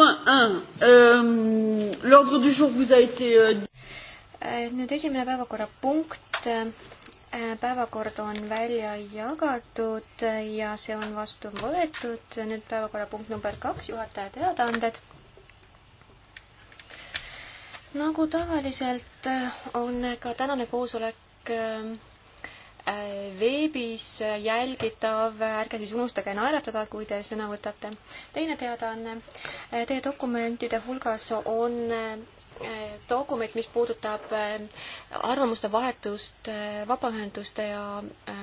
point 1, euh, l'ordre du jour vous a été... Euh... euh nüüd esimene päevakorrapunkt. Äh, päevakord on välja jagatud ja see on vastu võetud. Nüüd päevakorrapunkt number 2, juhataja teadaanded. Nagu tavaliselt äh, on ka tänane koosolek äh, veebis jälgitav, ärge siis unustage naeratada, kui te sõna võtate. teine teadaanne, teie dokumentide hulgas on äh, dokument, mis puudutab äh, arvamuste vahetust äh, vabaühenduste ja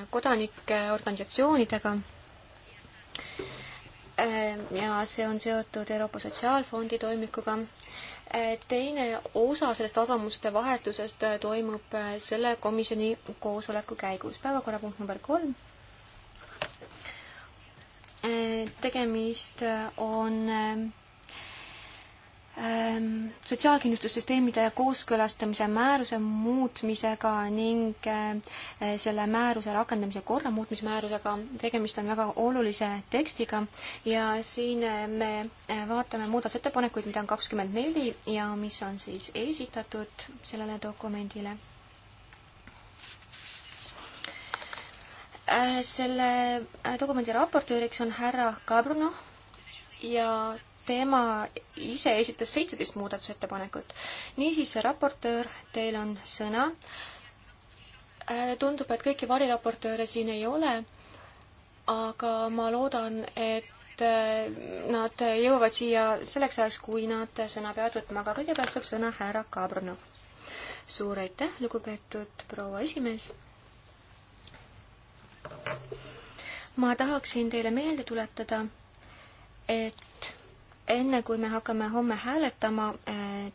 kodanike organisatsioonidega. ja see on seotud Euroopa Sotsiaalfondi toimikuga teine osa sellest arvamuste vahetusest äh, toimub äh, selle komisjoni koosoleku käigus. päevakorrapunkt number kolm. Äh, tegemist on Ehm, sotsiaalkindlustussüsteemide kooskõlastamise määruse muutmisega ning eh, selle määruse rakendamise korra muutmise määrusega. tegemist on väga olulise tekstiga ja siin eh, me eh, vaatame muudatusettepanekuid, mida on kakskümmend neli ja mis on siis esitatud sellele dokumendile. selle dokumendi raportööriks on härra Kabrunov ja tema ise esitas seitseteist muudatusettepanekut. niisiis, raportöör, teil on sõna. Äh, tundub, et kõiki variraportööre siin ei ole, aga ma loodan, et äh, nad jõuavad siia selleks ajaks, kui nad sõna peavad võtma, aga kõigepealt saab sõna härra Kabranov. suur aitäh, lugupeetud proua esimees. ma tahaksin teile meelde tuletada, et enne kui me hakkame homme hääletama, eh,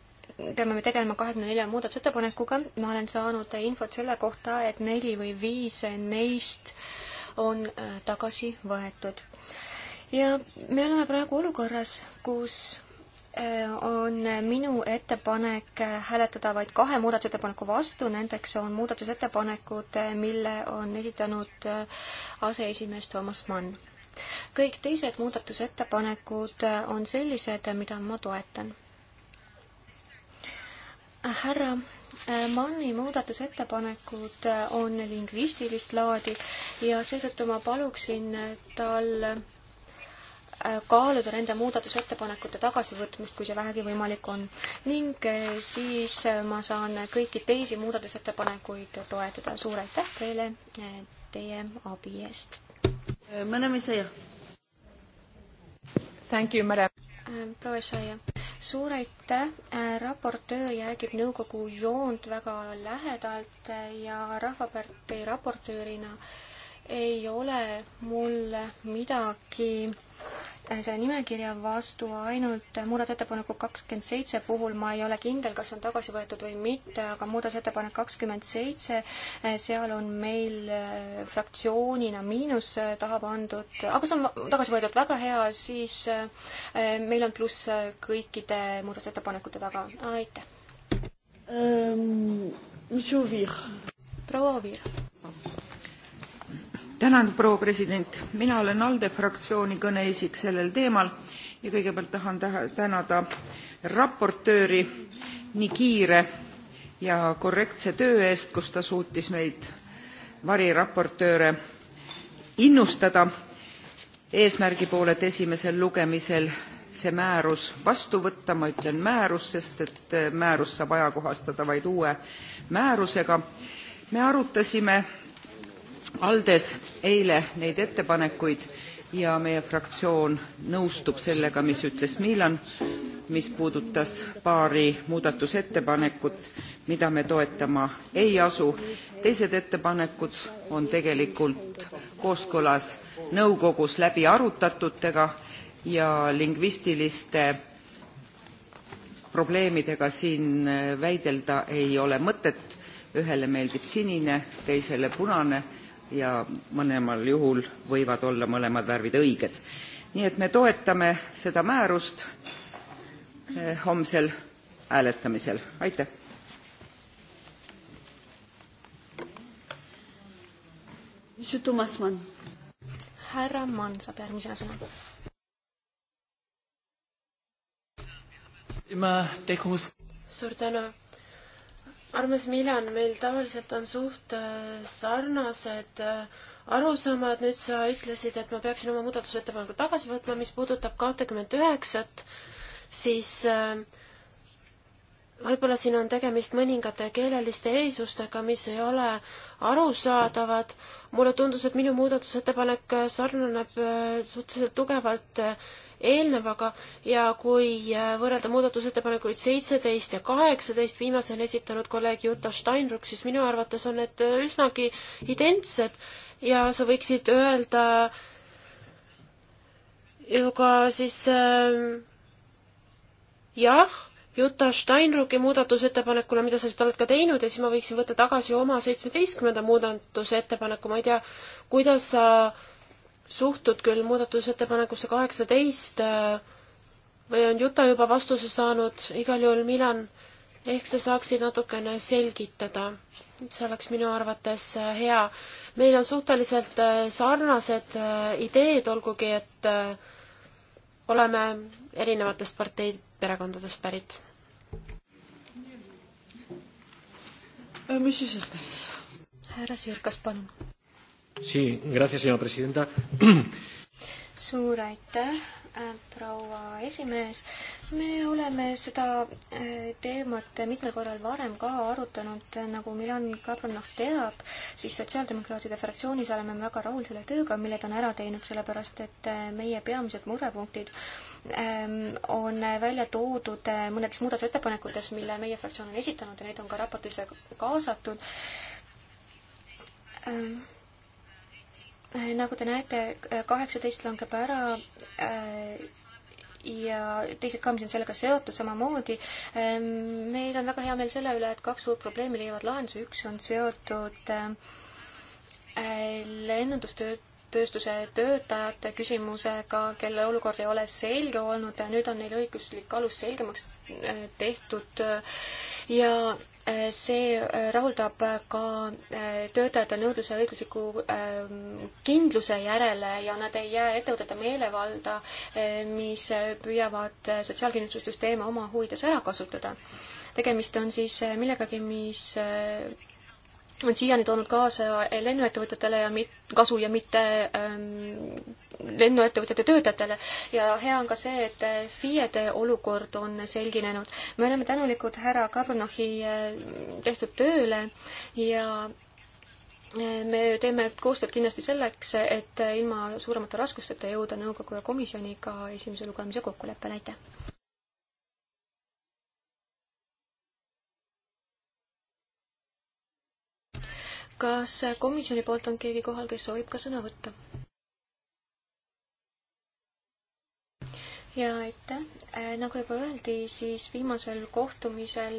peame me tegelema kahekümne nelja muudatusettepanekuga. ma olen saanud infot selle kohta, et neli või viis neist on eh, tagasi võetud. ja me oleme praegu olukorras, kus eh, on minu ettepanek hääletada vaid kahe muudatusettepaneku vastu, nendeks on muudatusettepanekud, mille on esitanud aseesimees Toomas Mann kõik teised muudatusettepanekud äh, on sellised, äh, mida ma toetan. Äh, härra Manni muudatusettepanekud on lingvistilist laadi ja seetõttu ma paluksin tal kaaluda nende muudatusettepanekute tagasivõtmist, kui see vähegi võimalik on. ning siis ma saan kõiki teisi muudatusettepanekuid toetada. suur aitäh teile teie abi eest! Thank you, madam. Äh, proua Saia, suur aitäh, äh, raportöör jälgib nõukogu joont väga lähedalt äh, ja Rahvapartei raportöörina ei ole mul midagi selle nimekirja vastu ainult muudatusettepaneku kakskümmend seitse puhul, ma ei ole kindel, kas see on tagasi võetud või mitte, aga muudatusettepanek kakskümmend seitse, eh, seal on meil eh, fraktsioonina miinus eh, taha pandud, aga see on tagasi võetud, väga hea, siis meil on pluss kõikide muudatusettepanekute taga, aitäh ähm,. proua Oviir tänan proua president mina olen alde fraktsiooni kõneisik sellel teemal ja kõigepealt tahan tänada raportööri nii kiire ja korrektse töö eest kus ta suutis meid variraportööre innustada eesmärgi poole et esimesel lugemisel see määrus vastu võtta ma ütlen määrus sest et määrust saab ajakohastada vaid uue määrusega me arutasime aldes eile neid ettepanekuid ja meie fraktsioon nõustub sellega mis ütles milan mis puudutas paari muudatusettepanekut mida me toetama ei asu teised ettepanekud on tegelikult kooskõlas nõukogus läbi arutatutega ja lingvistiliste probleemidega siin väidelda ei ole mõtet ühele meeldib sinine teisele punane ja mõlemal juhul võivad olla mõlemad värvid õiged. nii et me toetame seda määrust eh, homsel hääletamisel. aitäh! härra Mann saab järgmisena sõna. suur tänu armas Milan, meil tavaliselt on suht äh, sarnased äh, arusaamad, nüüd sa ütlesid, et ma peaksin oma muudatusettepaneku tagasi võtma, mis puudutab kahtekümmet üheksat, siis äh, võib-olla siin on tegemist mõningate keeleliste eesustega, mis ei ole arusaadavad. mulle tundus, et minu muudatusettepanek sarnaneb suhteliselt tugevalt eelnevaga ja kui äh, võrrelda muudatusettepanekuid seitseteist ja kaheksateist, viimase on esitanud kolleeg Juta Steinruck, siis minu arvates on need äh, üsnagi identsed ja sa võiksid öelda ju ka siis äh, jah, Juta Steinrucki muudatusettepanekule, mida sa vist oled ka teinud ja siis ma võiksin võtta tagasi oma seitsmeteistkümnenda muudatusettepaneku, ma ei tea, kuidas sa äh, suhtud küll muudatusettepanekusse kaheksateist äh, või on Juta juba vastuse saanud, igal juhul Milan, ehk sa saaksid natukene selgitada. see oleks minu arvates äh, hea. meil on suhteliselt äh, sarnased ideed, olgugi et oleme erinevatest parteid, perekondadest pärit. härra Sirkas, palun suur aitäh, äh, proua esimees. me oleme seda äh, teemat mitmel korral varem ka arutanud, äh, nagu Milan Kabronov teab, siis Sotsiaaldemokraatide fraktsioonis oleme väga rahul selle tööga, mille ta on ära teinud, sellepärast et meie peamised murepunktid ähm, on välja toodud mõnedes muudatusettepanekutes, mille meie fraktsioon on esitanud ja neid on ka raportisse kaasatud ähm, nagu te näete, kaheksateist langeb ära äh, ja teised ka, mis on sellega seotud samamoodi. Ähm, meil on väga hea meel selle üle, et kaks suurt probleemi leiavad lahenduse, üks on seotud äh, lennundustööstuse töötajate küsimusega, kelle olukord ei ole selge olnud, nüüd on neil õiguslik alus selgemaks äh, tehtud ja Äh, see äh, rahuldab äh, ka töötajate nõudluse õigusliku ähm, kindluse järele ja nad ei jää ettevõtete meelevalda, mis püüavad sotsiaalkindlustussüsteeme oma huvides ära kasutada. tegemist on siis millegagi, mis on siiani toonud kaasa lennuettevõtetele ja mit-, kasu ja mitte ähm, lennuettevõtete töötajatele ja hea on ka see, et FIE-de olukord on selginenud. me oleme tänulikud härra Kabrnohi äh, tehtud tööle ja äh, me teeme koostööd kindlasti selleks, et ilma suuremate raskusteta jõuda nõukogu ja komisjoniga esimese lugemise kokkuleppele, aitäh! kas komisjoni poolt on keegi kohal, kes soovib ka sõna võtta? ja aitäh, äh, nagu juba öeldi, siis viimasel kohtumisel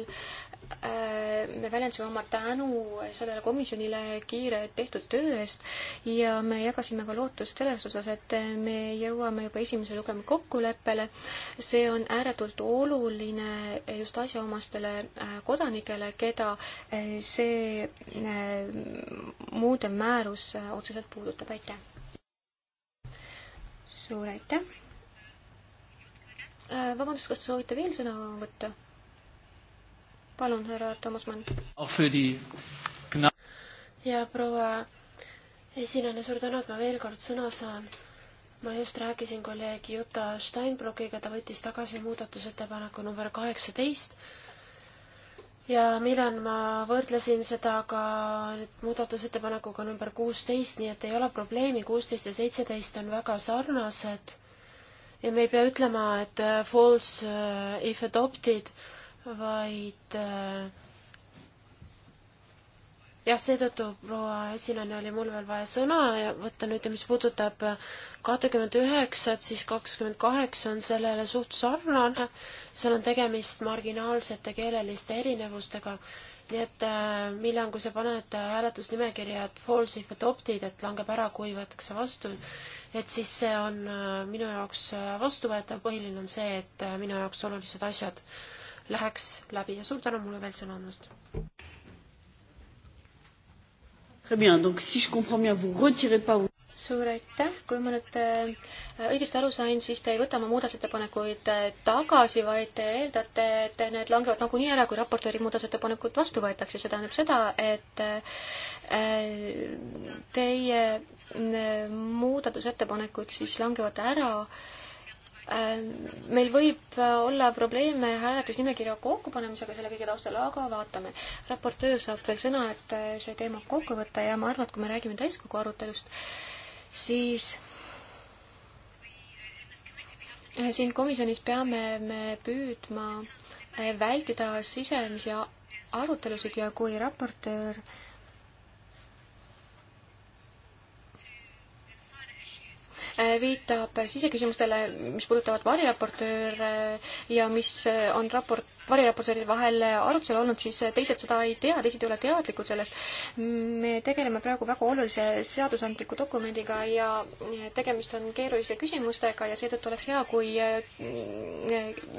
äh, me väljendasime oma tänu sellele komisjonile kiire tehtud töö eest ja me jagasime ka lootust selles osas, et me jõuame juba esimese lugema kokkuleppele. see on ääretult oluline just asjaomastele äh, kodanikele, keda see muudev määrus otseselt puudutab. aitäh! suur aitäh! Äh, vabandust, kas te soovite veel sõna võtta? palun, härra Toomas Mann. ja proua esinejana suur tänu, et ma veel kord sõna saan. ma just rääkisin kolleeg Juta Steinbrockiga, ta võttis tagasi muudatusettepaneku number kaheksateist ja Milan, ma võrdlesin seda ka nüüd muudatusettepanekuga number kuusteist, nii et ei ole probleemi, kuusteist ja seitseteist on väga sarnased ja me ei pea ütlema, et äh, false äh, if adopted, vaid äh, jah, seetõttu proua esinaine oli mul veel vaja sõna ja võtta nüüd ja mis puudutab kahtekümmet üheksat, siis kakskümmend kaheksa on sellele suht sarnane, seal on tegemist marginaalsete keeleliste erinevustega nii et äh, millal, kui sa paned äh, hääletusnimekirja, et false if adopted, et langeb ära, kui võetakse vastu, et siis see on äh, minu jaoks vastuvõetav, põhiline on see, et minu jaoks olulised asjad läheks läbi ja suur tänu mulle veel sõna andmast. Très bien, donc si je comprends bien, vous retirez pas vous suur aitäh, kui ma nüüd äh, õigesti aru sain, siis te ei võta oma muudatusettepanekuid äh, tagasi, vaid te eeldate, et need langevad nagunii ära, kui raportööri muudatusettepanekud vastu võetakse, see tähendab seda, et äh, teie muudatusettepanekud siis langevad ära meil võib olla probleeme hääletusnimekirja kokkupanemisega selle kõige taustal, aga vaatame. raportöör saab veel sõna, et see teema kokku võtta ja ma arvan, et kui me räägime täiskogu arutelust, siis eh, siin komisjonis peame me püüdma eh, vältida sisemisi arutelusid ja kui raportöör äh, Äh, viitab siseküsimustele, mis puudutavad variraportööre ja mis äh, on raport, variraportööride vahel arutusel olnud, siis äh, teised seda ei tea, teised ei ole teadlikud sellest. me tegeleme praegu väga olulise seadusandliku dokumendiga ja tegemist on keeruliste küsimustega ja seetõttu oleks hea, kui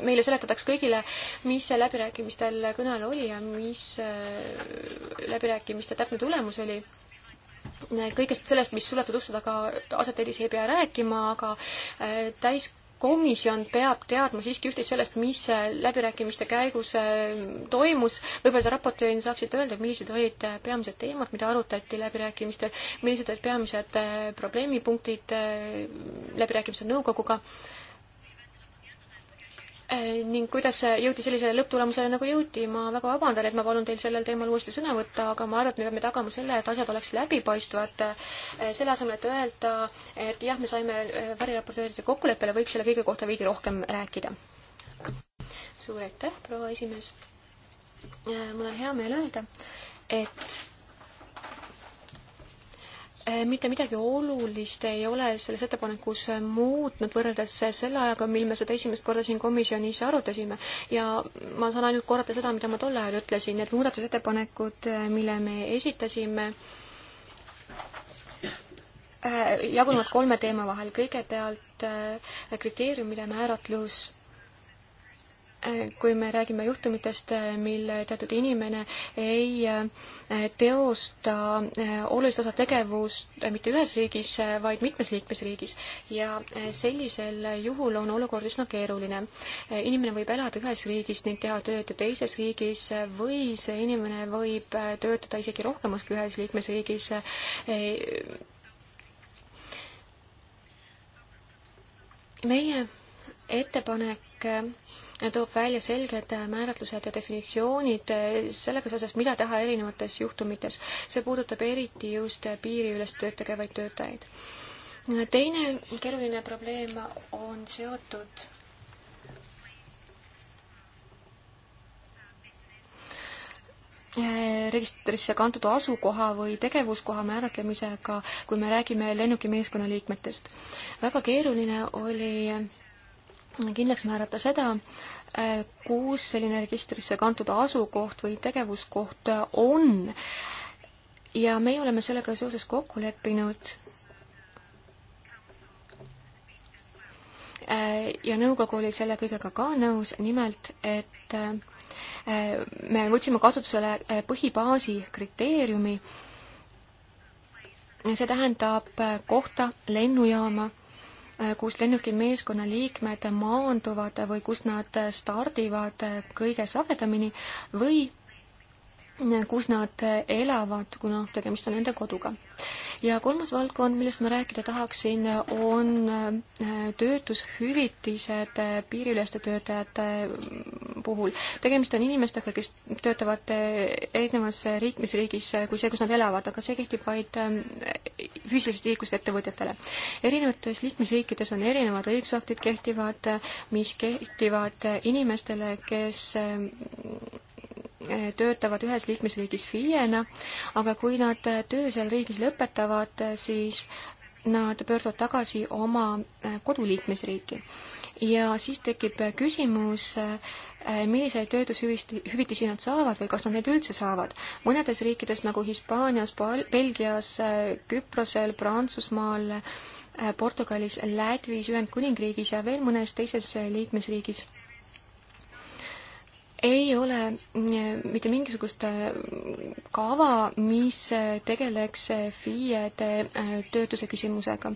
meile seletataks kõigile, mis läbirääkimistel kõne all oli ja mis läbirääkimiste täpne tulemus oli kõigest sellest, mis suletud uste taga aset leidis, ei pea rääkima, aga äh, täis komisjon peab teadma siiski üht-teist sellest, mis äh, läbirääkimiste käigus äh, toimus. võib-olla te raportöörina saaksite öelda, millised olid peamised teemad, mida arutati läbirääkimistel, millised olid peamised probleemipunktid läbirääkimistel nõukoguga Eh, ning kuidas jõuti sellisele lõpptulemusele, nagu jõuti, ma väga vabandan, et ma palun teil sellel teemal uuesti sõna võtta, aga ma arvan, et me peame tagama selle, et asjad oleks läbipaistvad. Eh, selle asemel, et öelda, et jah, me saime eh, väriraportööride kokkuleppele, võiks selle kõige kohta veidi rohkem rääkida. suur aitäh, proua esimees. mul on hea meel öelda, et Äh, mitte midagi olulist ei ole selles ettepanekus muutnud võrreldes selle ajaga, mil me seda esimest korda siin komisjonis arutasime. ja ma saan ainult korrata seda, mida ma tol ajal ütlesin, need muudatusettepanekud, äh, mille me esitasime, äh, jagunevad kolme teema vahel. kõigepealt kriteeriumide määratlus kui me räägime juhtumitest, mil teatud inimene ei eh, teosta eh, olulist osa tegevust eh, mitte ühes riigis, vaid mitmes liikmesriigis. ja sellisel juhul on olukord üsna keeruline. inimene võib elada ühes riigis ning teha tööd teises riigis või see inimene võib töötada isegi rohkemas kui ühes liikmesriigis meie ettepanek toob välja selged määratlused ja definitsioonid eh, sellega seoses, mida teha erinevates juhtumites. see puudutab eriti just piiriülest tööd tegevaid töötajaid. teine keeruline probleem on seotud registrisse kantud asukoha või tegevuskoha määratlemisega, kui me räägime lennuki meeskonnaliikmetest. väga keeruline oli kindlaks määrata seda, äh, kus selline registrisse kantud asukoht või tegevuskoht on. ja meie oleme sellega seoses kokku leppinud. Äh, ja nõukogu oli selle kõigega ka nõus, nimelt et äh, me võtsime kasutusele põhibaasi kriteeriumi. see tähendab kohta lennujaama Äh, kus lennuki meeskonna liikmed maanduvad või kus nad stardivad kõige sagedamini või kus nad elavad, kuna tegemist on nende koduga. ja kolmas valdkond, millest ma rääkida tahaksin, on äh, töötushüvitised äh, piiriüleste töötajate mm, puhul. tegemist on inimestega, kes töötavad äh, erinevas liikmesriigis kui see, kus nad elavad, aga see kehtib vaid füüsilisest liiklusest ettevõtjatele. erinevates liikmesriikides on erinevad õigusaktid kehtivad, mis kehtivad inimestele, kes töötavad ühes liikmesriigis FIE-na, aga kui nad töö seal riigis lõpetavad, siis nad pöörduvad tagasi oma äh, koduliikmesriiki. ja siis tekib küsimus, äh, milliseid töötushüvitisi nad saavad või kas nad neid üldse saavad. mõnedes riikides nagu Hispaanias, Belgias, äh, Küprosel, Prantsusmaal, Portugalis, Lätis, Ühendkuningriigis ja veel mõnes teises liikmesriigis ei ole eh, mitte mingisugust eh, kava, mis eh, tegeleks FIE-de töötuse küsimusega.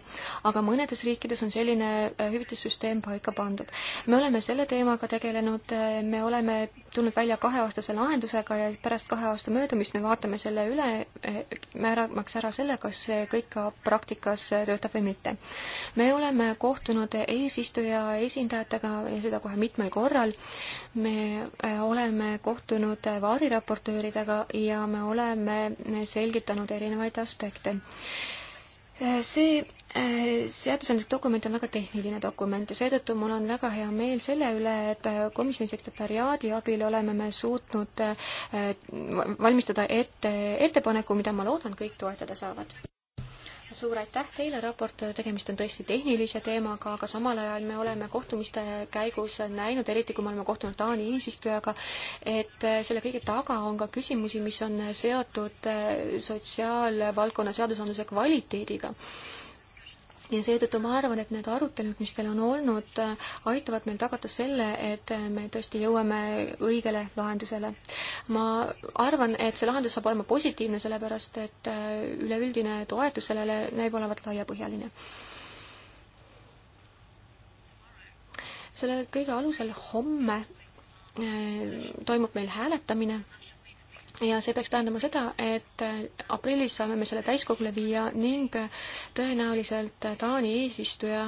aga mõnedes riikides on selline hüvitissüsteem paika pandud. me oleme selle teemaga tegelenud, me oleme tulnud välja kaheaastase lahendusega ja pärast kahe aasta möödumist me vaatame selle üle, määramaks eh, ära selle, kas see kõik ka praktikas töötab või mitte. me oleme kohtunud eesistuja esindajatega ja seda kohe mitmel korral. me eh, oleme kohtunud vaariraportööridega ja me oleme selgitanud erinevaid aspekte eh, see seadusandlik dokument on väga tehniline dokument ja seetõttu mul on väga hea meel selle üle, et komisjoni sekretäriaadi abil oleme me suutnud äh, valmistada ette ettepaneku, mida ma loodan, kõik toetada saavad. suur aitäh teile, raportöör, tegemist on tõesti tehnilise teemaga, aga samal ajal me oleme kohtumiste käigus näinud, eriti kui me oleme kohtunud Taani eesistujaga, et äh, selle kõige taga on ka küsimusi, mis on seotud äh, sotsiaalvaldkonna seadusandluse kvaliteediga ja seetõttu ma arvan, et need arutelud, mis teil on olnud, aitavad meil tagada selle, et me tõesti jõuame õigele lahendusele. ma arvan, et see lahendus saab olema positiivne, sellepärast et äh, üleüldine toetus sellele näib olevat laiapõhjaline selle kõige alusel homme äh, toimub meil hääletamine ja see peaks tähendama seda, et aprillis saame me selle täiskogule viia ning tõenäoliselt Taani eesistuja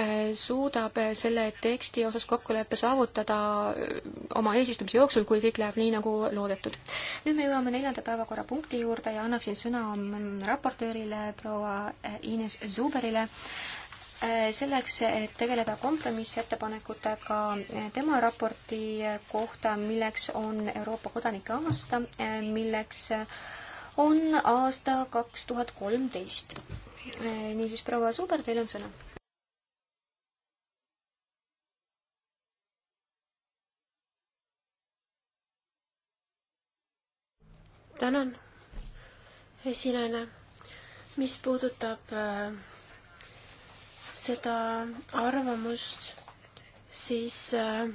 äh, suudab selle teksti osas kokkuleppe saavutada äh, oma eesistumise jooksul, kui kõik läheb nii, nagu loodetud. nüüd me jõuame neljanda päevakorrapunkti juurde ja annaksin sõna mm, raportöörile proua äh, Ines Zuberile Äh, selleks, et tegeleda kompromissettepanekutega äh, tema raporti kohta, milleks on Euroopa kodanike aasta, äh, milleks on aasta kaks tuhat kolmteist. niisiis, proua Suber, teil on sõna. tänan, esinaine. mis puudutab äh seda arvamust, siis äh,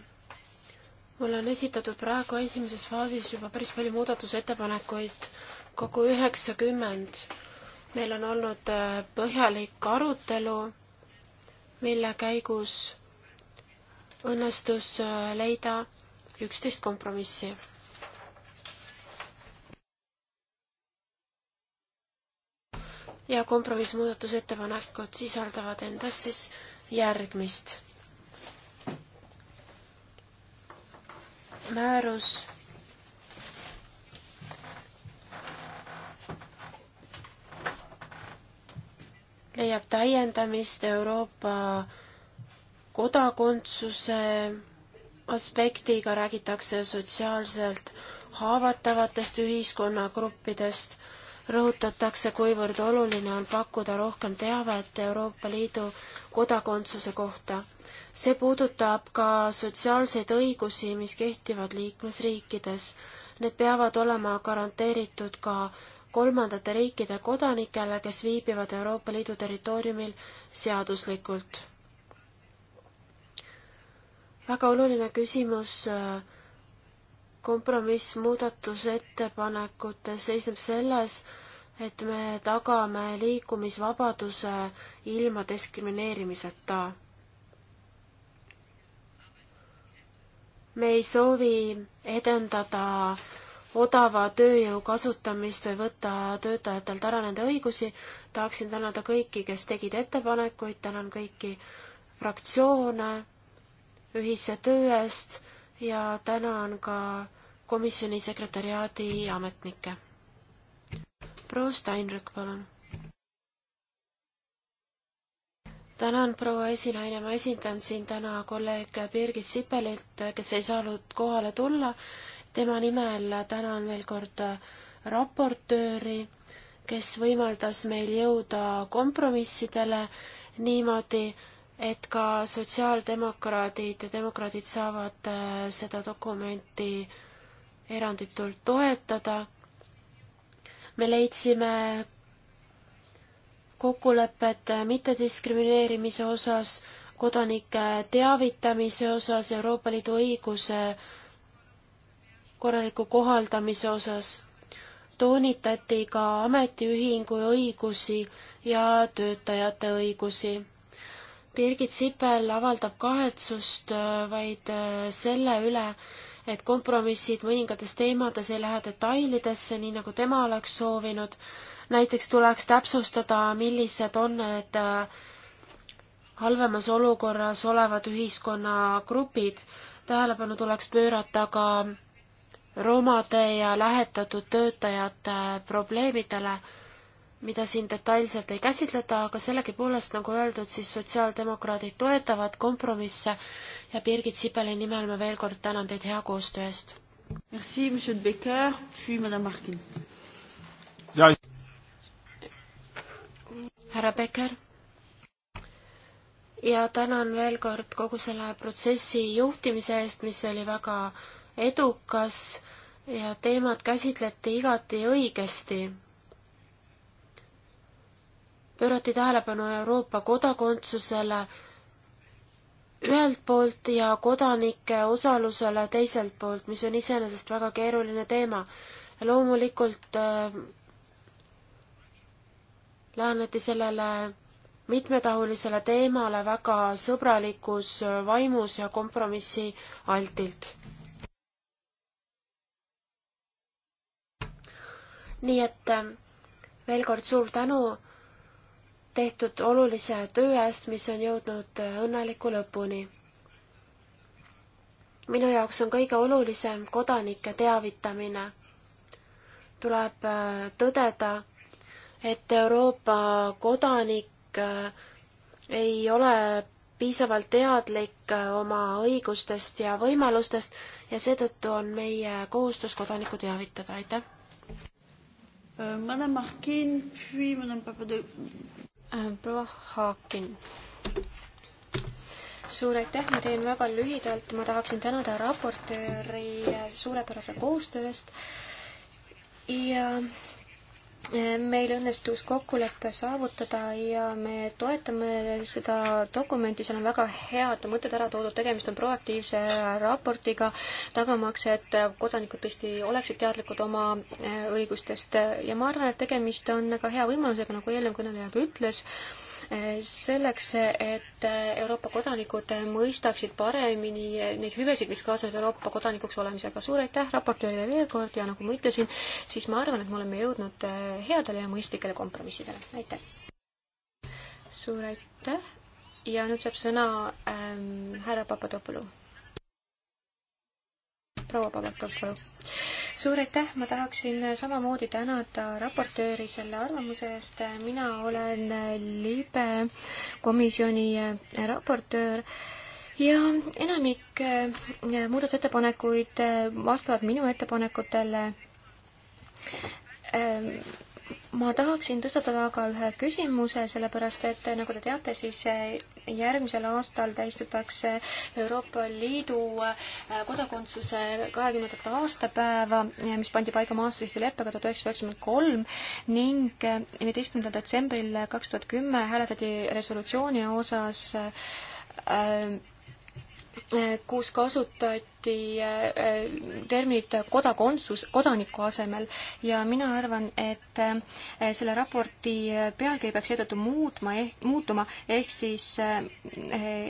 mulle on esitatud praegu esimeses faasis juba päris palju muudatusettepanekuid, kogu üheksakümmend. meil on olnud äh, põhjalik arutelu, mille käigus õnnestus äh, leida üksteist kompromissi ja kompromissmuudatusettepanekud sisaldavad endas siis järgmist. määrus leiab täiendamist Euroopa kodakondsuse aspektiga, räägitakse sotsiaalselt haavatavatest ühiskonnagruppidest rõhutatakse, kuivõrd oluline on pakkuda rohkem teavet Euroopa Liidu kodakondsuse kohta. see puudutab ka sotsiaalseid õigusi, mis kehtivad liikmesriikides. Need peavad olema garanteeritud ka kolmandate riikide kodanikele, kes viibivad Euroopa Liidu territooriumil seaduslikult. väga oluline küsimus äh, kompromiss muudatusettepanekutes seisneb selles, et me tagame liikumisvabaduse ilma diskrimineerimiseta. me ei soovi edendada odava tööjõu kasutamist või võtta töötajatelt ära nende õigusi. tahaksin tänada kõiki, kes tegid ettepanekuid, tänan kõiki fraktsioone ühise töö eest ja tänan ka komisjoni sekretäriaadi ametnikke. proua Steinrück, palun. tänan, proua esinaine, ma esindan siin täna kolleeg Birgit Sipelit, kes ei saanud kohale tulla. tema nimel tänan veel kord raportööri, kes võimaldas meil jõuda kompromissidele niimoodi, et ka sotsiaaldemokraadid ja demokraadid saavad äh, seda dokumenti eranditult toetada. me leidsime kokkulepped mittediskrimineerimise osas, kodanike teavitamise osas, Euroopa Liidu õiguse korraliku kohaldamise osas. toonitati ka ametiühingu õigusi ja töötajate õigusi Birgit Sipel avaldab kahetsust äh, vaid äh, selle üle, et kompromissid mõningates teemades ei lähe detailidesse, nii nagu tema oleks soovinud. näiteks tuleks täpsustada, millised on need äh, halvemas olukorras olevad ühiskonnagrupid. tähelepanu tuleks pöörata ka romade ja lähetatud töötajate probleemidele mida siin detailselt ei käsitleta, aga sellegipoolest, nagu öeldud, siis sotsiaaldemokraadid toetavad kompromisse ja Birgit Sibeli nimel ma veel kord tänan teid hea koostöö eest. Merci, monsieur Becker, puis madame Harkin. härra Becker. ja tänan veel kord kogu selle protsessi juhtimise eest, mis oli väga edukas ja teemat käsitleti igati õigesti pöörati tähelepanu Euroopa kodakondsusele ühelt poolt ja kodanike osalusele teiselt poolt, mis on iseenesest väga keeruline teema. loomulikult äh, läheneti sellele mitmetahulisele teemale väga sõbralikus vaimus ja kompromissi altilt. nii et äh, veel kord suur tänu tehtud olulise töö eest, mis on jõudnud õnneliku lõpuni. minu jaoks on kõige olulisem kodanike teavitamine. tuleb äh, tõdeda, et Euroopa kodanik äh, ei ole piisavalt teadlik äh, oma õigustest ja võimalustest ja seetõttu on meie kohustus kodanikku teavitada, aitäh. Euh, Madame Markin, puis Madame Papadopoulos. Äh, proua Haakin. suur aitäh, ma teen väga lühidalt, ma tahaksin tänada raportööri suurepärase koostöö eest ja meil õnnestus kokkulepe saavutada ja me toetame seda dokumenti, seal on väga head mõtted ära toodud, tegemist on proaktiivse raportiga, tagamaks, et kodanikud tõesti oleksid teadlikud oma äh, õigustest ja ma arvan, et tegemist on ka hea võimalusega, nagu eelnev kõneleja ka ütles, selleks, et Euroopa kodanikud mõistaksid paremini neid hüvesid, mis kaasnevad Euroopa kodanikuks olemisega. suur aitäh raportöörile veel kord ja nagu ma ütlesin, siis ma arvan, et me oleme jõudnud headele ja mõistlikele kompromissidele. aitäh! suur aitäh ja nüüd saab sõna ähm, härra Papadopoulou proua Pavlakov, palun. suur aitäh, ma tahaksin samamoodi tänada raportööri selle arvamuse eest, mina olen libe komisjoni raportöör ja enamik muudatusettepanekuid vastavad minu ettepanekutele ma tahaksin tõstatada aga ühe küsimuse, sellepärast et nagu te teate, siis järgmisel aastal tähistatakse Euroopa Liidu äh, kodakondsuse kahekümnendat aastapäeva, äh, mis pandi paika Maastrichti leppega tuhat üheksasada üheksakümmend kolm ning äh, viieteistkümnendal detsembril kaks tuhat kümme hääletati resolutsiooni osas, kus kasutati kasutati äh, äh, terminit kodakondsus kodaniku asemel ja mina arvan, et äh, selle raporti pealkiri peaks seetõttu muutma ehk, muutuma, ehk siis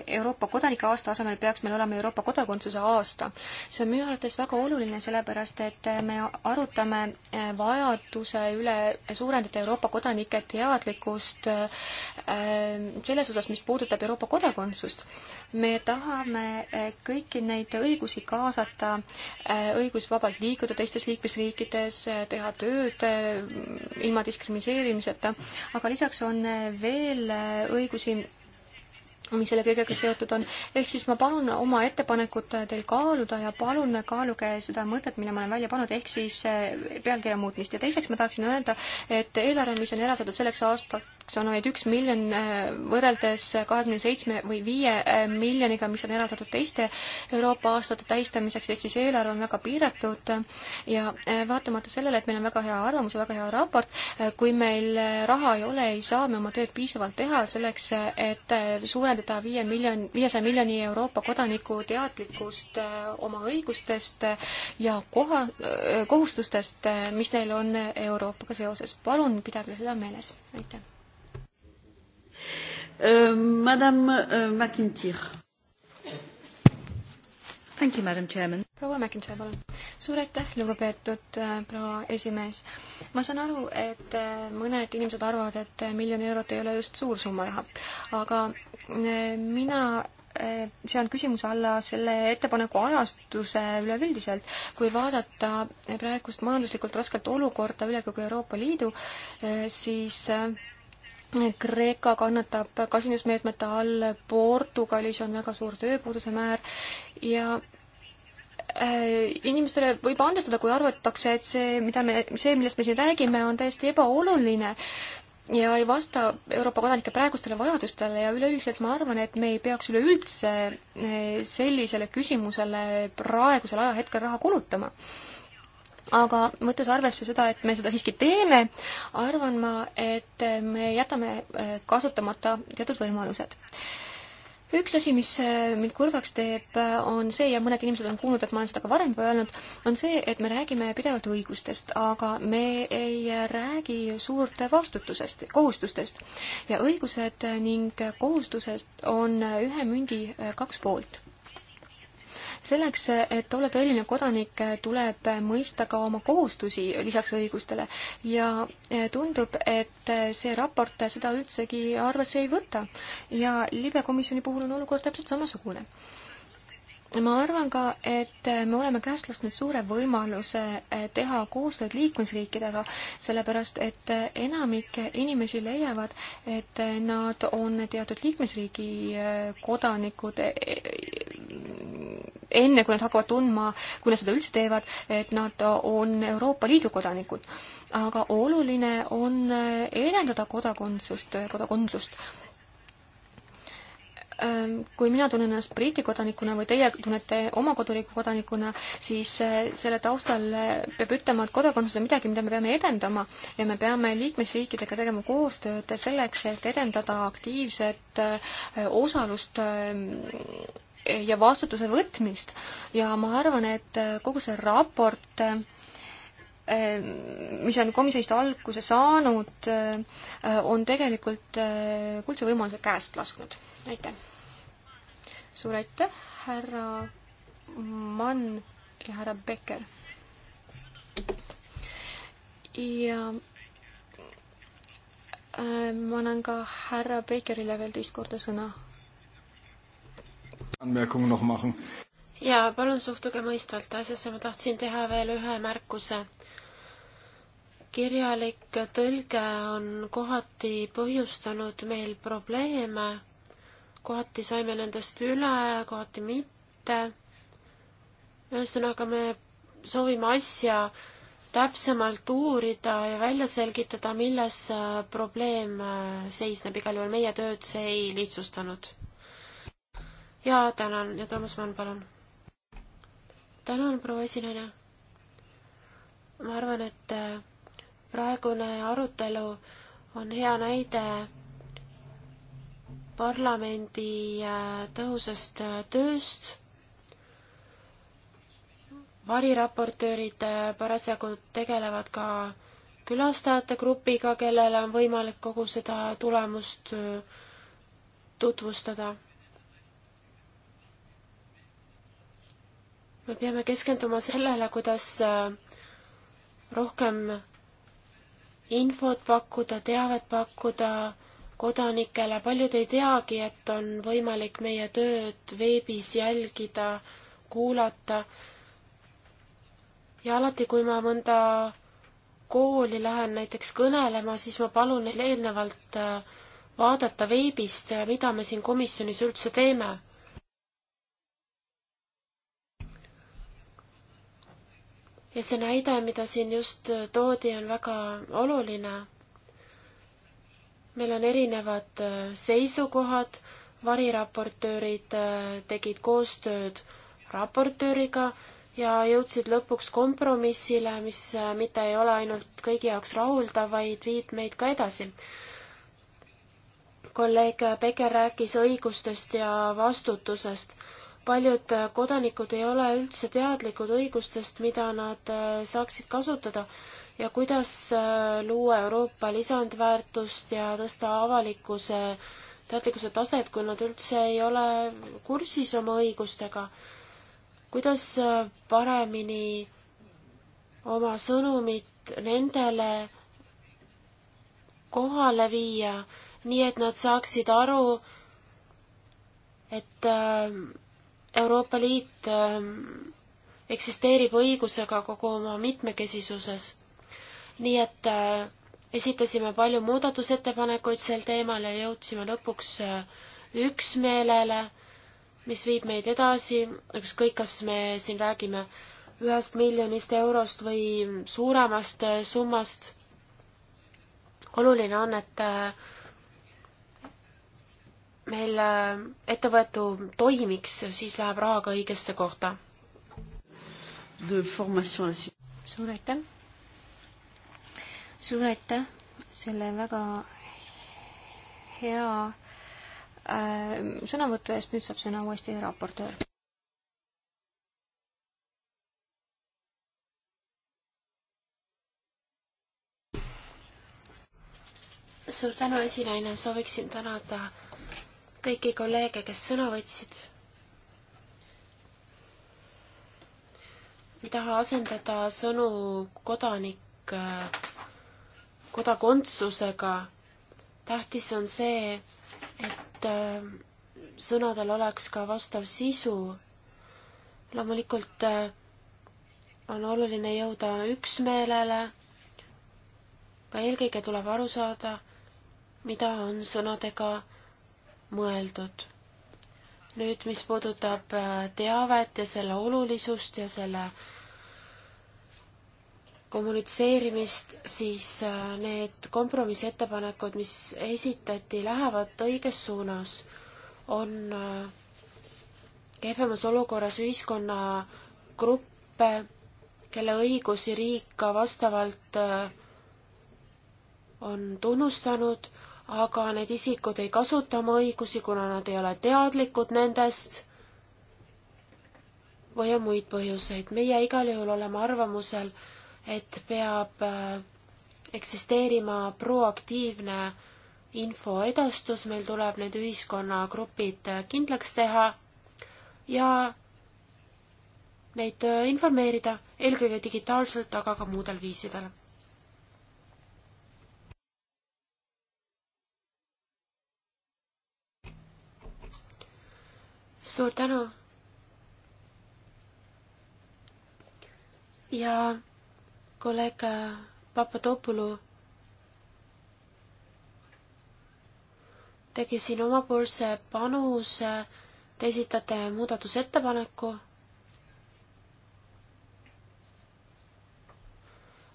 Euroopa kodanike aasta asemel peaks meil olema Euroopa kodakondsuse aasta. see on minu arvates väga oluline, sellepärast et me arutame vajaduse üle suurendada Euroopa kodanike teadlikkust selles osas, mis puudutab Euroopa kodakondsust. me tahame kõiki neid õigusi kaasata, äh, õigus vabalt liikuda teistes liikmesriikides, äh, teha tööd äh, ilma diskrimiseerimiseta, aga lisaks on veel õigusi, mis selle kõigega seotud on. ehk siis ma palun oma ettepanekut teil kaaluda ja palun kaaluge seda mõtet, mille ma olen välja pannud, ehk siis pealkirja muutmist. ja teiseks ma tahaksin öelda, et eelarve, mis on eraldatud selleks aastaks, see on vaid üks miljon äh, võrreldes kahekümne seitsme või viie äh, miljoniga, mis on eraldatud teiste Euroopa aastate tähistamiseks, ehk siis eelarve on väga piiratud ja äh, vaatamata sellele, et meil on väga hea arvamus ja väga hea raport, kui meil raha ei ole, ei saa me oma tööd piisavalt teha selleks, et suurendada viie miljon, viiesaja miljoni Euroopa kodaniku teadlikkust oma õigustest ja koha, kohustustest, mis neil on Euroopaga seoses. palun pidage seda meeles, aitäh! Uh, Madam uh, McIntyre. Thank you, Madam Chairman. proua McIntyre, palun. suur aitäh, lugupeetud äh, proua esimees. ma saan aru, et äh, mõned inimesed arvavad, et äh, miljon eurot ei ole just suur summa raha, aga äh, mina äh, sean küsimuse alla selle ettepaneku ajastuse üleüldiselt, kui vaadata praegust majanduslikult rasket olukorda üle kogu Euroopa Liidu, äh, siis äh, Kreeka kannatab kasinusmeetmete all, Portugalis on väga suur tööpuuduse määr ja äh, inimestele võib andestada, kui arvatakse, et see, mida me, see, millest me siin räägime, on täiesti ebaoluline ja ei vasta Euroopa kodanike praegustele vajadustele ja üleüldiselt ma arvan, et me ei peaks üleüldse äh, sellisele küsimusele praegusel ajahetkel raha kulutama aga võttes arvesse seda, et me seda siiski teeme, arvan ma, et me jätame äh, kasutamata teatud võimalused üks asi, mis äh, mind kurvaks teeb, äh, on see ja mõned inimesed on kuulnud, et ma olen seda ka varem öelnud, on see, et me räägime pidevalt õigustest, aga me ei räägi suurt vastutusest, kohustustest. ja õigused ning kohustused on ühe mündi kaks poolt selleks, et olla tõeline kodanik, tuleb mõista ka oma kohustusi lisaks õigustele ja eh, tundub, et see raport seda üldsegi arvesse ei võta ja libekomisjoni puhul on olukord täpselt samasugune ma arvan ka, et me oleme käest lasknud suure võimaluse eh, teha koostööd liikmesriikidega, sellepärast et eh, enamik inimesi leiavad, et eh, nad on teatud liikmesriigi kodanikud enne, kui nad hakkavad tundma, kui nad seda üldse teevad, et nad on Euroopa Liidu kodanikud. aga oluline on edendada kodakondsust, kodakondlust, kodakondlust Ähm, kui mina tunnen ennast Briti kodanikuna või teie tunnete oma koduriigi kodanikuna, siis äh, selle taustal äh, peab ütlema, et kodakondsus on midagi, mida me peame edendama ja me peame liikmesriikidega tegema koostööd selleks, et edendada aktiivset äh, osalust ja vastutuse võtmist ja ma arvan, et kogu see raport mis on komisjonist alguse saanud, on tegelikult kuldse võimaluse käest lasknud aitäh! suur aitäh, härra Mann ja härra Becker. ja äh, ma annan ka härra Beckerile veel teist korda sõna. ja palun suhtuge mõistvalt asjasse, ma tahtsin teha veel ühe märkuse kirjalik tõlge on kohati põhjustanud meil probleeme kohati saime nendest üle, kohati mitte. ühesõnaga, me soovime asja täpsemalt uurida ja välja selgitada, milles äh, probleem äh, seisneb, igal juhul meie tööd see ei lihtsustanud. ja tänan ja Toomas Mann, palun. tänan, proua esinaine. ma arvan, et äh, praegune arutelu on hea näide parlamendi äh, tõhusast äh, tööst. variraportöörid äh, parasjagu tegelevad ka külastajate grupiga, kellele on võimalik kogu seda tulemust tutvustada. me peame keskenduma sellele, kuidas rohkem infot pakkuda, teavet pakkuda kodanikele, paljud ei teagi, et on võimalik meie tööd veebis jälgida, kuulata. ja alati, kui ma mõnda kooli lähen näiteks kõnelema, siis ma palun neil eelnevalt äh, vaadata veebist, mida me siin komisjonis üldse teeme. ja see näide, mida siin just äh, toodi, on väga oluline meil on erinevad äh, seisukohad, variraportöörid äh, tegid koostööd raportööriga ja jõudsid lõpuks kompromissile, mis äh, mitte ei ole ainult kõigi jaoks rahuldav, vaid viib meid ka edasi. kolleeg Peker rääkis õigustest ja vastutusest. paljud kodanikud ei ole üldse teadlikud õigustest, mida nad saaksid kasutada ja kuidas äh, luua Euroopa lisandväärtust ja tõsta avalikkuse teadlikkuse taset, kui nad üldse ei ole kursis oma õigustega. kuidas äh, paremini oma sõnumit nendele kohale viia, nii et nad saaksid aru, et äh, Euroopa Liit eksisteerib õigusega kogu oma mitmekesisuses nii et äh, esitasime palju muudatusettepanekuid sel teemal ja jõudsime lõpuks äh, üksmeelele, mis viib meid edasi, ükskõik, kas me siin räägime ühest miljonist eurost või suuremast äh, summast. oluline on, et meil ettevõetu toimiks, siis läheb raha ka õigesse kohta. suur aitäh! suur aitäh selle väga hea äh, sõnavõtu eest, nüüd saab sõna uuesti raportöör. suur tänu, esinaine, sooviksin tänada kõiki kolleege, kes sõna võtsid. ei taha asendada sõnu kodanik äh, kodakondsusega. tähtis on see, et äh, sõnadel oleks ka vastav sisu. loomulikult äh, on oluline jõuda üksmeelele, aga eelkõige tuleb aru saada, mida on sõnadega mõeldud. nüüd, mis puudutab äh, teavet ja selle olulisust ja selle äh, kommunitseerimist, siis äh, need kompromissettepanekud, mis esitati, lähevad õiges suunas. on äh, kehvemas olukorras ühiskonnagruppe, kelle õigusi riik ka vastavalt äh, on tunnustanud, aga need isikud ei kasuta oma õigusi, kuna nad ei ole teadlikud nendest või on muid põhjuseid. meie igal juhul oleme arvamusel, et peab äh, eksisteerima proaktiivne infoedastus, meil tuleb need ühiskonnagrupid äh, kindlaks teha ja neid äh, informeerida, eelkõige digitaalselt, aga ka muudel viisidel suur tänu. ja kolleeg Papadopoulou tegi siin omapoolse panuse, te esitate muudatusettepaneku.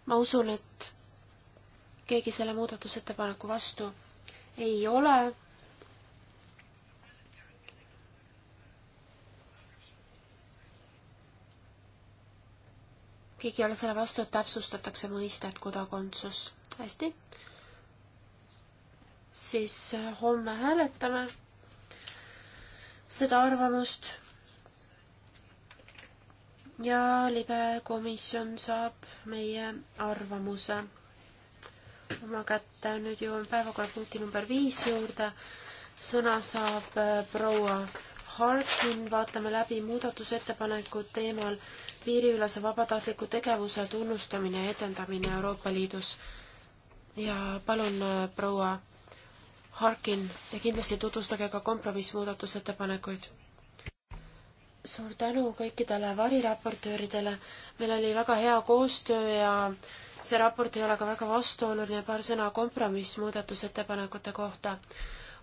ma usun, et keegi selle muudatusettepaneku vastu ei ole keegi ei ole selle vastu, et täpsustatakse mõistet kodakondsus. hästi. siis äh, homme hääletame seda arvamust. ja libe komisjon saab meie arvamuse oma kätte. nüüd jõuame päevakorrapunkti number viis juurde. sõna saab äh, proua Harkin, vaatame läbi muudatusettepanekud teemal piiriülese vabatahtliku tegevuse tunnustamine ja edendamine Euroopa Liidus. ja palun, äh, proua Harkin, ja kindlasti tutvustage ka kompromissmuudatusettepanekuid. suur tänu kõikidele variraportööridele, meil oli väga hea koostöö ja see raport ei ole ka väga vastuoluline, paar sõna kompromissmuudatusettepanekute kohta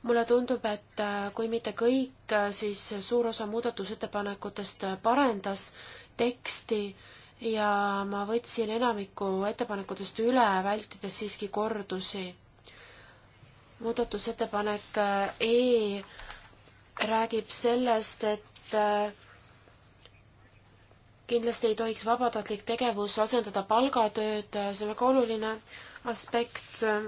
mulle tundub, et äh, kui mitte kõik, äh, siis suur osa muudatusettepanekutest parendas teksti ja ma võtsin enamiku ettepanekutest üle, vältides siiski kordusi. muudatusettepanek E räägib sellest, et äh, kindlasti ei tohiks vabatahtlik tegevus asendada palgatööd, äh, see on väga oluline aspekt. Äh,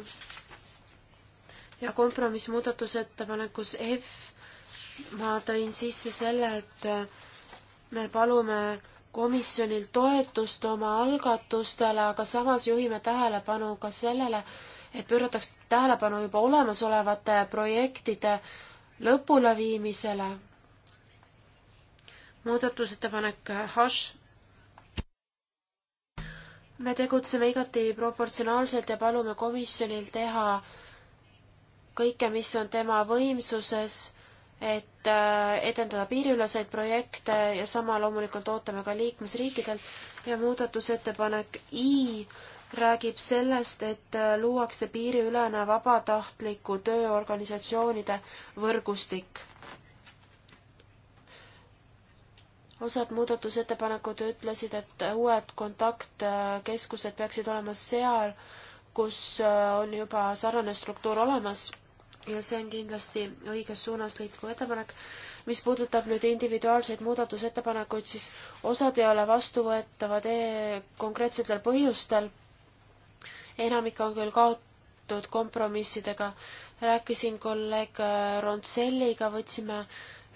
ja kompromissmuudatusettepanekus F ma tõin sisse selle, et me palume komisjonilt toetust oma algatustele, aga samas juhime tähelepanu ka sellele, et pöörataks tähelepanu juba olemasolevate projektide lõpuleviimisele. muudatusettepanek hash. me tegutseme igati proportsionaalselt ja palume komisjonil teha kõike, mis on tema võimsuses et äh, edendada piiriüleseid projekte ja sama loomulikult ootame ka liikmesriikidelt ja muudatusettepanek I räägib sellest, et äh, luuakse piiriülene vabatahtliku tööorganisatsioonide võrgustik. osad muudatusettepanekud ütlesid, et äh, uued kontaktkeskused peaksid olema seal, kus on juba sarnane struktuur olemas ja see on kindlasti õiges suunas liikuv ettepanek. mis puudutab nüüd individuaalseid muudatusettepanekuid, siis osad ei ole vastuvõetavad e konkreetsetel põhjustel. enamik on küll kaotud kompromissidega. rääkisin kolleeg Ronselliga, võtsime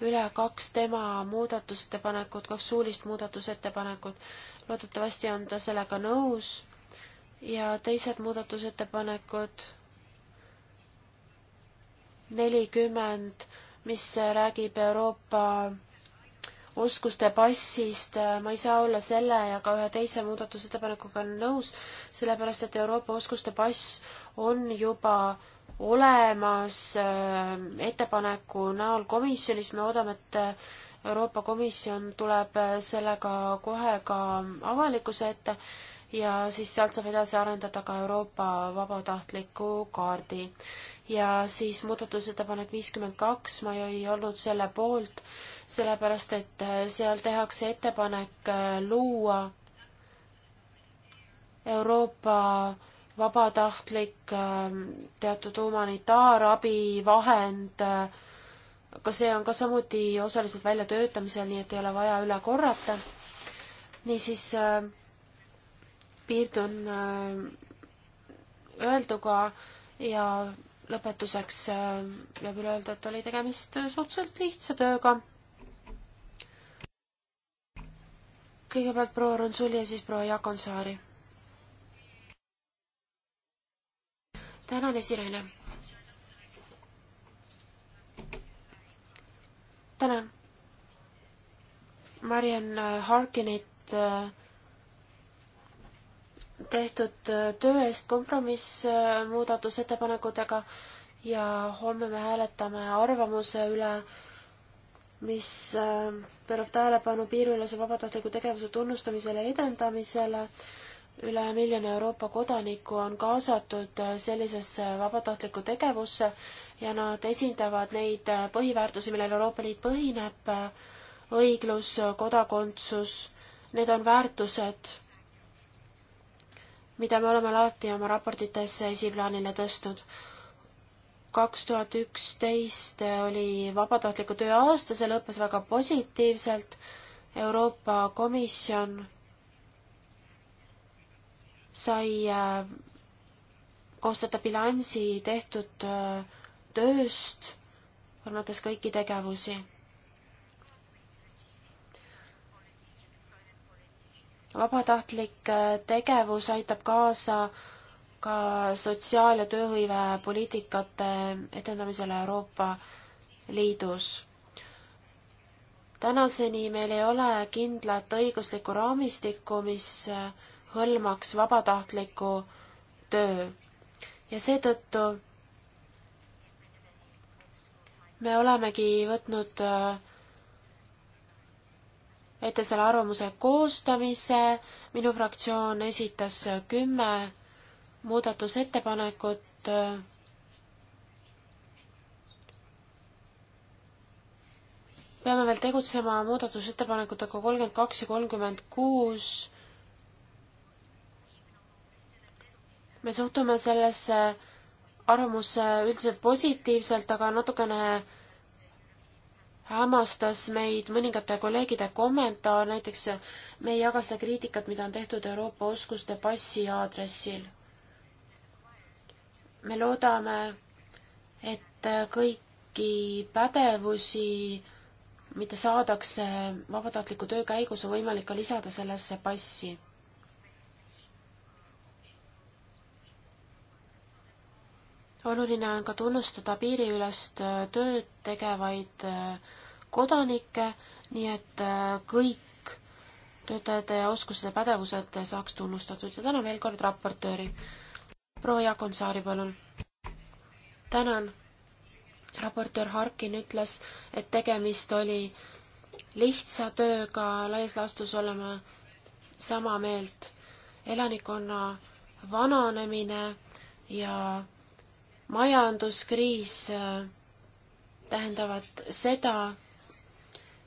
üle kaks tema muudatusettepanekut, kaks suulist muudatusettepanekut. loodetavasti on ta sellega nõus ja teised muudatusettepanekud nelikümmend, mis räägib Euroopa oskuste passist, ma ei saa olla selle ja ka ühe teise muudatusettepanekuga nõus, sellepärast et Euroopa oskuste pass on juba olemas äh, ettepaneku näol komisjonis, me oodame, et äh, Euroopa Komisjon tuleb äh, sellega kohe ka avalikkuse ette ja siis sealt saab edasi arendada ka Euroopa vabatahtliku kaardi ja siis muudatusettepanek viiskümmend kaks, ma ei olnud selle poolt, sellepärast et äh, seal tehakse ettepanek äh, luua Euroopa vabatahtlik ähm, teatud humanitaarabivahend, äh, aga see on ka samuti osaliselt väljatöötamisel, nii et ei ole vaja üle korrata. niisiis piirdun öelduga ja lõpetuseks äh, peab üle öelda, et oli tegemist äh, suhteliselt lihtsa tööga. kõigepealt proua Ronsuli ja siis proua Jakonsaari. tänan, esinaine. tänan. Mariann äh, Harkinit äh, tehtud äh, töö eest kompromissmuudatusettepanekutega ja homme me hääletame arvamuse üle, mis äh, pöörab tähelepanu piiriülese vabatahtliku tegevuse tunnustamisele ja edendamisele. üle miljoni Euroopa kodaniku on kaasatud äh, sellisesse vabatahtlikku tegevusse ja nad esindavad neid põhiväärtusi, millel Euroopa Liit põhineb, õiglus, kodakondsus, need on väärtused mida me oleme alati oma raportites esiplaanile tõstnud. kaks tuhat üksteist oli vabatahtliku töö aasta, see lõppes väga positiivselt. Euroopa Komisjon sai äh, koostada bilansi tehtud äh, tööst, hõlmates kõiki tegevusi vabatahtlik äh, tegevus aitab kaasa ka sotsiaal- ja tööhõivepoliitikate edendamisele Euroopa Liidus. tänaseni meil ei ole kindlat õiguslikku raamistikku, mis äh, hõlmaks vabatahtliku töö ja seetõttu me olemegi võtnud äh, ette selle arvamuse koostamise. minu fraktsioon esitas kümme muudatusettepanekut. peame veel tegutsema muudatusettepanekutega kolmkümmend kaks ja kolmkümmend kuus. me suhtume sellesse arvamusse üldiselt positiivselt, aga natukene hämmastas meid mõningate kolleegide kommentaar, näiteks me ei jaga seda kriitikat, mida on tehtud Euroopa oskuste passi aadressil. me loodame, et kõiki pädevusi, mida saadakse vabatahtliku töö käigus, on võimalik ka lisada sellesse passi oluline on ka tunnustada piiriülest äh, tööd tegevaid äh, kodanikke, nii et äh, kõik töötajate oskused ja pädevused saaks tunnustatud ja tänan veel kord raportööri. proua Jakonsaari, palun. tänan. raportöör Harkin ütles, et tegemist oli lihtsa tööga, laias laastus oleme sama meelt. elanikkonna vananemine ja majanduskriis äh, tähendavad seda,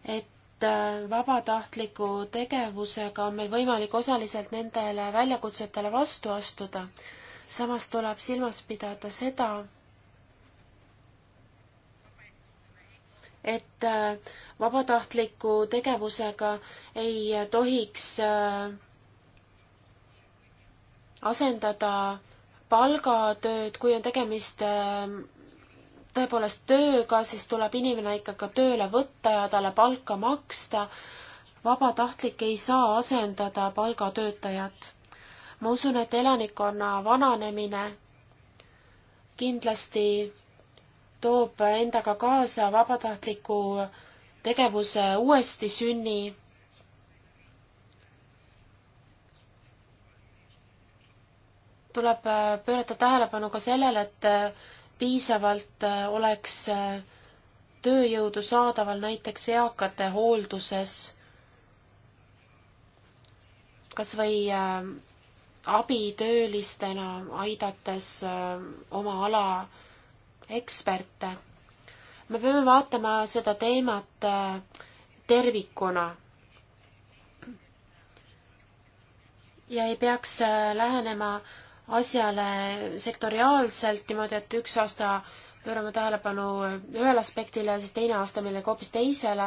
et äh, vabatahtliku tegevusega on meil võimalik osaliselt nendele väljakutsetele vastu astuda. samas tuleb silmas pidada seda, et äh, vabatahtliku tegevusega ei tohiks asendada palgatööd, kui on tegemist ähm, tõepoolest tööga, siis tuleb inimene ikka ka tööle võtta ja talle palka maksta. vabatahtlik ei saa asendada palgatöötajat. ma usun, et elanikkonna vananemine kindlasti toob endaga kaasa vabatahtliku tegevuse uuesti sünni tuleb äh, pöörata tähelepanu ka sellele, et äh, piisavalt äh, oleks tööjõudu saadaval näiteks eakate hoolduses, kas või abitöölistena, aidates oma ala eksperte. me peame vaatama seda teemat tervikuna ja ei peaks lähenema asjale sektoriaalselt niimoodi, et üks aasta pöörame tähelepanu ühele aspektile ja siis teine aasta millegi hoopis teisele.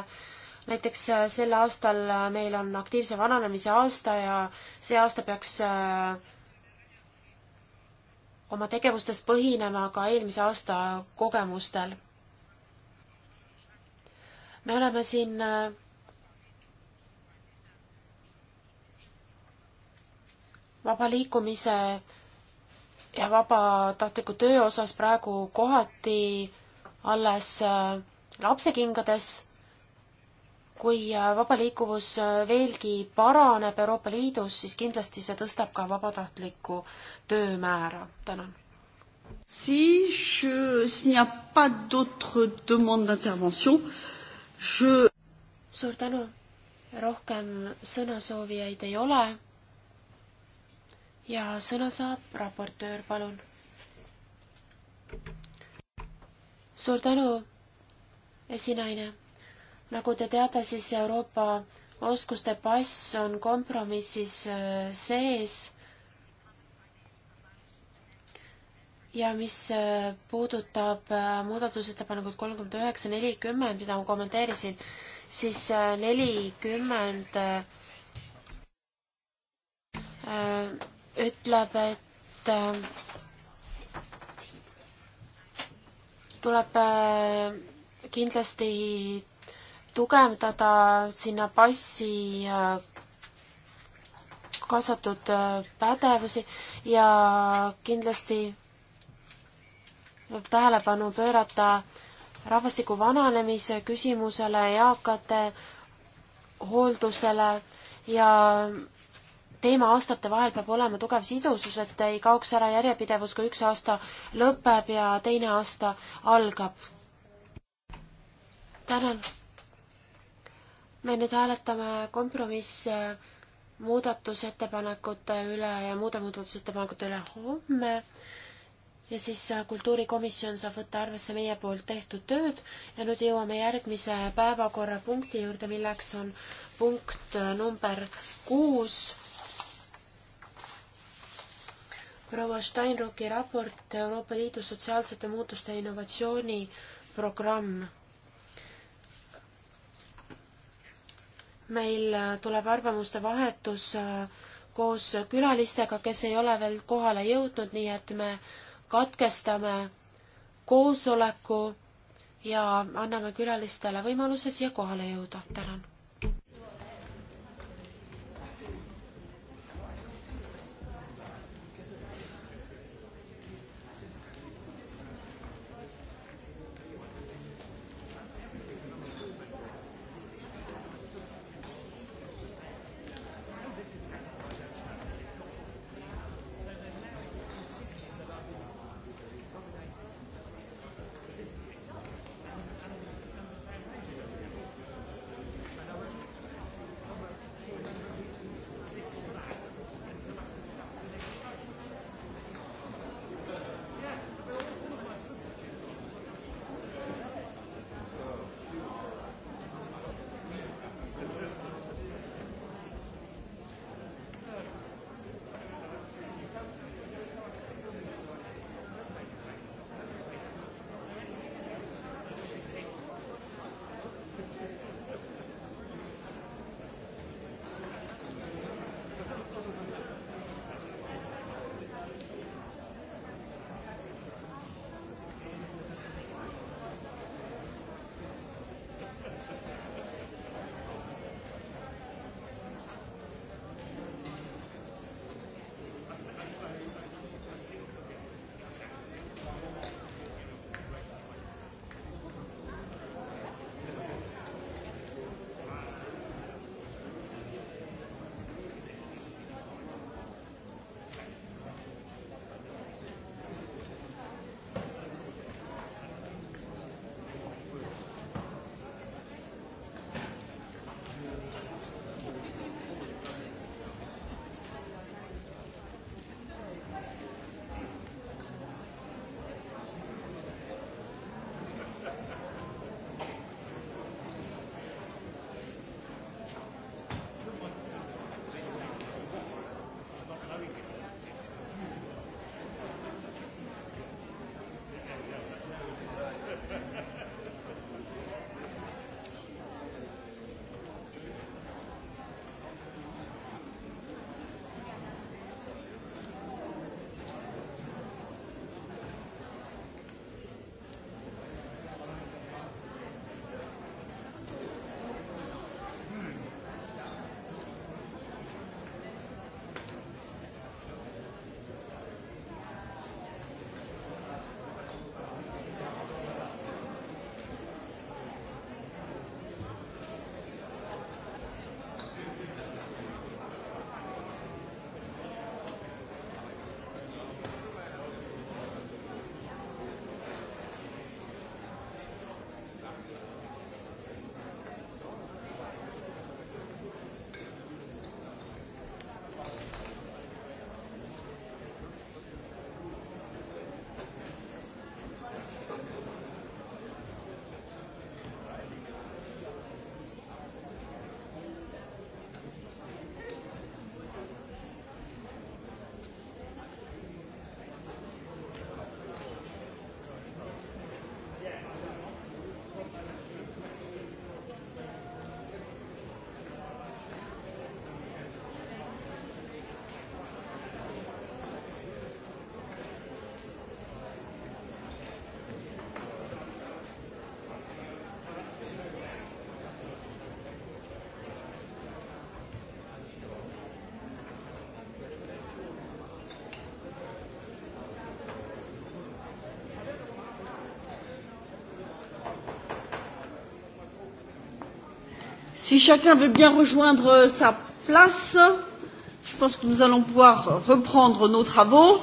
näiteks äh, sel aastal äh, meil on aktiivse vananemise aasta ja see aasta peaks äh, oma tegevustes põhinema ka eelmise aasta kogemustel. me oleme siin vaba liikumise ja vabatahtliku töö osas praegu kohati alles äh, lapsekingades. kui äh, vaba liikuvus äh, veelgi paraneb Euroopa Liidus, siis kindlasti see tõstab ka vabatahtliku töö määra. tänan. Si je, s'il n'y a pas d'autres demandes d'intervention, je. suur tänu. rohkem sõnasoovijaid ei ole ja sõna saab raportöör, palun. suur tänu, esinaine. nagu te teate, siis Euroopa oskuste pass on kompromissis äh, sees. ja mis äh, puudutab äh, muudatusettepanekut kolmkümmend üheksa, nelikümmend, mida ma kommenteerisin, siis nelikümmend 40 ütleb, et äh, tuleb äh, kindlasti tugevdada sinna passi äh, kasvatud pädevusi ja kindlasti tuleb tähelepanu pöörata rahvastiku vananemise küsimusele, eakate hooldusele ja teema aastate vahel peab olema tugev sidusus, et ei kaoks ära järjepidevus, kui üks aasta lõpeb ja teine aasta algab. tänan. me nüüd hääletame kompromiss muudatusettepanekute üle ja muude muudatusettepanekute üle homme ja siis äh, kultuurikomisjon saab võtta arvesse meie poolt tehtud tööd ja nüüd jõuame järgmise päevakorrapunkti juurde, milleks on punkt äh, number kuus proua Steinrocki raport Euroopa Liidu sotsiaalsete muutuste innovatsiooni programm. meil tuleb arvamuste vahetus äh, koos külalistega, kes ei ole veel kohale jõudnud, nii et me katkestame koosoleku ja anname külalistele võimaluse siia kohale jõuda. tänan! Si chacun veut bien rejoindre sa place, je pense que nous allons pouvoir reprendre nos travaux.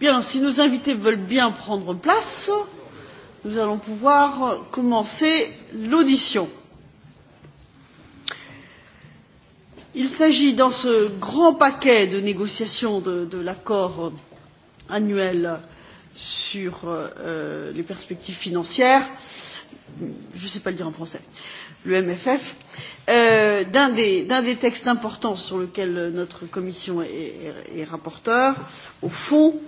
Bien, si nos invités veulent bien prendre place, nous allons pouvoir commencer l'audition. Il s'agit dans ce grand paquet de négociations de, de l'accord annuel sur euh, euh les perspectives financières, je ne sais pas le dire en français, le MFF, euh, d'un des, des textes importants sur lequel notre commission est, est, est rapporteur, au fond, euh,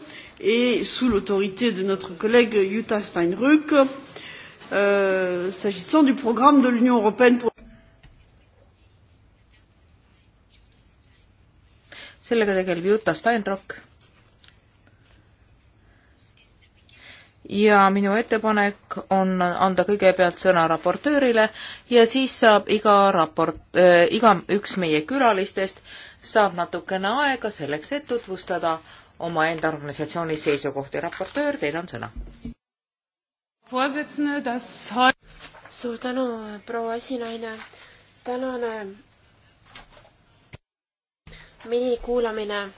et sous l'autorité de notre collègue Jutta Steinruck, euh, s'agissant du programme de l'Union européenne pour sellega tegeleb Jutta Steinrock. ja minu ettepanek on anda kõigepealt sõna raportöörile ja siis saab iga raport äh,, iga üks meie külalistest saab natukene aega selleks, et tutvustada omaenda organisatsiooni seisukohti. raportöör, teil on sõna. suur tänu, proua esinaine. tänane minikuulamine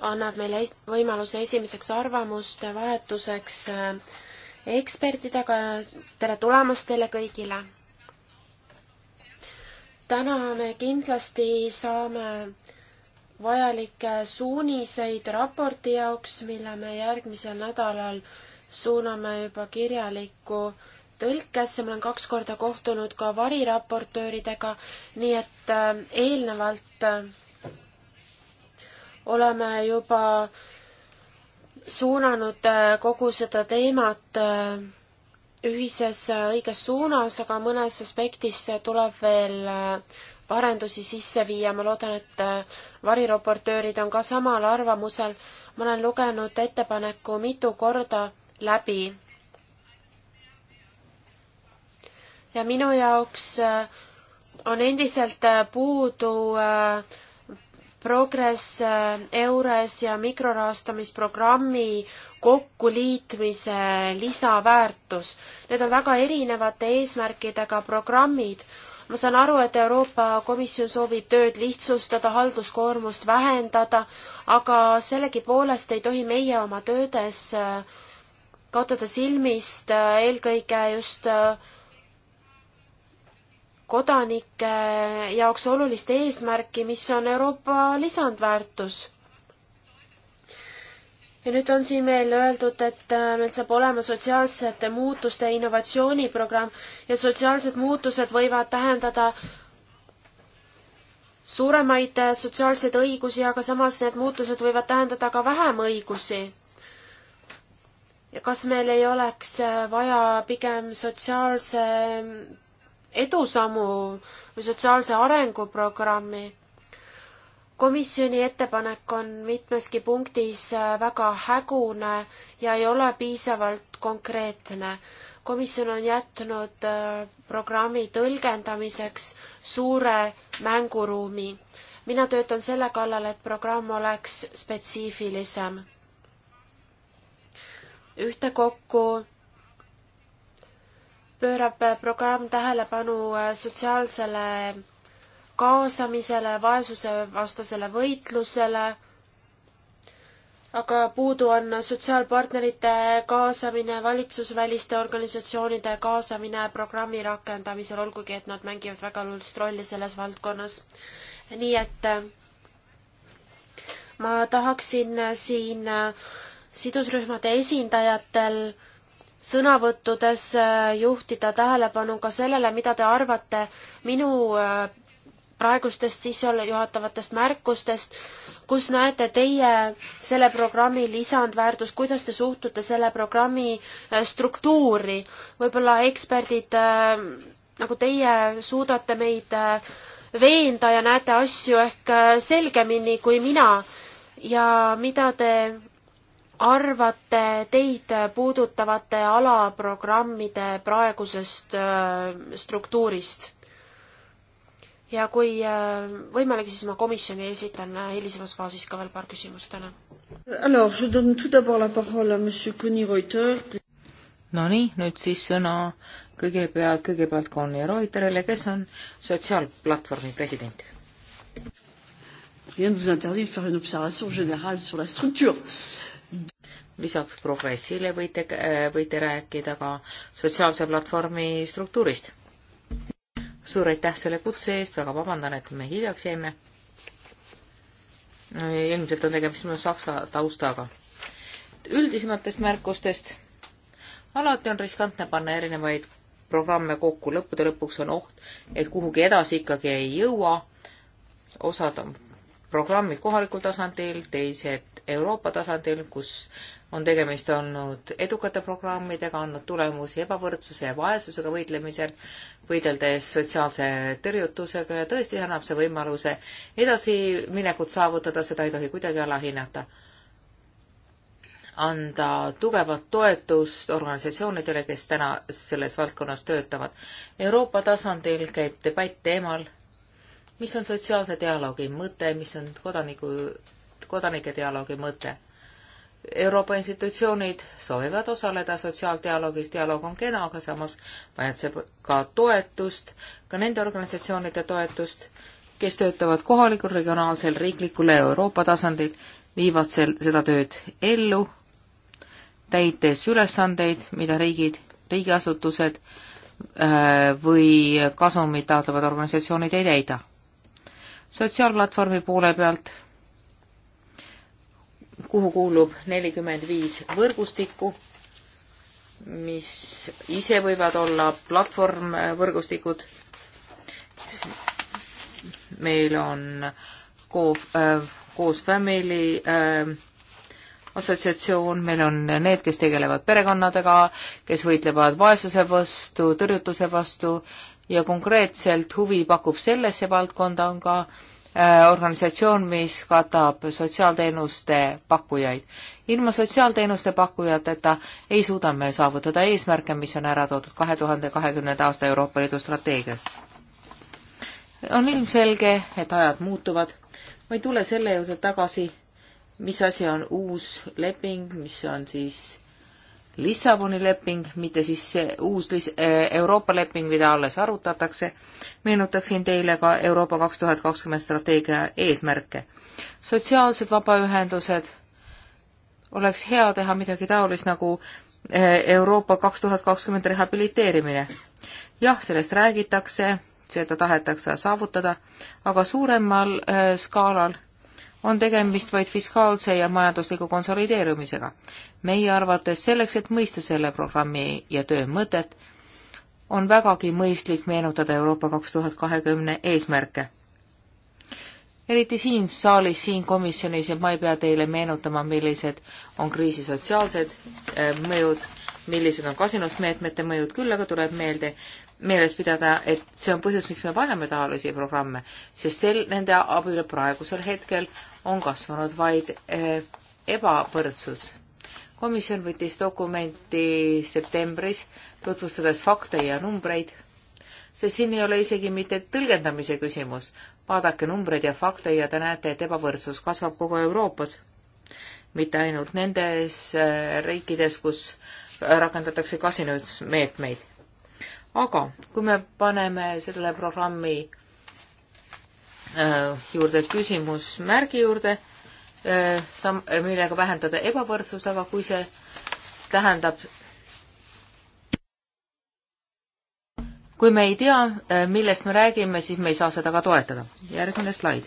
annab meile võimaluse esimeseks arvamuste vahetuseks äh, ekspertidega. tere tulemast teile kõigile! täna me kindlasti saame vajalikke suuniseid raporti jaoks, mille me järgmisel nädalal suuname juba kirjalikku tõlkesse, ma olen kaks korda kohtunud ka variraportööridega, nii et äh, eelnevalt äh, oleme juba suunanud äh, kogu seda teemat ühises õiges suunas, aga mõnes aspektis tuleb veel arendusi sisse viia, ma loodan, et äh, variraportöörid on ka samal arvamusel. ma olen lugenud ettepaneku mitu korda läbi. ja minu jaoks äh, on endiselt äh, puudu progress EURES ja mikrorahastamisprogrammi kokkuliitmise lisaväärtus. Need on väga erinevate eesmärkidega programmid ma saan aru, et Euroopa Komisjon soovib tööd lihtsustada, halduskoormust vähendada, aga sellegipoolest ei tohi meie oma töödes äh, kaotada silmist äh, eelkõige just äh, kodanike jaoks olulist eesmärki, mis on Euroopa lisandväärtus ja nüüd on siin meil öeldud, et äh, meil saab olema sotsiaalsete muutuste innovatsiooniprogramm ja sotsiaalsed muutused võivad tähendada suuremaid äh, sotsiaalseid õigusi, aga samas need muutused võivad tähendada ka vähem õigusi. ja kas meil ei oleks äh, vaja pigem sotsiaalse mm, edusammu või sotsiaalse arenguprogrammi? komisjoni ettepanek on mitmeski punktis äh, väga hägune ja ei ole piisavalt konkreetne. komisjon on jätnud äh, programmi tõlgendamiseks suure mänguruumi. mina töötan selle kallal, et programm oleks spetsiifilisem. ühtekokku pöörab äh, programm tähelepanu sotsiaalsele kaasamisele, vaesusevastasele võitlusele, aga puudu on sotsiaalpartnerite kaasamine, valitsusväliste organisatsioonide kaasamine programmi rakendamisel, olgugi et nad mängivad väga olulist rolli selles valdkonnas. nii et ma tahaksin siin sidusrühmade esindajatel sõnavõttudes juhtida tähelepanu ka sellele, mida te arvate minu praegustest sissejuhatavatest märkustest, kus näete teie selle programmi lisandväärtust, kuidas te suhtute selle programmi äh, struktuuri? võib-olla eksperdid äh, nagu teie suudate meid äh, veenda ja näete asju ehk selgemini kui mina ja mida te arvate teid puudutavate alaprogrammide praegusest struktuurist? ja kui äh, võimalik, siis ma komisjoni esitan äh, hilisemas faasis ka veel paar küsimust, tänan. Nonii, nüüd siis sõna kõigepealt, kõigepealt Conny Reuterile, kes on sotsiaalplatvormi president. lisaks progressile võite, äh, võite rääkida ka sotsiaalse platvormi struktuurist suur aitäh selle kutse eest, väga vabandan, et me hiljaks jäime. ilmselt on tegemist minu saksa taustaga. üldisematest märkustest. alati on riskantne panna erinevaid programme kokku, lõppude lõpuks on oht, et kuhugi edasi ikkagi ei jõua. osad on programmid kohalikul tasandil, teised Euroopa tasandil, kus on tegemist olnud edukate programmidega, andnud tulemusi ebavõrdsuse ja vaesusega võitlemisel, võideldes sotsiaalse tõrjutusega ja tõesti annab see võimaluse edasiminekut saavutada, seda ei tohi kuidagi alahinnata. anda tugevat toetust organisatsioonidele, kes täna selles valdkonnas töötavad. Euroopa tasandil käib debatt teemal, mis on sotsiaalse dialoogi mõte, mis on kodaniku, kodanike dialoogi mõte Euroopa institutsioonid soovivad osaleda sotsiaaldialoogis, dialoog on kena, aga samas vajab ka toetust, ka nende organisatsioonide toetust, kes töötavad kohalikul, regionaalsel, riiklikul ja Euroopa tasandil, viivad sel-, seda tööd ellu, täites ülesandeid, mida riigid, riigiasutused äh, või kasumit taotlevad organisatsioonid ei täida. sotsiaalplatvormi poole pealt kuhu kuulub nelikümmend viis võrgustikku, mis ise võivad olla platvormvõrgustikud. meil on koos, äh, koos Family äh, assotsiatsioon, meil on need, kes tegelevad perekonnadega, kes võitlevad vaesuse vastu, tõrjutuse vastu ja konkreetselt huvi pakub sellesse valdkonda on ka äh, Äh, organisatsioon, mis katab sotsiaalteenuste pakkujaid. ilma sotsiaalteenuste pakkujateta ei suuda me saavutada eesmärke, mis on ära toodud kahe tuhande kahekümnenda aasta Euroopa Liidu strateegias. on ilmselge, et ajad muutuvad. ma ei tule selle juurde tagasi, mis asi on uus leping, mis on siis Lissaboni leping, mitte siis see uus lis-, e, Euroopa leping, mida alles arutatakse, meenutaksin teile ka Euroopa kaks tuhat kakskümmend strateegia eesmärke. sotsiaalsed vabaühendused, oleks hea teha midagi taolist nagu e, Euroopa kaks tuhat kakskümmend rehabiliteerimine. jah, sellest räägitakse, seda tahetakse saavutada, aga suuremal e, skaalal on tegemist vaid fiskaalse ja majandusliku konsolideerumisega. meie arvates selleks, et mõista selle programmi ja töö mõtet, on vägagi mõistlik meenutada Euroopa kaks tuhat kahekümne eesmärke. eriti siin saalis, siin komisjonis ja ma ei pea teile meenutama, millised on kriisi sotsiaalsed äh, mõjud, millised on kasinusmeetmete mõjud, küll aga tuleb meelde, meeles pidada, et see on põhjus, miks me vajame taolisi programme, sest sel, nende abil praegusel hetkel on kasvanud vaid eh, ebavõrdsus. komisjon võttis dokumenti septembris, tutvustades fakte ja numbreid, sest siin ei ole isegi mitte tõlgendamise küsimus. vaadake numbreid ja fakte ja te näete, et ebavõrdsus kasvab kogu Euroopas. mitte ainult nendes eh, riikides, kus rakendatakse kasinusmeetmeid. aga kui me paneme sellele programmi Äh, juurde küsimusmärgi juurde, äh, sam-, äh, millega vähendada ebavõrdsus, aga kui see tähendab kui me ei tea, millest me räägime, siis me ei saa seda ka toetada. järgmine slaid.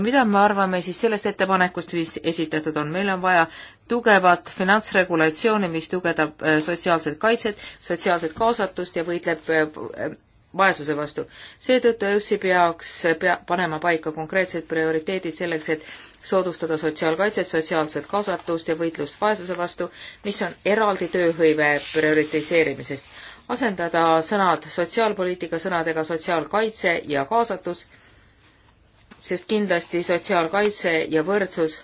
mida me arvame siis sellest ettepanekust, mis esitatud on? meil on vaja tugevat finantsregulatsiooni, mis tugevdab sotsiaalset kaitset, sotsiaalset kaasatust ja võitleb vaesuse vastu. seetõttu EÜPS-i peaks pea-, panema paika konkreetsed prioriteedid selleks, et soodustada sotsiaalkaitset, sotsiaalset kaasatust ja võitlust vaesuse vastu, mis on eraldi tööhõive prioritiseerimisest. asendada sõnad sotsiaalpoliitika sõnadega sotsiaalkaitse ja kaasatus, sest kindlasti sotsiaalkaitse ja võrdsus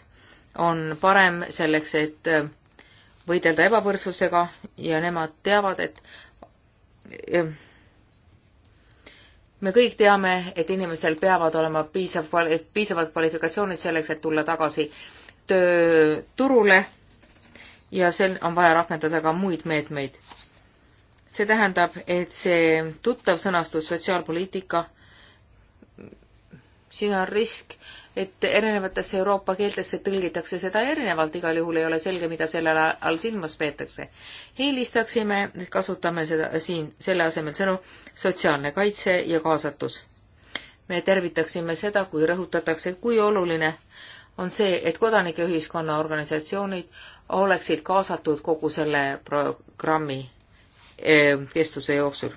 on parem selleks, et võidelda ebavõrdsusega ja nemad teavad, et me kõik teame, et inimesel peavad olema piisav, piisavad kvalifikatsioonid selleks, et tulla tagasi tööturule ja sel on vaja rakendada ka muid meetmeid. see tähendab, et see tuttav sõnastus sotsiaalpoliitika, siin on risk, et erinevatesse Euroopa keeltesse tõlgitakse seda erinevalt, igal juhul ei ole selge, mida selle all silmas peetakse. eelistaksime, et kasutame seda siin selle asemel sõnu sotsiaalne kaitse ja kaasatus. me tervitaksime seda, kui rõhutatakse, kui oluline on see, et kodanike ühiskonna organisatsioonid oleksid kaasatud kogu selle programmi e, kestuse jooksul.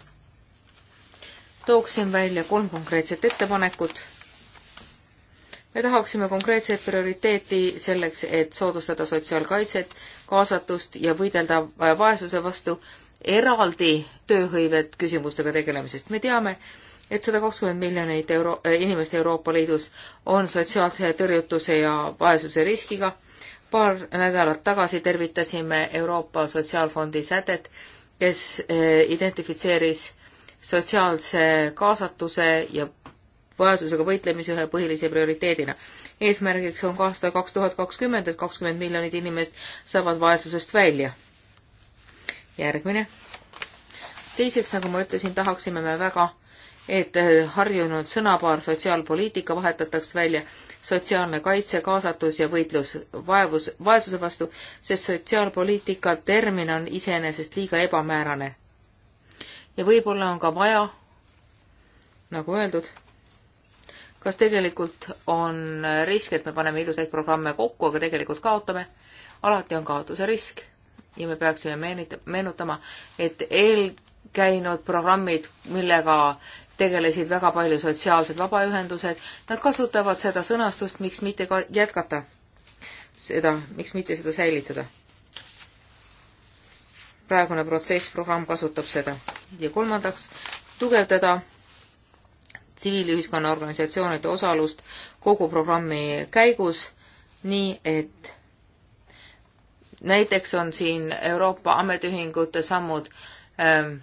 tooksin välja kolm konkreetset ettepanekut me tahaksime konkreetset prioriteeti selleks, et soodustada sotsiaalkaitset, kaasatust ja võidelda vaesuse vastu eraldi tööhõivet küsimustega tegelemisest. me teame, et sada kakskümmend miljonit euro, äh, inimest Euroopa Liidus on sotsiaalse tõrjutuse ja vaesuse riskiga. paar nädalat tagasi tervitasime Euroopa Sotsiaalfondi sätet, kes äh, identifitseeris sotsiaalse kaasatuse ja vaesusega võitlemise ühe põhilise prioriteedina. eesmärgiks on ka aasta kaks tuhat kakskümmend, et kakskümmend miljonit inimest saavad vaesusest välja. järgmine. teiseks, nagu ma ütlesin, tahaksime me väga, et harjunud sõnapaar sotsiaalpoliitika vahetataks välja sotsiaalne kaitse, kaasatus ja võitlus vaevus, vaesuse vastu, sest sotsiaalpoliitika termin on iseenesest liiga ebamäärane. ja võib-olla on ka vaja, nagu öeldud, kas tegelikult on risk, et me paneme ilusaid programme kokku, aga tegelikult kaotame? alati on kaotuse risk ja me peaksime meenita-, meenutama, et eelkäinud programmid, millega tegelesid väga palju sotsiaalsed vabaühendused, nad kasutavad seda sõnastust, miks mitte ka jätkata seda, miks mitte seda säilitada. praegune protsess, programm kasutab seda. ja kolmandaks, tugevdada tsiviilühiskonna organisatsioonide osalust kogu programmi käigus, nii et näiteks on siin Euroopa ametiühingute sammud ähm,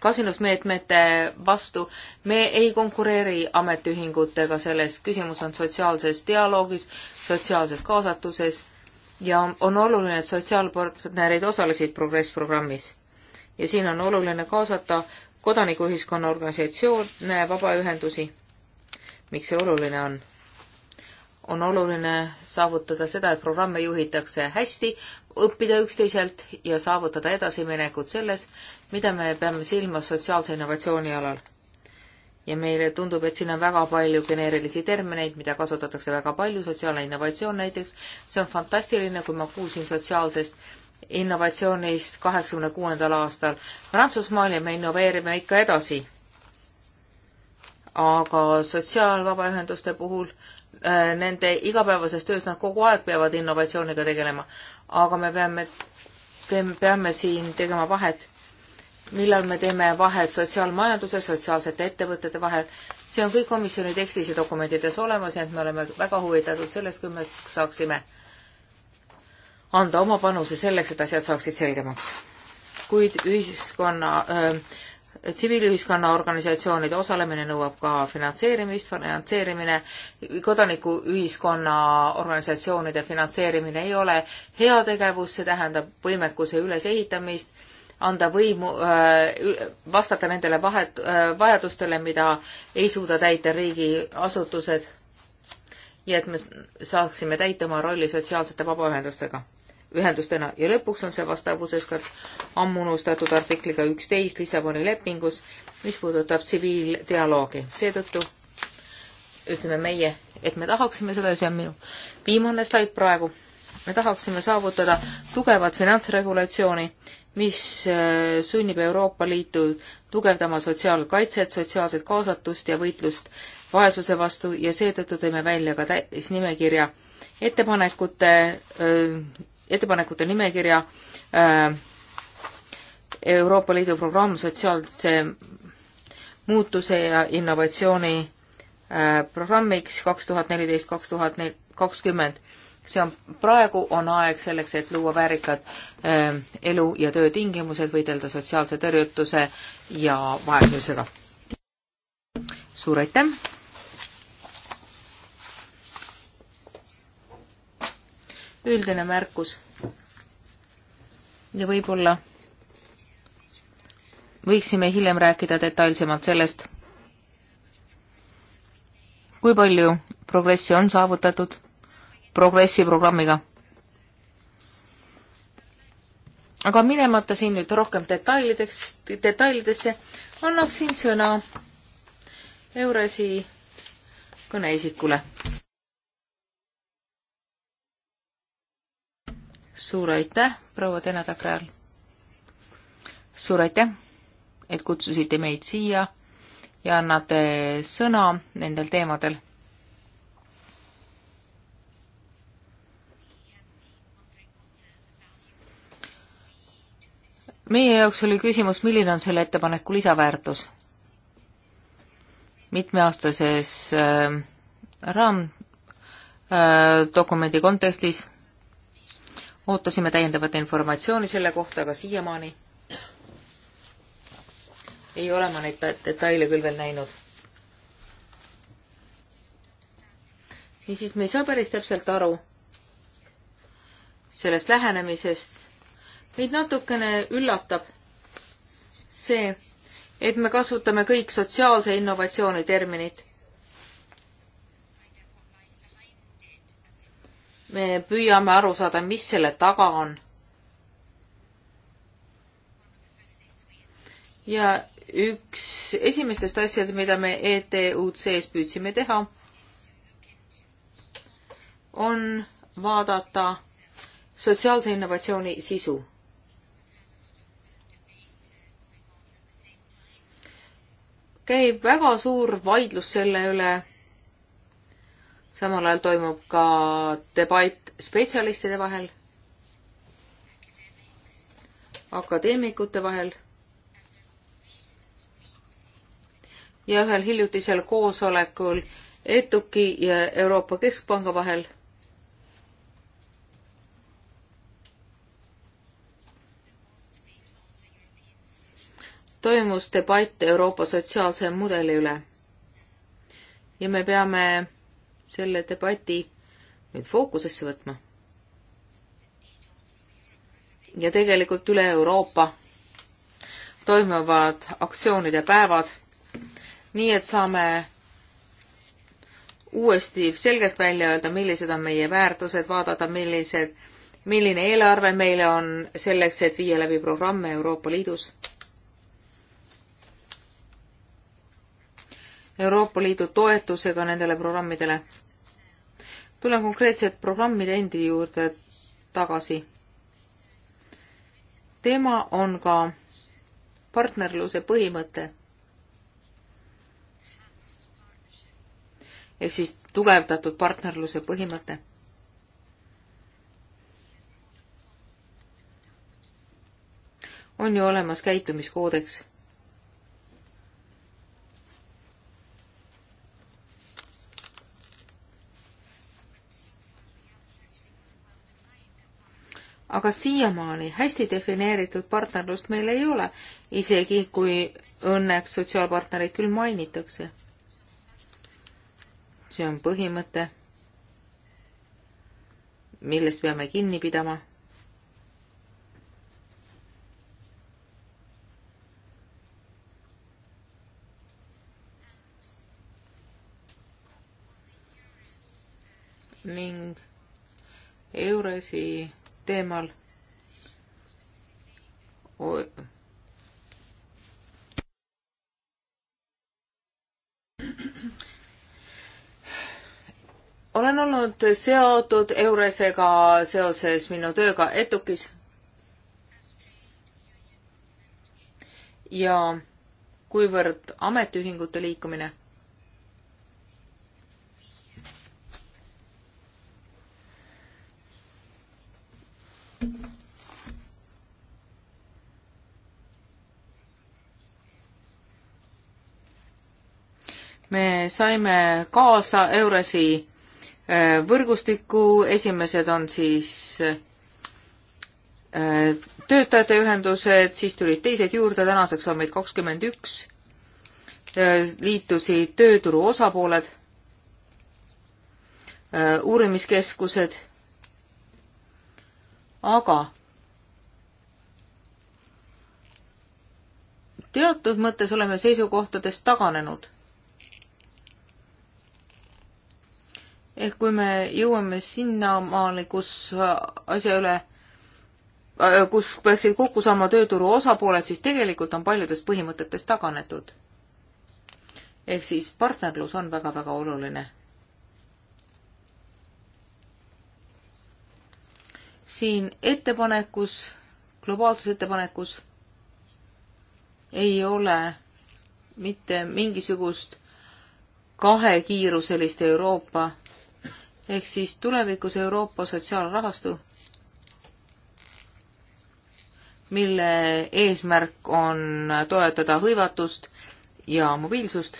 kasinusmeetmete vastu. me ei konkureeri ametiühingutega selles, küsimus on sotsiaalses dialoogis, sotsiaalses kaasatuses ja on, on oluline, et sotsiaalpartnerid osalesid Progress programmis. ja siin on oluline kaasata kodanikuühiskonna organisatsioone, vabaühendusi. miks see oluline on? on oluline saavutada seda, et programme juhitakse hästi, õppida üksteiselt ja saavutada edasiminekut selles, mida me peame silmas sotsiaalse innovatsiooni alal. ja meile tundub, et siin on väga palju geneerilisi termineid, mida kasutatakse väga palju, sotsiaalne innovatsioon näiteks, see on fantastiline, kui ma kuulsin sotsiaalsest innovatsioonist kaheksakümne kuuendal aastal Prantsusmaal ja me innoveerime ikka edasi. aga sotsiaalvabaühenduste puhul äh, nende igapäevases töös nad kogu aeg peavad innovatsiooniga tegelema, aga me peame, peame siin tegema vahet millal me teeme vahet sotsiaalmajanduse, sotsiaalsete ettevõtete vahel. see on kõik komisjoni tekstis ja dokumentides olemas, nii et me oleme väga huvitatud sellest, kui me saaksime äh, anda oma panuse selleks, et asjad saaksid selgemaks. kuid ühiskonna äh,, tsiviilühiskonna organisatsioonide osalemine nõuab ka finantseerimist, finantseerimine, kodanikuühiskonna organisatsioonide finantseerimine ei ole heategevus, see tähendab võimekuse ülesehitamist, anda võimu äh,, vastata nendele vahet äh,, vajadustele, mida ei suuda täita riigiasutused ja et me saaksime täita oma rolli sotsiaalsete vabaühendustega ühendustena ja lõpuks on see vastavuses ka ammu unustatud artikliga üksteist Lissaboni lepingus, mis puudutab tsiviildialoogi. seetõttu ütleme meie, et me tahaksime seda ja see on minu viimane slaid praegu, me tahaksime saavutada tugevat finantsregulatsiooni, mis äh, sunnib Euroopa Liitu tugevdama sotsiaalkaitset, sotsiaalset kaasatust ja võitlust vaesuse vastu ja seetõttu tõime välja ka täisnimekirja ettepanekute äh, ettepanekute nimekirja äh, Euroopa Liidu programm sotsiaalse muutuse ja innovatsiooni äh, programmiks kaks tuhat neliteist, kaks tuhat kakskümmend. see on, praegu on aeg selleks, et luua väärikad äh, elu- ja töötingimused, võidelda sotsiaalse tõrjutuse ja vaesusega. suur aitäh! üldine märkus. ja võib-olla võiksime hiljem rääkida detailsemalt sellest, kui palju progressi on saavutatud progressi programmiga. aga minemata siin nüüd rohkem detailideks, detailidesse, annaksin sõna Euresi kõneisikule suur aitäh, proua Tenatagral. suur aitäh, et kutsusite meid siia ja annate sõna nendel teemadel. meie jaoks oli küsimus, milline on selle ettepaneku lisaväärtus mitmeaastases äh, raamdokumendi äh, kontekstis ootasime täiendavat informatsiooni selle kohta, aga siiamaani ei ole ma neid detaile küll veel näinud. niisiis, me ei saa päris täpselt aru sellest lähenemisest. meid natukene üllatab see, et me kasutame kõik sotsiaalse innovatsiooni terminit me püüame aru saada, mis selle taga on. ja üks esimestest asjad, mida me ETUC-s püüdsime teha, on vaadata sotsiaalse innovatsiooni sisu käib väga suur vaidlus selle üle, samal ajal toimub ka debatt spetsialistide vahel, akadeemikute vahel ja ühel hiljutisel koosolekul ETUK-i ja Euroopa Keskpanga vahel toimus debatt Euroopa sotsiaalse mudeli üle. ja me peame selle debati nüüd fookusesse võtma. ja tegelikult üle Euroopa toimuvad aktsioonide päevad, nii et saame uuesti selgelt välja öelda, millised on meie väärtused, vaadata, millised, milline eelarve meile on selleks, et viia läbi programme Euroopa Liidus. Euroopa Liidu toetusega nendele programmidele tulen konkreetselt programmide endi juurde tagasi. teema on ka partnerluse põhimõte. ehk siis tugevdatud partnerluse põhimõte on ju olemas käitumiskoodeks. aga siiamaani hästi defineeritud partnerlust meil ei ole, isegi kui õnneks sotsiaalpartnereid küll mainitakse. see on põhimõte, millest peame kinni pidama. ning EURES-i teemal. olen olnud seotud Euresega seoses minu tööga Etukis. ja kuivõrd ametiühingute liikumine me saime kaasa Eurasi äh, võrgustiku, esimesed on siis äh, töötajate ühendused, siis tulid teised juurde, tänaseks on meid kakskümmend üks, äh, liitusid tööturu osapooled, uurimiskeskused, aga teatud mõttes oleme seisukohtadest taganenud ehk kui me jõuame sinnamaale, kus äh, asja üle, äh, kus peaksid kokku saama tööturu osapooled, siis tegelikult on paljudest põhimõtetest taganetud. ehk siis partnerlus on väga-väga oluline. siin ettepanekus, globaalses ettepanekus ei ole mitte mingisugust kahekiiruselist Euroopa ehk siis tulevikus Euroopa sotsiaalrahastu, mille eesmärk on toetada hõivatust ja mobiilsust.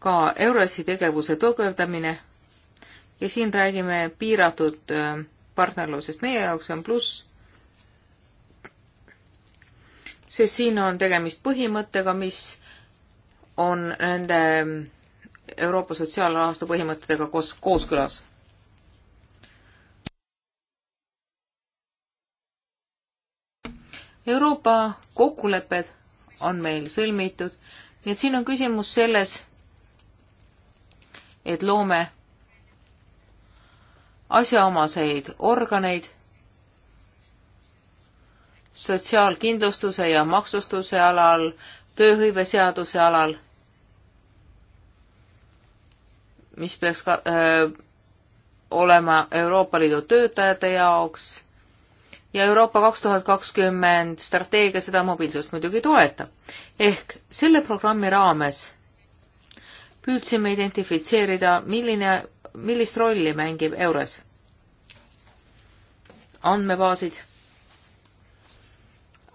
ka EURES-i tegevuse tugevdamine ja siin räägime piiratud äh, partnerlusest, meie jaoks on pluss, sest siin on tegemist põhimõttega, mis on nende Euroopa sotsiaalrahastu põhimõtetega koos, kooskõlas. Euroopa kokkulepped on meil sõlmitud, nii et siin on küsimus selles, et loome asjaomaseid organeid sotsiaalkindlustuse ja maksustuse alal, tööhõiveseaduse alal mis peaks ka öö, äh, olema Euroopa Liidu töötajate jaoks ja Euroopa kaks tuhat kakskümmend strateegia seda mobiilsust muidugi toetab. ehk selle programmi raames püüdsime identifitseerida, milline, millist rolli mängib EURES. andmebaasid,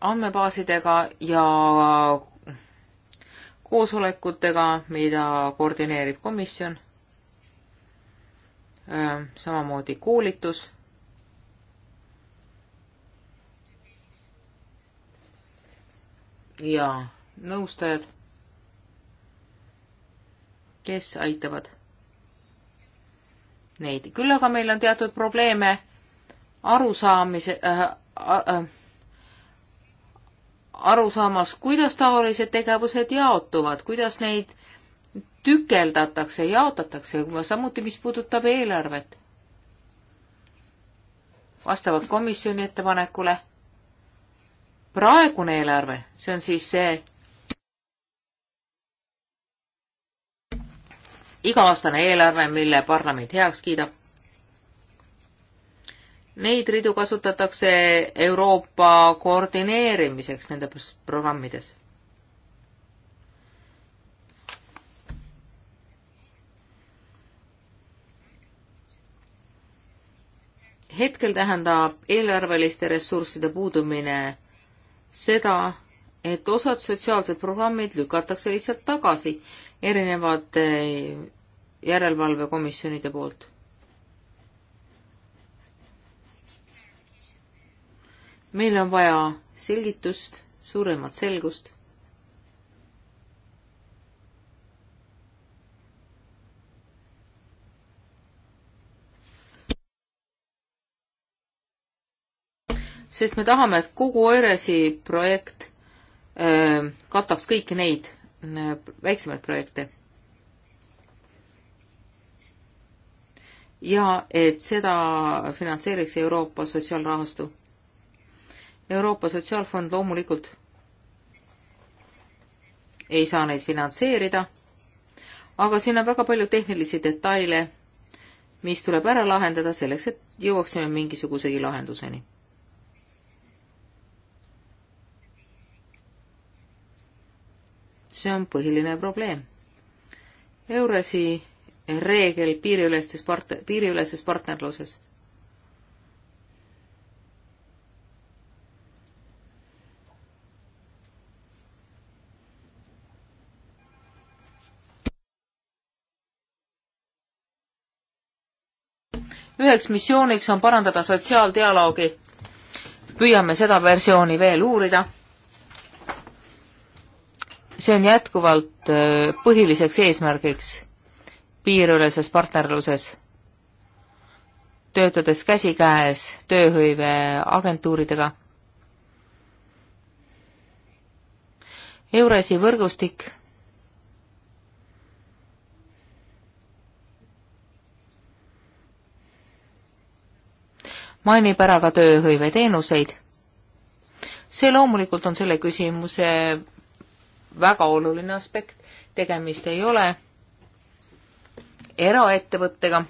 andmebaasidega ja koosolekutega, mida koordineerib komisjon Äh, samamoodi koolitus. ja nõustajad, kes aitavad neid. küll aga meil on teatud probleeme arusaamise äh,, äh, arusaamas, kuidas taolised tegevused jaotuvad, kuidas neid äh, tükeldatakse, jaotatakse, samuti mis puudutab eelarvet. vastavalt komisjoni ettepanekule praegune eelarve, see on siis see iga-aastane eelarve, mille parlament heaks kiidab. Neid ridu kasutatakse Euroopa koordineerimiseks nendes programmides hetkel tähendab eelarveliste ressursside puudumine seda, et osad sotsiaalsed programmid lükatakse lihtsalt tagasi erinevate järelevalvekomisjonide poolt. meil on vaja selgitust, suuremat selgust sest me tahame, et kogu ERS-i projekt öö, äh, kataks kõiki neid öö, äh, väiksemaid projekte. ja et seda finantseeriks Euroopa Sotsiaalrahastu. Euroopa Sotsiaalfond loomulikult ei saa neid finantseerida, aga siin on väga palju tehnilisi detaile, mis tuleb ära lahendada selleks, et jõuaksime mingisugusegi lahenduseni see on põhiline probleem. Eurasi reegel piiriülestes part-, piiriüleses partnerluses. üheks missiooniks on parandada sotsiaaldialoogi. püüame seda versiooni veel uurida see on jätkuvalt äh, põhiliseks eesmärgiks piiriüleses partnerluses, töötades käsikäes tööhõiveagentuuridega. Euresi võrgustik mainib ära ka tööhõiveteenuseid. see loomulikult on selle küsimuse väga oluline aspekt, tegemist ei ole eraettevõttega.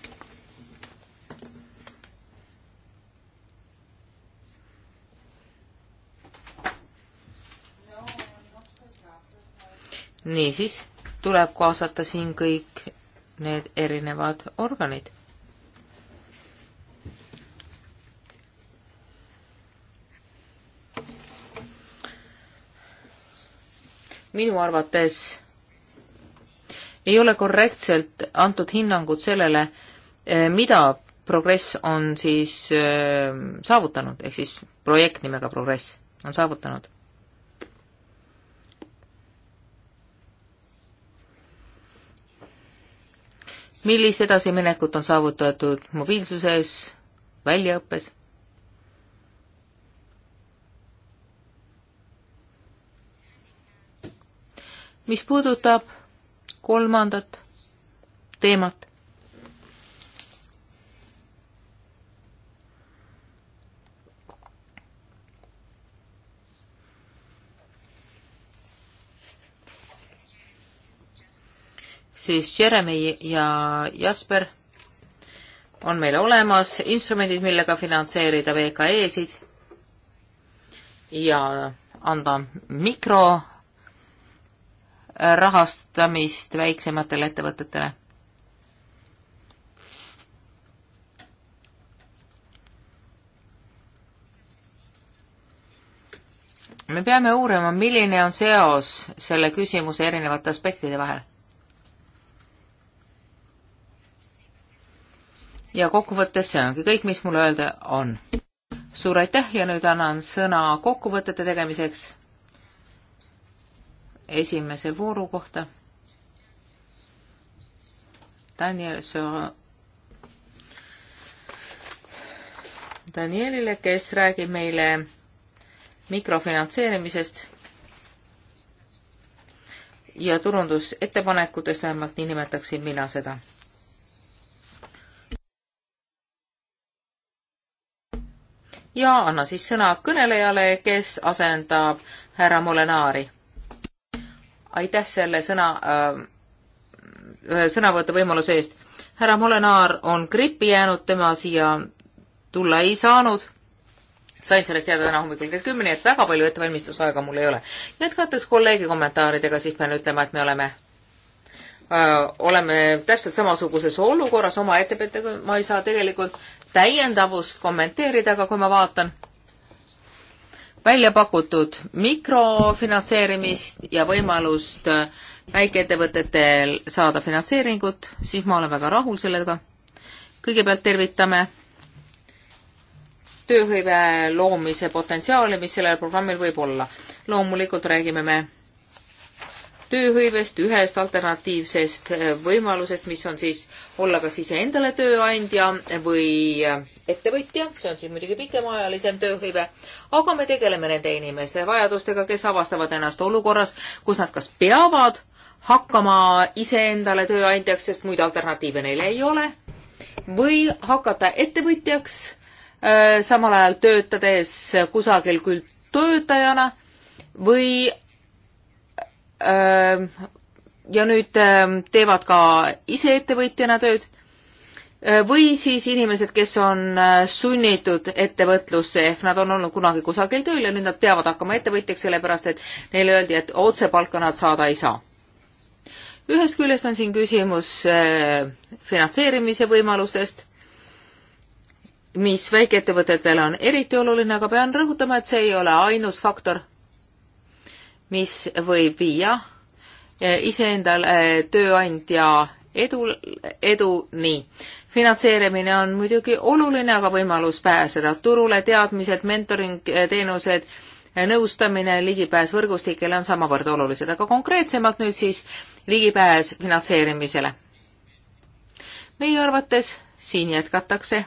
niisiis tuleb kaasata siin kõik need erinevad organid minu arvates ei ole korrektselt antud hinnangut sellele, eh, mida progress on siis eh, saavutanud, ehk siis projekt nimega Progress on saavutanud. millist edasiminekut on saavutatud mobiilsuses, väljaõppes mis puudutab kolmandat teemat. siis Jeremy ja Jasper on meil olemas instrumendid, millega finantseerida VKE-sid ja anda mikro rahastamist väiksematele ettevõtetele me peame uurima, milline on seos selle küsimuse erinevate aspektide vahel. ja kokkuvõttes see ongi kõik, mis mul öelda on. suur aitäh ja nüüd annan sõna kokkuvõtete tegemiseks esimese vooru kohta. Daniel, sa Danielile, kes räägib meile mikrofinantseerimisest ja turundusettepanekutest, vähemalt nii nimetaksin mina seda. ja anna siis sõna kõnelejale, kes asendab härra Molenaari aitäh selle sõna äh,, sõnavõtu võimaluse eest. härra Molenaar on grippi jäänud, tema siia tulla ei saanud. sain sellest teada täna hommikul kell kümme, nii et väga palju ettevalmistusaega mul ei ole. jätkates kolleegi kommentaaridega, siis pean ütlema, et me oleme äh, oleme täpselt samasuguses olukorras oma ettevõttega, ma ei saa tegelikult täiendavust kommenteerida, aga kui ma vaatan äh, välja pakutud mikrofinantseerimist ja võimalust väikeettevõtetel saada finantseeringut, siis ma olen väga rahul sellega. kõigepealt tervitame tööhõive loomise potentsiaali, mis sellel programmil võib olla. loomulikult räägime me tööhõivest, ühest alternatiivsest äh, võimalusest, mis on siis olla kas iseendale tööandja või äh, ettevõtja, see on siis muidugi pikemaajalisem tööhõive, aga me tegeleme nende inimeste vajadustega, kes avastavad ennast olukorras, kus nad kas peavad hakkama iseendale tööandjaks, sest muid alternatiive neil ei ole, või hakata ettevõtjaks, äh, samal ajal töötades kusagil küll töötajana või ja nüüd teevad ka ise ettevõtjana tööd või siis inimesed, kes on sunnitud ettevõtlusse ehk nad on olnud kunagi kusagil tööl ja nüüd nad peavad hakkama ettevõtjaks, sellepärast et neile öeldi, et otsepalka nad saada ei saa. ühest küljest on siin küsimus finantseerimise võimalustest, mis väikeettevõtetel on eriti oluline, aga pean rõhutama, et see ei ole ainus faktor mis võib viia eh, iseendale eh, tööandja edu, eduni. finantseerimine on muidugi oluline, aga võimalus pääseda turule, teadmised, mentoring, eh, teenused, nõustamine, ligipääs võrgustikele on samavõrd olulised, aga konkreetsemalt nüüd siis ligipääs finantseerimisele. meie arvates siin jätkatakse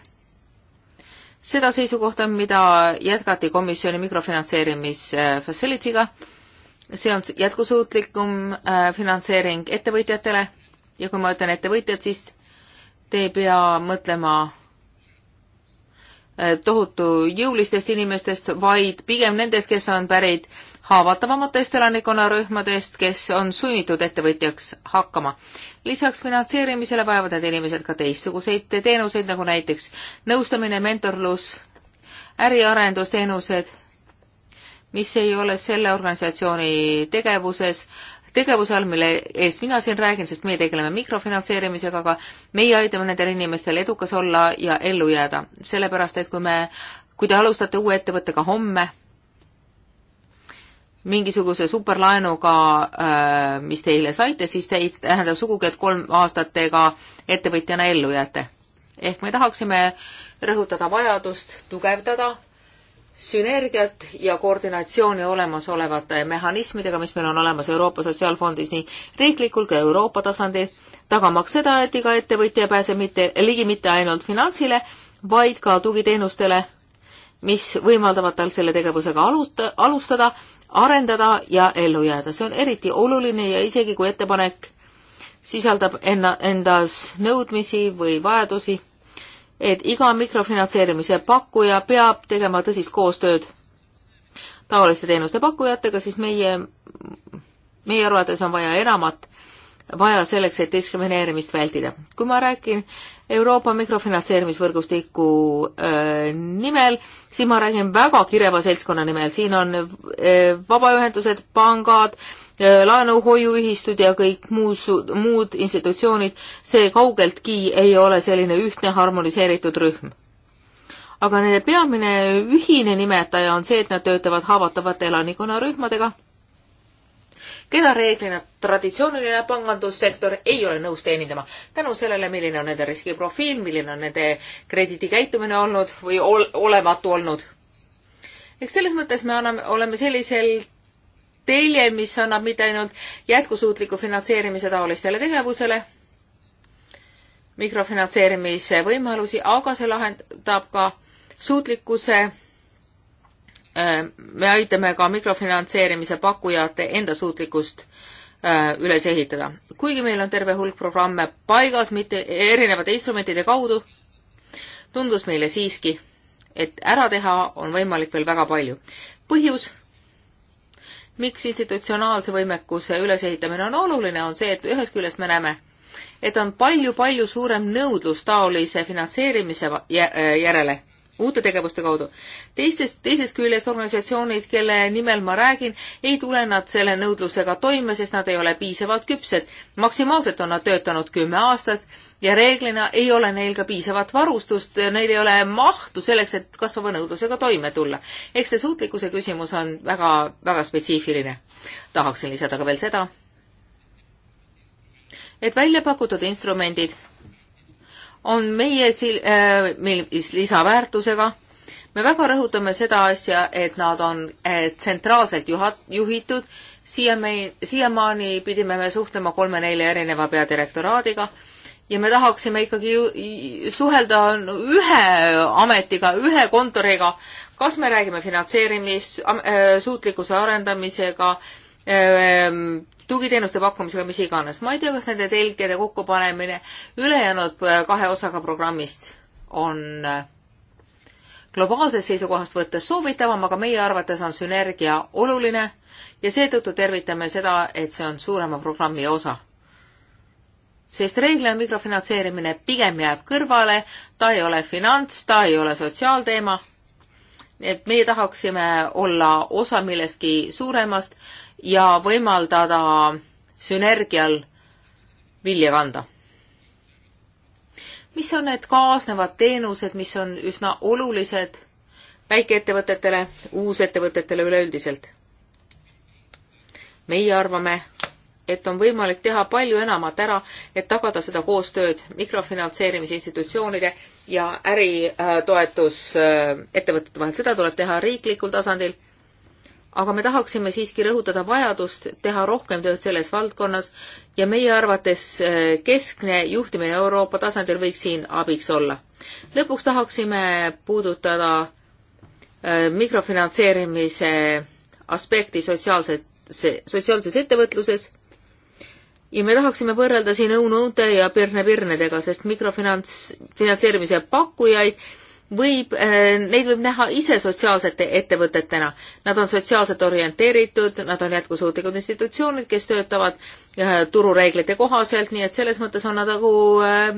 seda seisukohta, mida jätkati komisjoni mikrofinantseerimisfacility'ga äh, see on jätkusuutlikum äh, finantseering ettevõtjatele ja kui ma ütlen ettevõtjad, siis te ei pea mõtlema äh, tohutu jõulistest inimestest, vaid pigem nendest, kes on pärit haavatavamatest elanikkonnarühmadest, kes on sunnitud ettevõtjaks hakkama. lisaks finantseerimisele vajavad need inimesed ka teistsuguseid teenuseid, nagu näiteks nõustamine, mentorlus, äriarendusteenused mis ei ole selle organisatsiooni tegevuses, tegevuse all, mille eest mina siin räägin, sest meie tegeleme mikrofinantseerimisega, aga meie aitame nendel inimestel edukas olla ja ellu jääda. sellepärast, et kui me, kui te alustate uue ettevõttega homme, mingisuguse superlaenuga, äh, mis teile saite, siis te ei tähenda sugugi, et kolm aastat ega ettevõtjana ellu jääte. ehk me tahaksime rõhutada vajadust tugevdada sünergiat ja koordinatsiooni olemasolevate mehhanismidega, mis meil on olemas Euroopa Sotsiaalfondis nii riiklikul kui Euroopa tasandil, tagamaks seda, et iga ettevõtja pääseb mitte, ligi mitte ainult finantsile, vaid ka tugiteenustele, mis võimaldavad tal selle tegevusega alusta, alustada, arendada ja ellu jääda. see on eriti oluline ja isegi kui ettepanek sisaldab enna, endas nõudmisi või vajadusi et iga mikrofinantseerimise pakkuja peab tegema tõsist koostööd taoliste teenuste pakkujatega, siis meie, meie arvates on vaja enamat, vaja selleks, et diskrimineerimist vältida. kui ma räägin Euroopa mikrofinantseerimisvõrgustiku äh, nimel, siis ma räägin väga kireva seltskonna nimel, siin on äh, vabaühendused, pangad äh,, Äh, laenuhoiuühistud ja kõik muus, muud institutsioonid, see kaugeltki ei ole selline ühtne harmoniseeritud rühm. aga nende peamine ühine nimetaja on see, et nad töötavad haavatavate elanikkonnarühmadega, keda reeglina traditsiooniline pangandussektor ei ole nõus teenindama. tänu sellele, milline on nende riskiprofiil, milline on nende krediidikäitumine olnud või ol olematu olnud eks selles mõttes me anname, oleme sellisel telje, mis annab mitte ainult jätkusuutliku finantseerimise taolistele tegevusele, mikrofinantseerimise võimalusi, aga see lahendab ka suutlikkuse äh, me aitame ka mikrofinantseerimise pakkujate enda suutlikkust äh, üles ehitada. kuigi meil on terve hulk programme paigas, mitte erinevate instrumentide kaudu, tundus meile siiski, et ära teha on võimalik veel väga palju. põhjus miks institutsionaalse võimekuse ülesehitamine on oluline, on see, et ühest küljest me näeme, et on palju-palju suurem nõudlus taolise finantseerimise järele uute tegevuste kaudu. teistest, teisest küljest organisatsioonid, kelle nimel ma räägin, ei tule nad selle nõudlusega toime, sest nad ei ole piisavalt küpsed. maksimaalselt on nad töötanud kümme aastat ja reeglina ei ole neil ka piisavat varustust, neil ei ole mahtu selleks, et kasvava nõudlusega toime tulla. eks see suutlikkuse küsimus on väga, väga spetsiifiline. tahaksin lisada ka veel seda, et välja pakutud instrumendid on meie sil-, äh, mis lisaväärtusega. me väga rõhutame seda asja, et nad on äh, tsentraalselt juhat-, juhitud, siia me, siiamaani pidime me suhtlema kolme-nelja erineva peadirektoraadiga ja me tahaksime ikkagi ju, suhelda ühe ametiga, ühe kontoriga, kas me räägime finantseerimis, äh, suutlikkuse arendamisega, ähm, tugiteenuste pakkumisega, mis iganes. ma ei tea, kas nende telgede kokkupanemine ülejäänud äh, kahe osaga programmist on äh, globaalsest seisukohast võttes soovitavam, aga meie arvates on sünergia oluline ja seetõttu tervitame seda, et see on suurema programmi osa. sest reeglina mikrofinantseerimine pigem jääb kõrvale, ta ei ole finants, ta ei ole sotsiaalteema, et meie tahaksime olla osa millestki suuremast ja võimaldada sünergial vilja kanda. mis on need kaasnevad teenused, mis on üsna olulised väikeettevõtetele, uusettevõtetele üleüldiselt? meie arvame, et on võimalik teha palju enamat ära, et tagada seda koostööd mikrofinantseerimise institutsioonide ja äritoetus ettevõtete vahel. seda tuleb teha riiklikul tasandil aga me tahaksime siiski rõhutada vajadust teha rohkem tööd selles valdkonnas ja meie arvates eh, keskne juhtimine Euroopa tasandil võiks siin abiks olla. lõpuks tahaksime puudutada eh, mikrofinantseerimise aspekti sotsiaalset, sotsiaalses ettevõtluses ja me tahaksime võrrelda siin õunõunte ja pirne pirnedega, sest mikrofinants, finantseerimise pakkujaid võib, äh, neid võib näha ise sotsiaalsete ettevõtetena. Nad on sotsiaalselt orienteeritud, nad on jätkusuutlikud institutsioonid, kes töötavad äh, turureeglite kohaselt, nii et selles mõttes on nad nagu äh,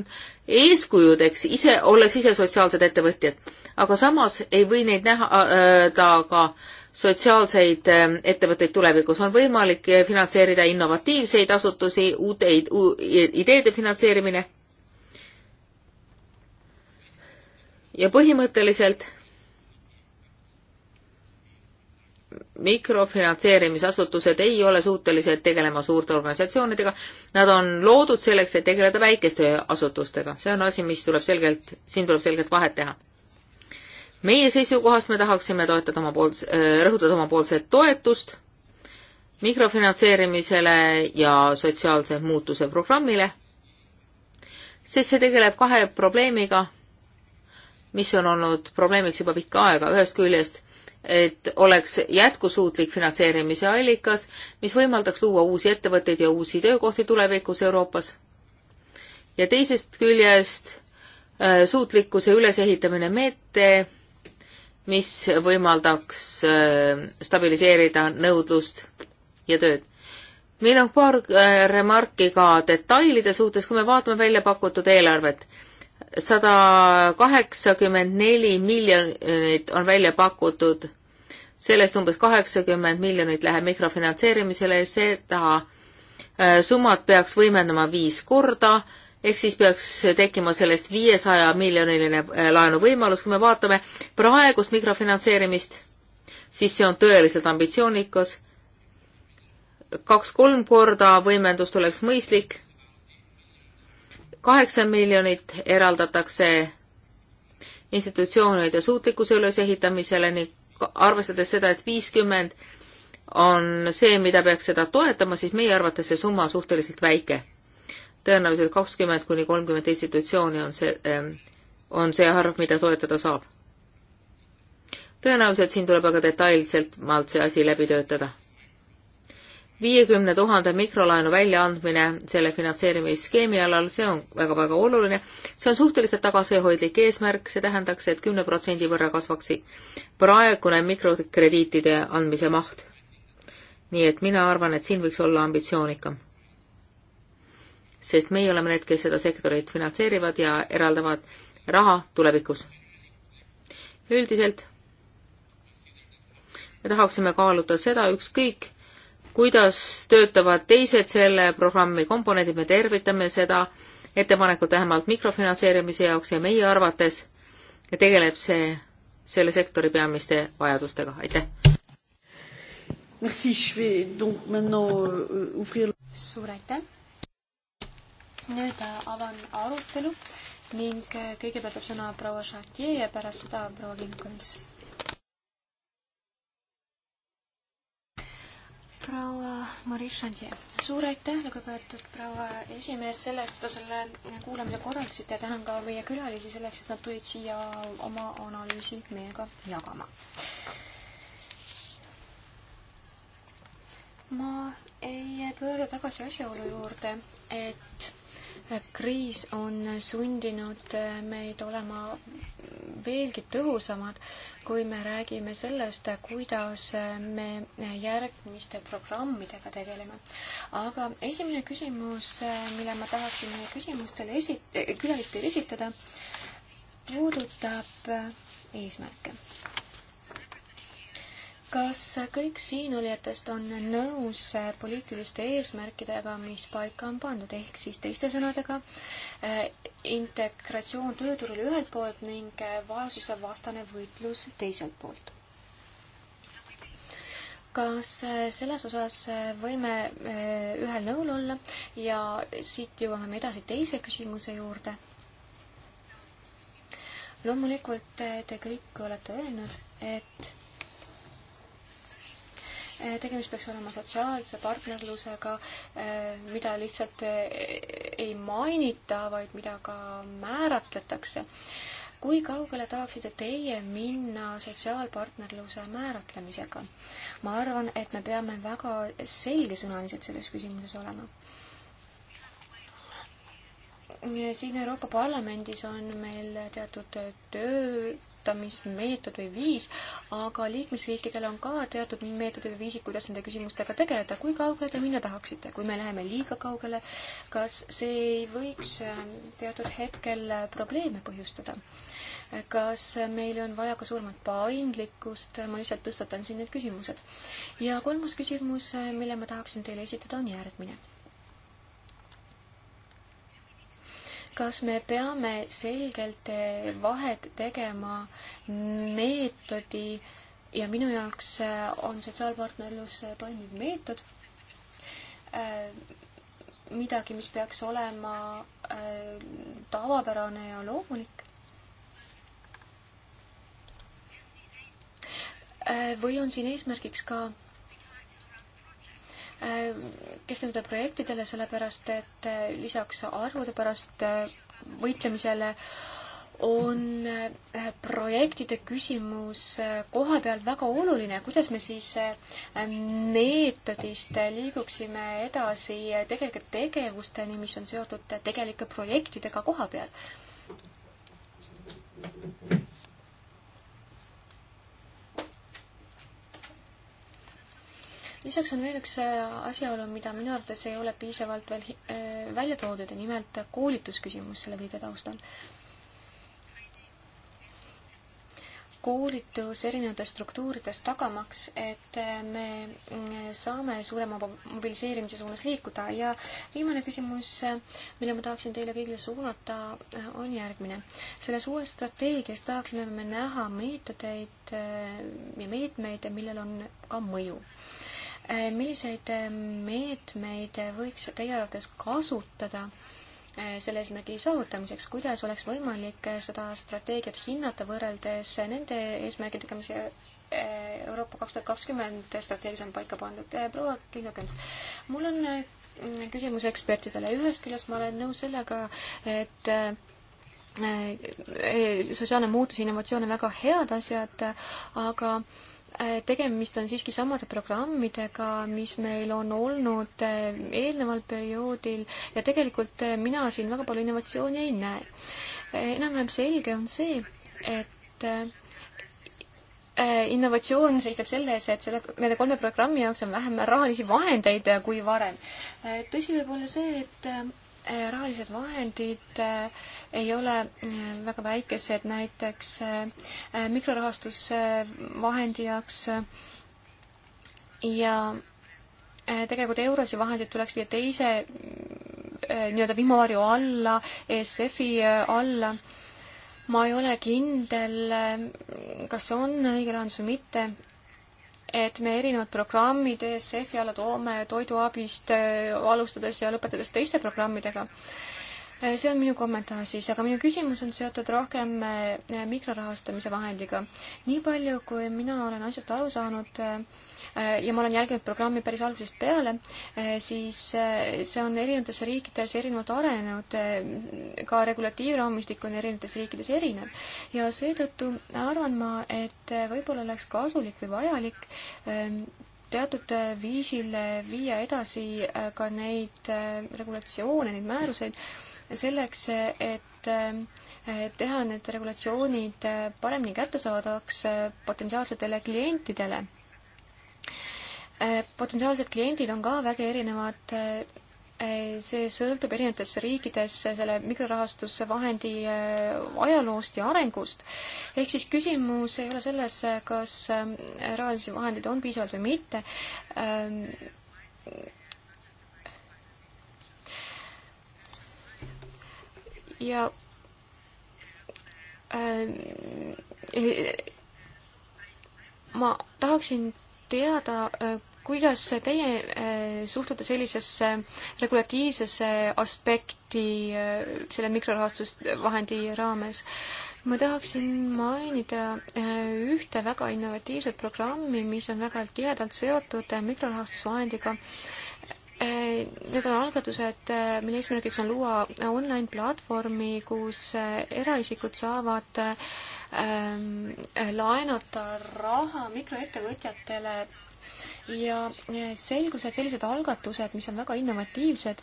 eeskujudeks, ise, olles ise sotsiaalsed ettevõtjad. aga samas ei või neid näha ta ka sotsiaalseid ettevõtteid tulevikus on võimalik finantseerida innovatiivseid asutusi, uute ideede finantseerimine ja põhimõtteliselt mikrofinantseerimisasutused ei ole suutelised tegelema suurte organisatsioonidega, nad on loodud selleks, et tegeleda väikeste asutustega. see on asi, mis tuleb selgelt, siin tuleb selgelt vahet teha. meie seisukohast me tahaksime toetada omapools-, äh, rõhutada omapoolset toetust mikrofinantseerimisele ja sotsiaalse muutuse programmile, sest see tegeleb kahe probleemiga mis on olnud probleemiks juba pikka aega, ühest küljest, et oleks jätkusuutlik finantseerimise allikas, mis võimaldaks luua uusi ettevõtteid ja uusi töökohti tulevikus Euroopas. ja teisest küljest äh, suutlikkuse ülesehitamine meete, mis võimaldaks äh, stabiliseerida nõudlust ja tööd. meil on paar äh, remarki ka detailide suhtes, kui me vaatame välja pakutud eelarvet sada kaheksakümmend neli miljonit on välja pakutud, sellest umbes kaheksakümmend miljonit läheb mikrofinantseerimisele, seda äh, summat peaks võimendama viis korda, ehk siis peaks tekkima sellest viiesaja miljoniline äh, laenuvõimalus, kui me vaatame praegust mikrofinantseerimist, siis see on tõeliselt ambitsioonikas, kaks-kolm korda võimendust oleks mõistlik kaheksa miljonit eraldatakse institutsioonide suutlikkuse ülesehitamisele ning arvestades seda, et viiskümmend on see, mida peaks seda toetama, siis meie arvates see summa on suhteliselt väike. tõenäoliselt kakskümmend kuni kolmkümmend institutsiooni on see, ähm, on see arv, mida toetada saab. tõenäoliselt siin tuleb aga detailselt maalt see asi läbi töötada viiekümne tuhande mikrolaenu väljaandmine selle finantseerimisskeemi alal, see on väga-väga oluline. see on suhteliselt tagasihoidlik eesmärk, see tähendaks et, et kümne protsendi võrra kasvaks praegune mikrokrediitide andmise maht. nii et mina arvan, et siin võiks olla ambitsioonikam. sest meie oleme need, kes seda sektorit finantseerivad ja eraldavad raha tulevikus. üldiselt me tahaksime kaaluda seda ükskõik, kuidas töötavad teised selle programmi komponendid, me tervitame seda ettepanekut vähemalt mikrofinantseerimise jaoks ja meie arvates tegeleb see selle sektori peamiste vajadustega, aitäh. Euh, suur aitäh. nüüd äh, avan arutelu ning äh, kõigepealt saab sõna proua Chartier ja pärast seda proua Lincolns proua Maris Chandier. suur aitäh, lugupeetud proua esimees, selle eest, et te selle kuulamise korraldasite ja tänan ka meie külalisi selleks, et nad tulid siia oma analüüsi meiega jagama. ma ei pöördu tagasi asjaolu juurde, et kriis on sundinud äh, meid olema veelgi tõhusamad, kui me räägime sellest, kuidas äh, me järgmiste programmidega tegeleme. aga esimene küsimus, äh, mille ma tahaksin meie küsimustele esi-, külalistele esitada, puudutab eesmärke kas kõik siinolijatest on nõus poliitiliste eesmärkidega, mis paika on pandud, ehk siis teiste sõnadega eh, integratsioon tööturul ühelt poolt ning eh, vaesuse vastane võitlus teiselt poolt? kas eh, selles osas võime ühel nõul olla ja siit jõuame me edasi teise küsimuse juurde. loomulikult te kõik olete öelnud, et Eh, tegemist peaks olema sotsiaalse partnerlusega, eh, mida lihtsalt eh, ei mainita, vaid mida ka määratletakse. kui kaugele tahaksite teie minna sotsiaalpartnerluse määratlemisega? ma arvan, et me peame väga selgesõnalised selles küsimuses olema siin Euroopa Parlamendis on meil teatud töötamismeetod või viis, aga liikmesriikidel on ka teatud meetodid või viisid, kuidas nende küsimustega tegeleda. kui kaugele te minna tahaksite, kui me läheme liiga kaugele, kas see ei võiks ähm, teatud hetkel äh, probleeme põhjustada? kas meil on vaja ka suuremat paindlikkust, ma lihtsalt tõstatan siin need küsimused. ja kolmas küsimus, äh, mille ma tahaksin teile esitada, on järgmine kas me peame selgelt vahet tegema meetodi ja minu jaoks on sotsiaalpartnerlus toimiv meetod, äh, midagi, mis peaks olema äh, tavapärane ja loomulik. Äh, või on siin eesmärgiks ka keskenduda projektidele, sellepärast et äh, lisaks arvude pärast äh, võitlemisele on äh, projektide küsimus koha peal väga oluline, kuidas me siis meetodist liiguksime edasi tegelike tegevusteni, mis on seotud tegelike projektidega koha peal? lisaks on veel üks äh, asjaolu, mida minu arvates ei ole piisavalt veel äh, välja toodud ja nimelt koolitusküsimus selle kõige taustal. koolitus erinevates struktuurides tagamaks, et äh, me saame suurema mobiliseerimise suunas liikuda ja viimane küsimus, mille ma tahaksin teile kõigile suunata, on järgmine. selles uues strateegias tahaksime me näha meetodeid ja meetmeid, millel on ka mõju Eh, milliseid eh, meetmeid eh, võiks teie arvates kasutada selle eesmärgi saavutamiseks, kuidas oleks võimalik seda strateegiat hinnata võrreldes nende eesmärgidega, mis Euroopa kaks tuhat kakskümmend strateegias on paika pandud. proua Kingakens, mul on mm, küsimus ekspertidele, ühest küljest ma olen nõus sellega, et sotsiaalne muutus, innovatsioon on väga head asjad, aga Äh, tegemist on siiski samade programmidega, mis meil on olnud äh, eelneval perioodil ja tegelikult äh, mina siin väga palju innovatsiooni ei näe. enam-vähem selge on see, et innovatsioon seisneb selles, et selle, nende kolme programmi jaoks on vähem rahalisi vahendeid kui varem. tõsi võib olla see, et Eh, rahalised vahendid eh, ei ole eh, väga väikesed, näiteks mikrorahastusvahendi jaoks ja tegelikult eurosi vahendid tuleks viia teise nii-öelda vihmavarju alla, ESF-i alla. ma ei ole kindel, kas see on õige lahendus või mitte et me erinevad programmid ESF-i alla toome toiduabist äh, alustades ja lõpetades teiste programmidega Äh, see on minu kommentaar siis, aga minu küsimus on seotud rohkem äh, mikrorahastamise vahendiga. nii palju, kui mina olen asjast aru saanud äh, ja ma olen jälginud programmi päris algusest peale, siis see on erinevates riikides erinevalt arenenud, ka regulatiivraamistik on erinevates riikides erinev. ja seetõttu arvan ma, et võib-olla oleks kasulik või vajalik ähm, teatud viisil viia edasi ka neid regulatsioone, neid määruseid, selleks, et eh, teha need regulatsioonid eh, paremini kättesaadavaks eh, potentsiaalsetele klientidele. potentsiaalsed kliendid on ka väga erinevad see sõltub erinevates riikides selle mikrorahastusvahendi ajaloost ja arengust. ehk siis küsimus ei ole selles, kas rahalised vahendid on piisavalt või mitte. Ehm, ja äh, ma tahaksin teada, äh, kuidas teie äh, suhtute sellisesse regulatiivsesse aspekti äh, selle mikrorahastusvahendi raames? ma tahaksin mainida ühte väga innovatiivset programmi, mis on väga tihedalt seotud mikrorahastusvahendiga Äh, need on algatused, äh, mille eesmärgiks on luua online platvormi, kus äh, eraisikud saavad ähm, laenata raha mikroettevõtjatele ja selgus, et sellised algatused, mis on väga innovatiivsed,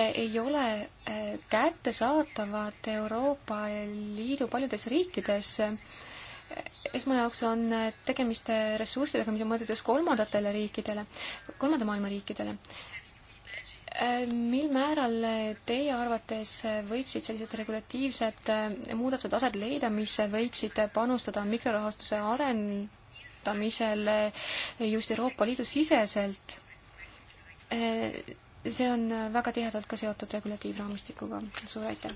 ei ole kättesaadavad Euroopa Liidu paljudes riikides äh, esmane jaoks on tegemist ressurssidega, mida mõeldud just kolmandatele riikidele, kolmanda maailma riikidele. Mil määral teie arvates võiksid sellised regulatiivsed äh, muudatused aset leida, mis võiksid panustada mikrorahastuse arendamisele just Euroopa Liidu siseselt? Äh, see on väga tihedalt ka seotud regulatiivraamistikuga. suur aitäh!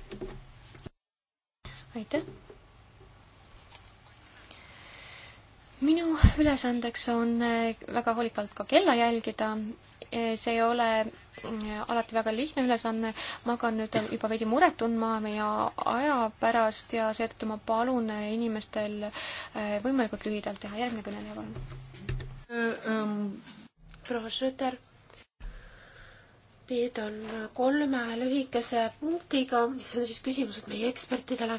aitäh! minu ülesandeks on eh, väga hoolikalt ka kella jälgida, eh, see ei ole mm, alati väga lihtne ülesanne, ma hakkan nüüd juba veidi muret tundma meie aja pärast ja seetõttu ma palun eh, inimestel võimalikult lühidalt teha, järgmine kõneleja palun. proua Schröter, piirdun kolme lühikese punktiga, mis on siis küsimused meie ekspertidele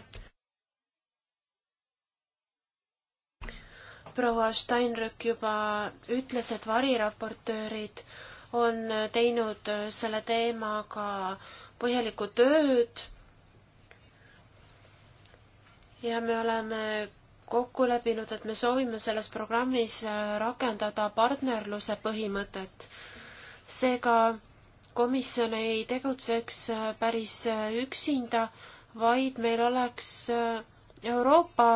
proua Steinrück juba ütles, et variraportöörid on teinud äh, selle teemaga põhjalikku tööd. ja me oleme kokku leppinud, et me soovime selles programmis äh, rakendada partnerluse põhimõtet. seega komisjon ei tegutseks äh, päris üksinda, vaid meil oleks Euroopa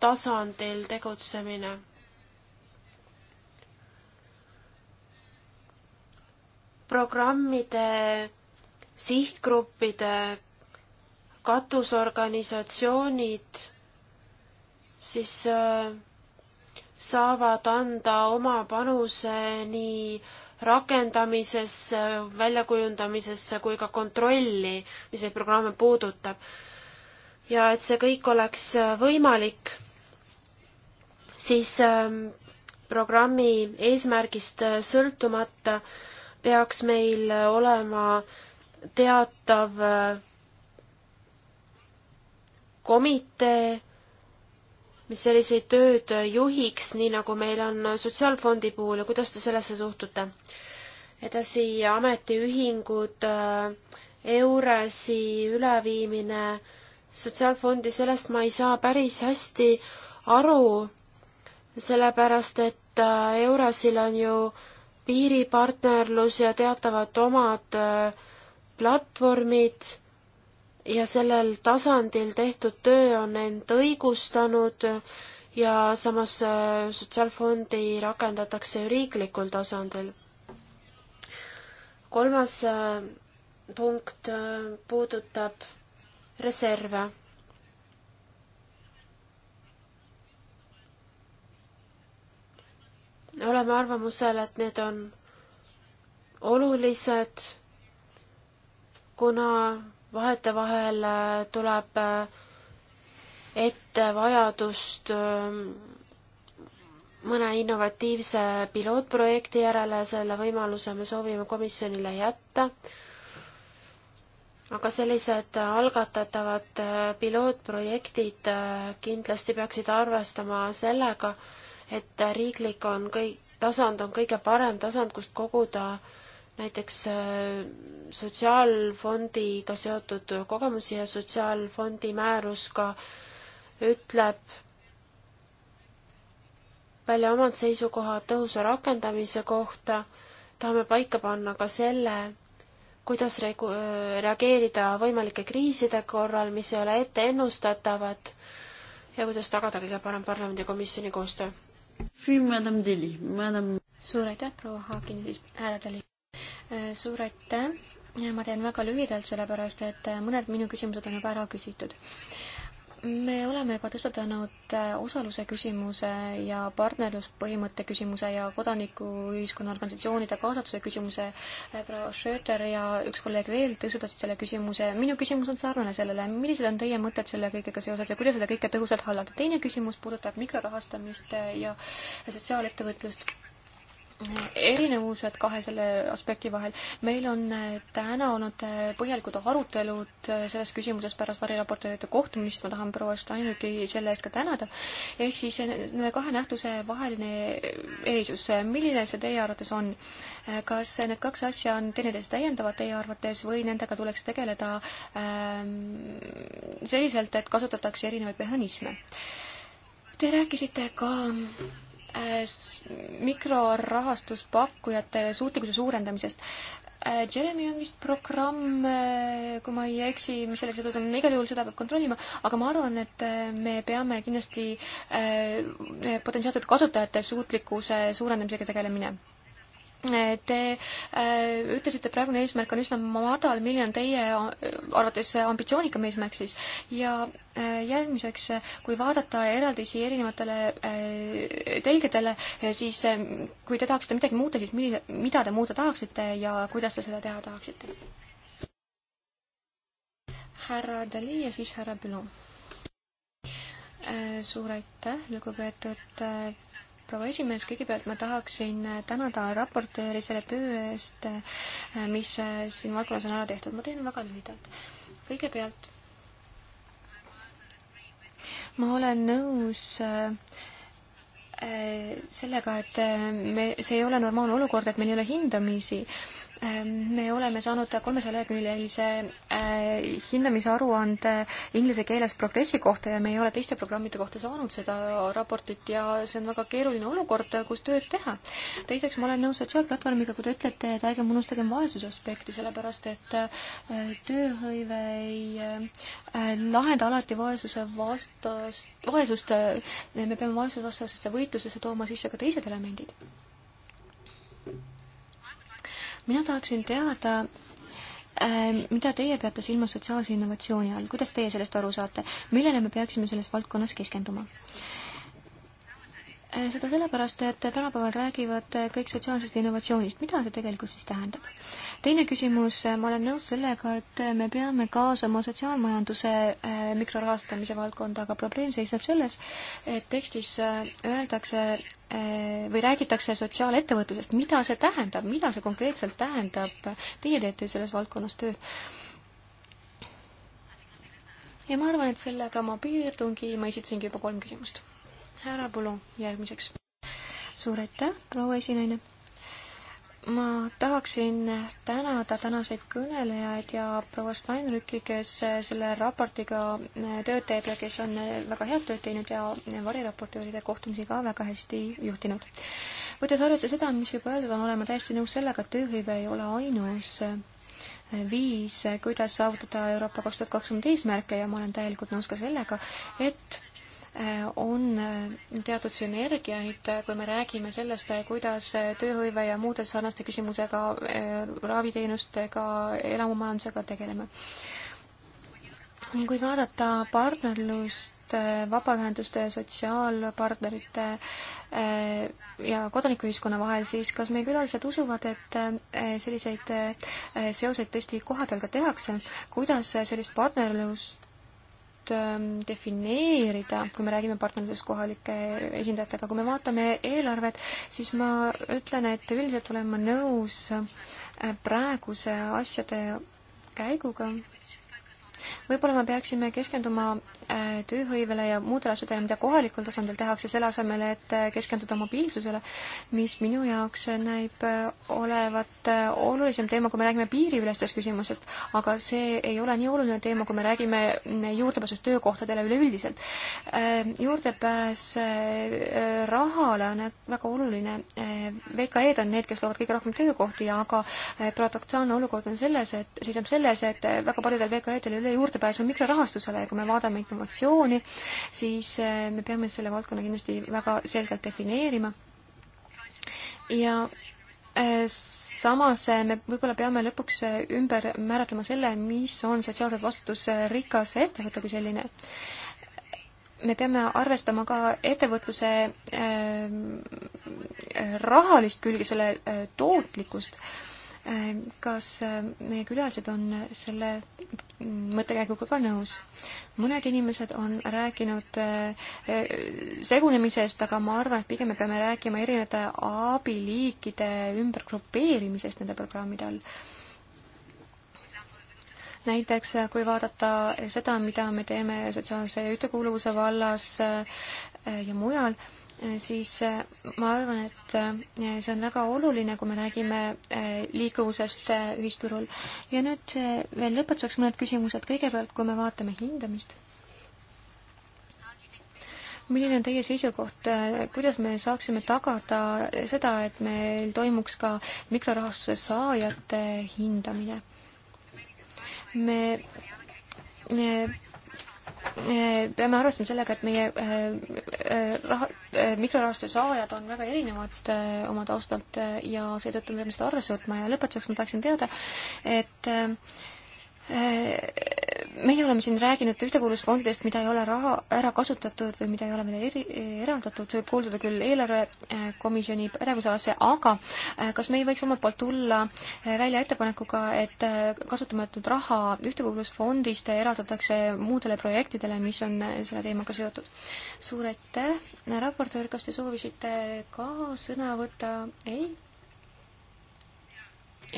tasandil tegutsemine. programmide sihtgruppide katusorganisatsioonid siis äh, saavad anda oma panuse nii rakendamisesse, väljakujundamisesse kui ka kontrolli, mis neid programme puudutab. ja et see kõik oleks võimalik siis ähm, programmi eesmärgist äh, sõltumata peaks meil äh, olema teatav äh, komitee, mis selliseid tööd juhiks, nii nagu meil on Sotsiaalfondi puhul ja kuidas te sellesse suhtute? edasi ametiühingud, EURES-i üleviimine Sotsiaalfondi, sellest ma ei saa päris hästi aru, sellepärast et äh, Eurasil on ju piiripartnerlus ja teatavad omad äh, platvormid ja sellel tasandil tehtud töö on end õigustanud ja samas äh, sotsiaalfondi rakendatakse ju riiklikul tasandil. kolmas punkt puudutab reserve oleme arvamusel, et need on olulised, kuna vahetevahel äh, tuleb äh, ette vajadust äh, mõne innovatiivse pilootprojekti järele, selle võimaluse me soovime komisjonile jätta, aga sellised algatatavad pilootprojektid kindlasti peaksid arvestama sellega, et riiklik on kõik, tasand on kõige parem tasand, kust koguda näiteks äh, sotsiaalfondiga seotud kogemusi ja sotsiaalfondi määrus ka ütleb välja omad seisukohad tõhusa rakendamise kohta, tahame paika panna ka selle, kuidas regu-, äh, reageerida võimalike kriiside korral, mis ei ole ette ennustatavad ja kuidas tagada kõige parem parlamendikomisjoni koostöö suur aitäh, proua Haakin, siis härra Deli. Äh, suur aitäh, ma teen väga lühidalt, sellepärast et äh, mõned minu küsimused on juba ära küsitud me oleme juba tõstatanud äh, osaluse küsimuse ja partnerluspõhimõtte küsimuse ja kodanikuühiskonna organisatsioonide kaasatuse küsimuse. Äh, proua Schröter ja üks kolleeg veel tõstatasid selle küsimuse. minu küsimus on sarnane sellele, millised on teie mõtted selle kõigega seoses ja kuidas seda kõike tõhusalt hallata? teine küsimus puudutab mikrorahastamist äh, ja sotsiaalettevõtlust erinevused kahe selle aspekti vahel. meil on äh, täna olnud äh, põhjalikud arutelud äh, selles küsimuses pärast variraportööride kohtumist, ma tahan proua Steinrücki selle eest ka tänada, ehk siis nende kahe nähtuse vaheline erisus, milline see teie arvates on? kas need kaks asja on teineteist täiendavad teie arvates või nendega tuleks tegeleda ähm, selliselt, et kasutatakse erinevaid mehhanisme? Te rääkisite ka Äh, mikrorahastuspakkujate suutlikkuse suurendamisest. Äh, Jeremy on vist programm, äh, kui ma ei eksi, mis selleks edutatud on, igal juhul seda peab kontrollima, aga ma arvan, et me peame kindlasti potentsiaalsete kasutajate suutlikkuse suurendamisega tegelemine Te äh, ütlesite, praegune eesmärk on üsna madal, milline on teie äh, arvates ambitsioonikam eesmärk siis ja äh, järgmiseks, kui vaadata eraldisi erinevatele äh, telgedele, äh, siis äh, kui te tahaksite midagi muuta, siis millise, mida te muuta tahaksite ja kuidas te seda teha tahaksite? härra Dali ja siis härra Bülow. Äh, suur aitäh, lugupeetud äh, proua esimees, kõigepealt ma tahaksin tänada raportööri selle töö eest, äh, mis äh, siin valdkonnas on ära tehtud, ma teen väga lühidalt. kõigepealt ma olen nõus äh, sellega, et me, see ei ole normaalne olukord, et meil ei ole hindamisi Ehm, me oleme saanud kolmesaja leheküljelise äh, hindamisaruande inglise keeles progressi kohta ja me ei ole teiste programmide kohta saanud seda raportit ja see on väga keeruline olukord, kus tööd teha. teiseks, ma olen nõus sotsiaalplatvormiga, kui te ütlete, et ärgem unustagem vaesuse aspekti, sellepärast et äh, tööhõive ei äh, lahenda alati vaesuse vastast, vaesust, me peame vaesusvastasesse võitlusesse tooma sisse ka teised elemendid mina tahaksin teada, äh, mida teie peate silmas sotsiaalse innovatsiooni all, kuidas teie sellest aru saate, millele me peaksime selles valdkonnas keskenduma? Äh, seda sellepärast, et tänapäeval räägivad äh, kõik sotsiaalsest innovatsioonist. mida see tegelikult siis tähendab? teine küsimus, äh, ma olen nõus sellega, et me peame kaasama sotsiaalmajanduse mikrorahastamise valdkonda, aga probleem seisneb selles, et tekstis öeldakse või räägitakse sotsiaalettevõtlusest, mida see tähendab, mida see konkreetselt tähendab, teie teete selles valdkonnas tööd ja ma arvan, et sellega ma piirdungi, ma esitasingi juba kolm küsimust härra Pulon järgmiseks. suur aitäh, proua esinaine! ma tahaksin tänada tänaseid kõnelejaid ja proua Steinrücki, kes selle raportiga äh, tööd teeb ja kes on äh, väga head tööd teinud ja äh, variraportööride kohtumisi ka väga hästi juhtinud. võttes arvesse seda, mis juba öeldud on, olen ma täiesti nõus sellega, et tööhõive ei ole ainus viis, kuidas saavutada Euroopa kaks tuhat kakskümmend eesmärke ja ma olen täielikult nõus ka sellega, et Äh, on äh, teatud sünergiaid, äh, kui me räägime sellest, kuidas tööhõive ja muude sarnaste küsimusega, raviteenustega, elamumajandusega tegeleme. kui vaadata partnerlust vabaühenduste, sotsiaalpartnerite ja kodanikuühiskonna vahel, siis kas meie külalised usuvad, et selliseid seoseid tõesti kohapeal ka tehakse, kuidas sellist partnerlust nüüd ähm, defineerida, kui me räägime partnerlusest kohalike esindajatega, kui me vaatame eelarvet, siis ma ütlen, et üldiselt olen ma nõus äh, praeguse asjade käiguga, võib-olla me peaksime keskenduma äh, tööhõivele ja muudele asjadele, mida kohalikul tasandil tehakse, selle asemel, et äh, keskenduda mobiilsusele, mis minu jaoks näib äh, olevat olulisem teema, kui me räägime piiriülestest küsimustest, aga see ei ole nii oluline teema, kui me räägime mm, juurdepääsust töökohtadele üleüldiselt. juurdepääs rahale on väga oluline. VKE-d on need, kes loovad kõige rohkem töökohti, aga paradoksaalne olukord on selles, et, seisneb selles, et väga paljudel VKE-del üle juurdepääsu mikrorahastusele ja kui me vaatame innovatsiooni, siis eh, me peame selle valdkonna kindlasti väga selgelt defineerima. ja eh, samas eh, me võib-olla peame lõpuks ümber määratlema selle, mis on sotsiaalselt vastutusrikas ettevõte kui selline. me peame arvestama ka ettevõtluse äh, rahalist külge, selle äh, tootlikkust äh, Äh, kas äh, meie külalised on selle mõttekäiguga ka nõus? mõned inimesed on rääkinud äh, segunemisest, aga ma arvan, et pigem me peame rääkima erinevate abiliikide ümbergrupeerimisest nende programmide all näiteks kui vaadata seda, mida me teeme sotsiaalse ühtekuuluvuse vallas ja mujal, Eh, siis eh, ma arvan, et eh, see on väga oluline, kui me räägime liikuvusest ühisturul. ja nüüd veel lõpetuseks mõned küsimused. kõigepealt, kui me vaatame hindamist, milline on teie seisukoht, kuidas me saaksime tagada seda, et meil toimuks ka mikrorahastuse saajate hindamine? me peame arvestama sellega, et meie äh, äh, raha, äh, mikrorahastuse saajad on väga erinevad oma taustalt ja seetõttu me peame seda arvesse võtma ja lõpetuseks ma tahaksin teada, et meie oleme siin rääkinud ühtekuuluvusfondidest, mida ei ole raha ära kasutatud või mida ei ole meile eri, eraldatud, see võib kuuluda küll eelarvekomisjoni pädevusalasse, aga äh, kas me ei võiks omalt poolt tulla äh, välja ettepanekuga, et äh, kasutamatud raha ühtekuuluvusfondist eraldatakse muudele projektidele, mis on selle teemaga seotud? suur aitäh, raportöör, kas te soovisite ka sõna võtta? ei?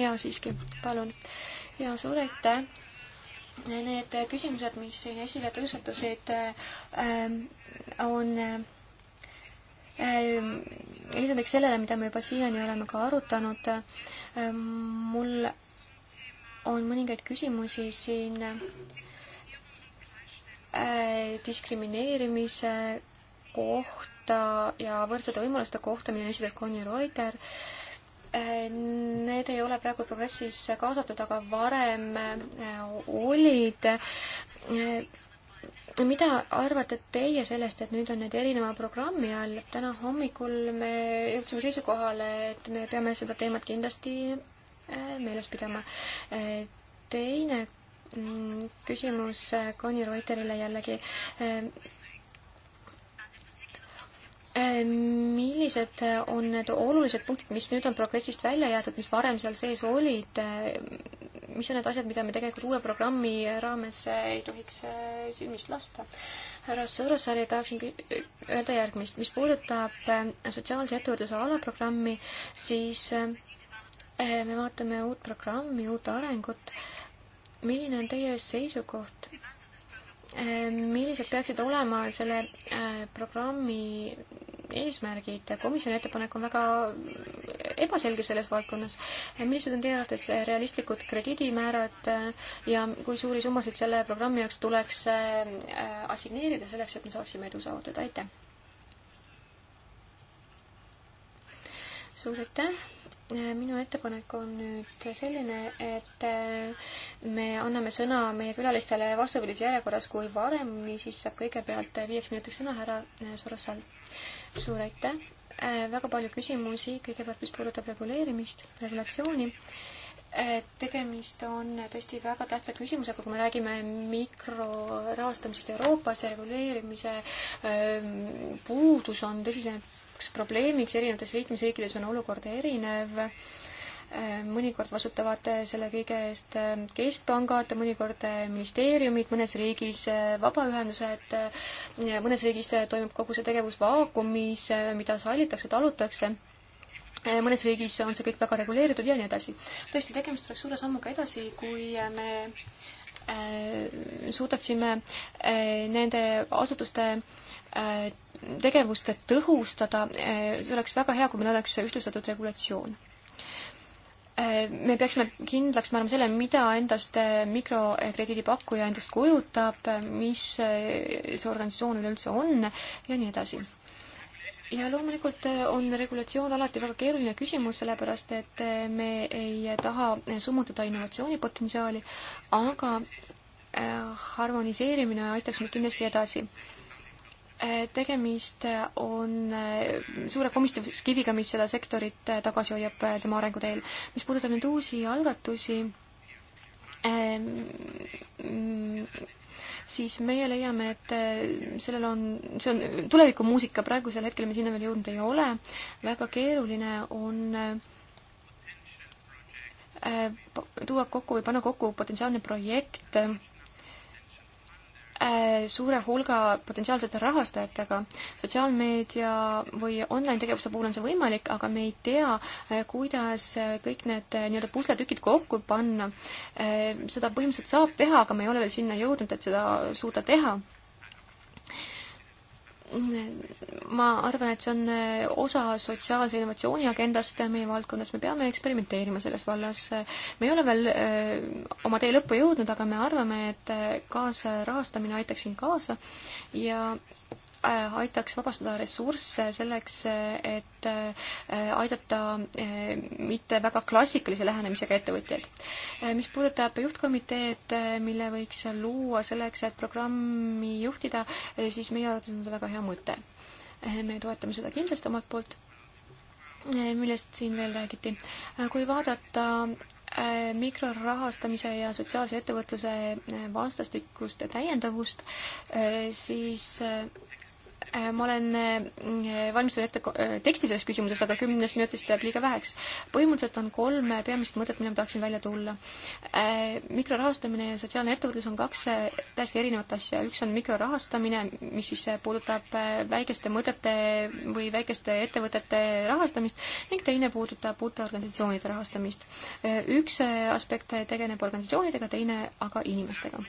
jaa, siiski, palun ja suur aitäh! Need küsimused, mis siin esile tõusetusid, ähm, on lisandeks ähm, sellele, mida me juba siiani oleme ka arutanud, ähm, mul on mõningaid küsimusi siin äh, diskrimineerimise kohta ja võrdsete võimaluste kohta, mille esitab Conny Reuter äh, Need ei ole praegu progressis kaasatud, aga varem äh, olid. Äh, mida arvate teie sellest, et nüüd on need erineva programmi all? täna hommikul me jõudsime seisukohale, et me peame seda teemat kindlasti äh, meeles pidama. teine mm, küsimus Connie Reuterile jällegi Äh, millised äh, on need olulised punktid, mis nüüd on progressist välja jäetud, mis varem seal sees olid, äh, mis on need asjad, mida me tegelikult uue programmi raames ei tohiks silmist lasta? härra Sõõrusaari tahaksin öelda järgmist, mis puudutab sotsiaalse ettevõtluse alaprogrammi, siis me vaatame uut programmi, uut arengut. milline on teie seisukoht Ehm, millised peaksid olema selle äh, programmi eesmärgid, komisjoni ettepanek on väga ebaselge selles valdkonnas. Ehm, millised on teie arvates realistlikud krediidimäärad äh, ja kui suuri summasid selle programmi jaoks tuleks äh, assigneerida selleks, et me saaksime edu saavutada, aitäh! suur aitäh! Äh, minu ettepanek on nüüd selline, et äh, me anname sõna meie külalistele vastupidises järjekorras kui varem, niisiis saab kõigepealt viieks minutiks sõna härra äh, Sorossal. suur aitäh! väga palju küsimusi, kõigepealt mis puudutab reguleerimist, regulatsiooni tegemist on tõesti väga tähtsa küsimusega, kui me räägime mikrorahastamisest Euroopas ja reguleerimise puudus on tõsine suureks probleemiks erinevates liikmesriikides on olukord erinev äh, mõnikord vastutavad selle kõige eest äh, keskpangad, mõnikord äh, ministeeriumid, mõnes riigis vabaühendused, mõnes riigis toimub kogu see tegevus vaakumis, mida sallitakse, talutakse, mõnes riigis on see kõik väga reguleeritud ja nii edasi. tõesti, tegemist oleks suure sammuga edasi, kui me Äh, suudaksime äh, nende asutuste äh, tegevust tõhustada, see oleks väga hea, kui meil oleks ühtlustatud regulatsioon me peaksime kindlaks määrama selle, mida endast mikrokrediidipakkuja endast kujutab, mis see organisatsioon üleüldse on ja nii edasi ja loomulikult äh, on regulatsioon alati väga keeruline küsimus, sellepärast et äh, me ei taha summutada innovatsioonipotentsiaali, aga äh, harmoniseerimine aitaks meid kindlasti edasi tegemist on suure komistuskiviga, mis seda sektorit tagasi hoiab tema arenguteel. mis puudutab nüüd uusi algatusi, siis meie leiame, et eh, sellel on, see on tulevikumuusika, praegusel hetkel me sinna veel jõudnud ei ole. väga keeruline on eh, eh, tuua kokku või panna kokku potentsiaalne projekt Äh, suure hulga potentsiaalsete rahastajatega. sotsiaalmeedia või online-tegevuse puhul on see võimalik, aga me ei tea, äh, kuidas äh, kõik need nii-öelda pusletükid kokku panna. seda põhimõtteliselt saab teha, aga me ei ole veel sinna jõudnud, et seda suuta teha ma arvan, et see on eh, osa sotsiaalse innovatsiooni agendast meie valdkonnas, me peame eksperimenteerima selles vallas. me ei ole veel eh, oma tee lõppu jõudnud, aga me arvame, et eh, kaasrahastamine aitaks siin kaasa ja Äh, aitaks vabastada ressursse selleks, et äh, aidata äh, mitte väga klassikalise lähenemisega ettevõtjaid. mis puudutab juhtkomiteed, mille võiks luua selleks, et programmi juhtida, siis meie arvates on see väga hea mõte. me toetame seda kindlasti omalt poolt, millest siin veel räägiti. kui vaadata mikrorahastamise ja sotsiaalse ettevõtluse vastastikust täiendavust, siis Äh, ma olen äh, valmistunud ette äh, teksti selles küsimuses, aga kümnest minutist jääb liiga väheks. põhimõtteliselt on kolm peamist mõtet, mille ma tahaksin välja tulla. mikrorahastamine ja sotsiaalne ettevõtlus on kaks täiesti erinevat asja. üks on mikrorahastamine, mis siis puudutab väikeste mõtete või väikeste ettevõtete rahastamist ning teine puudutab uute organisatsioonide rahastamist. üks aspekt tegeleb organisatsioonidega, teine aga inimestega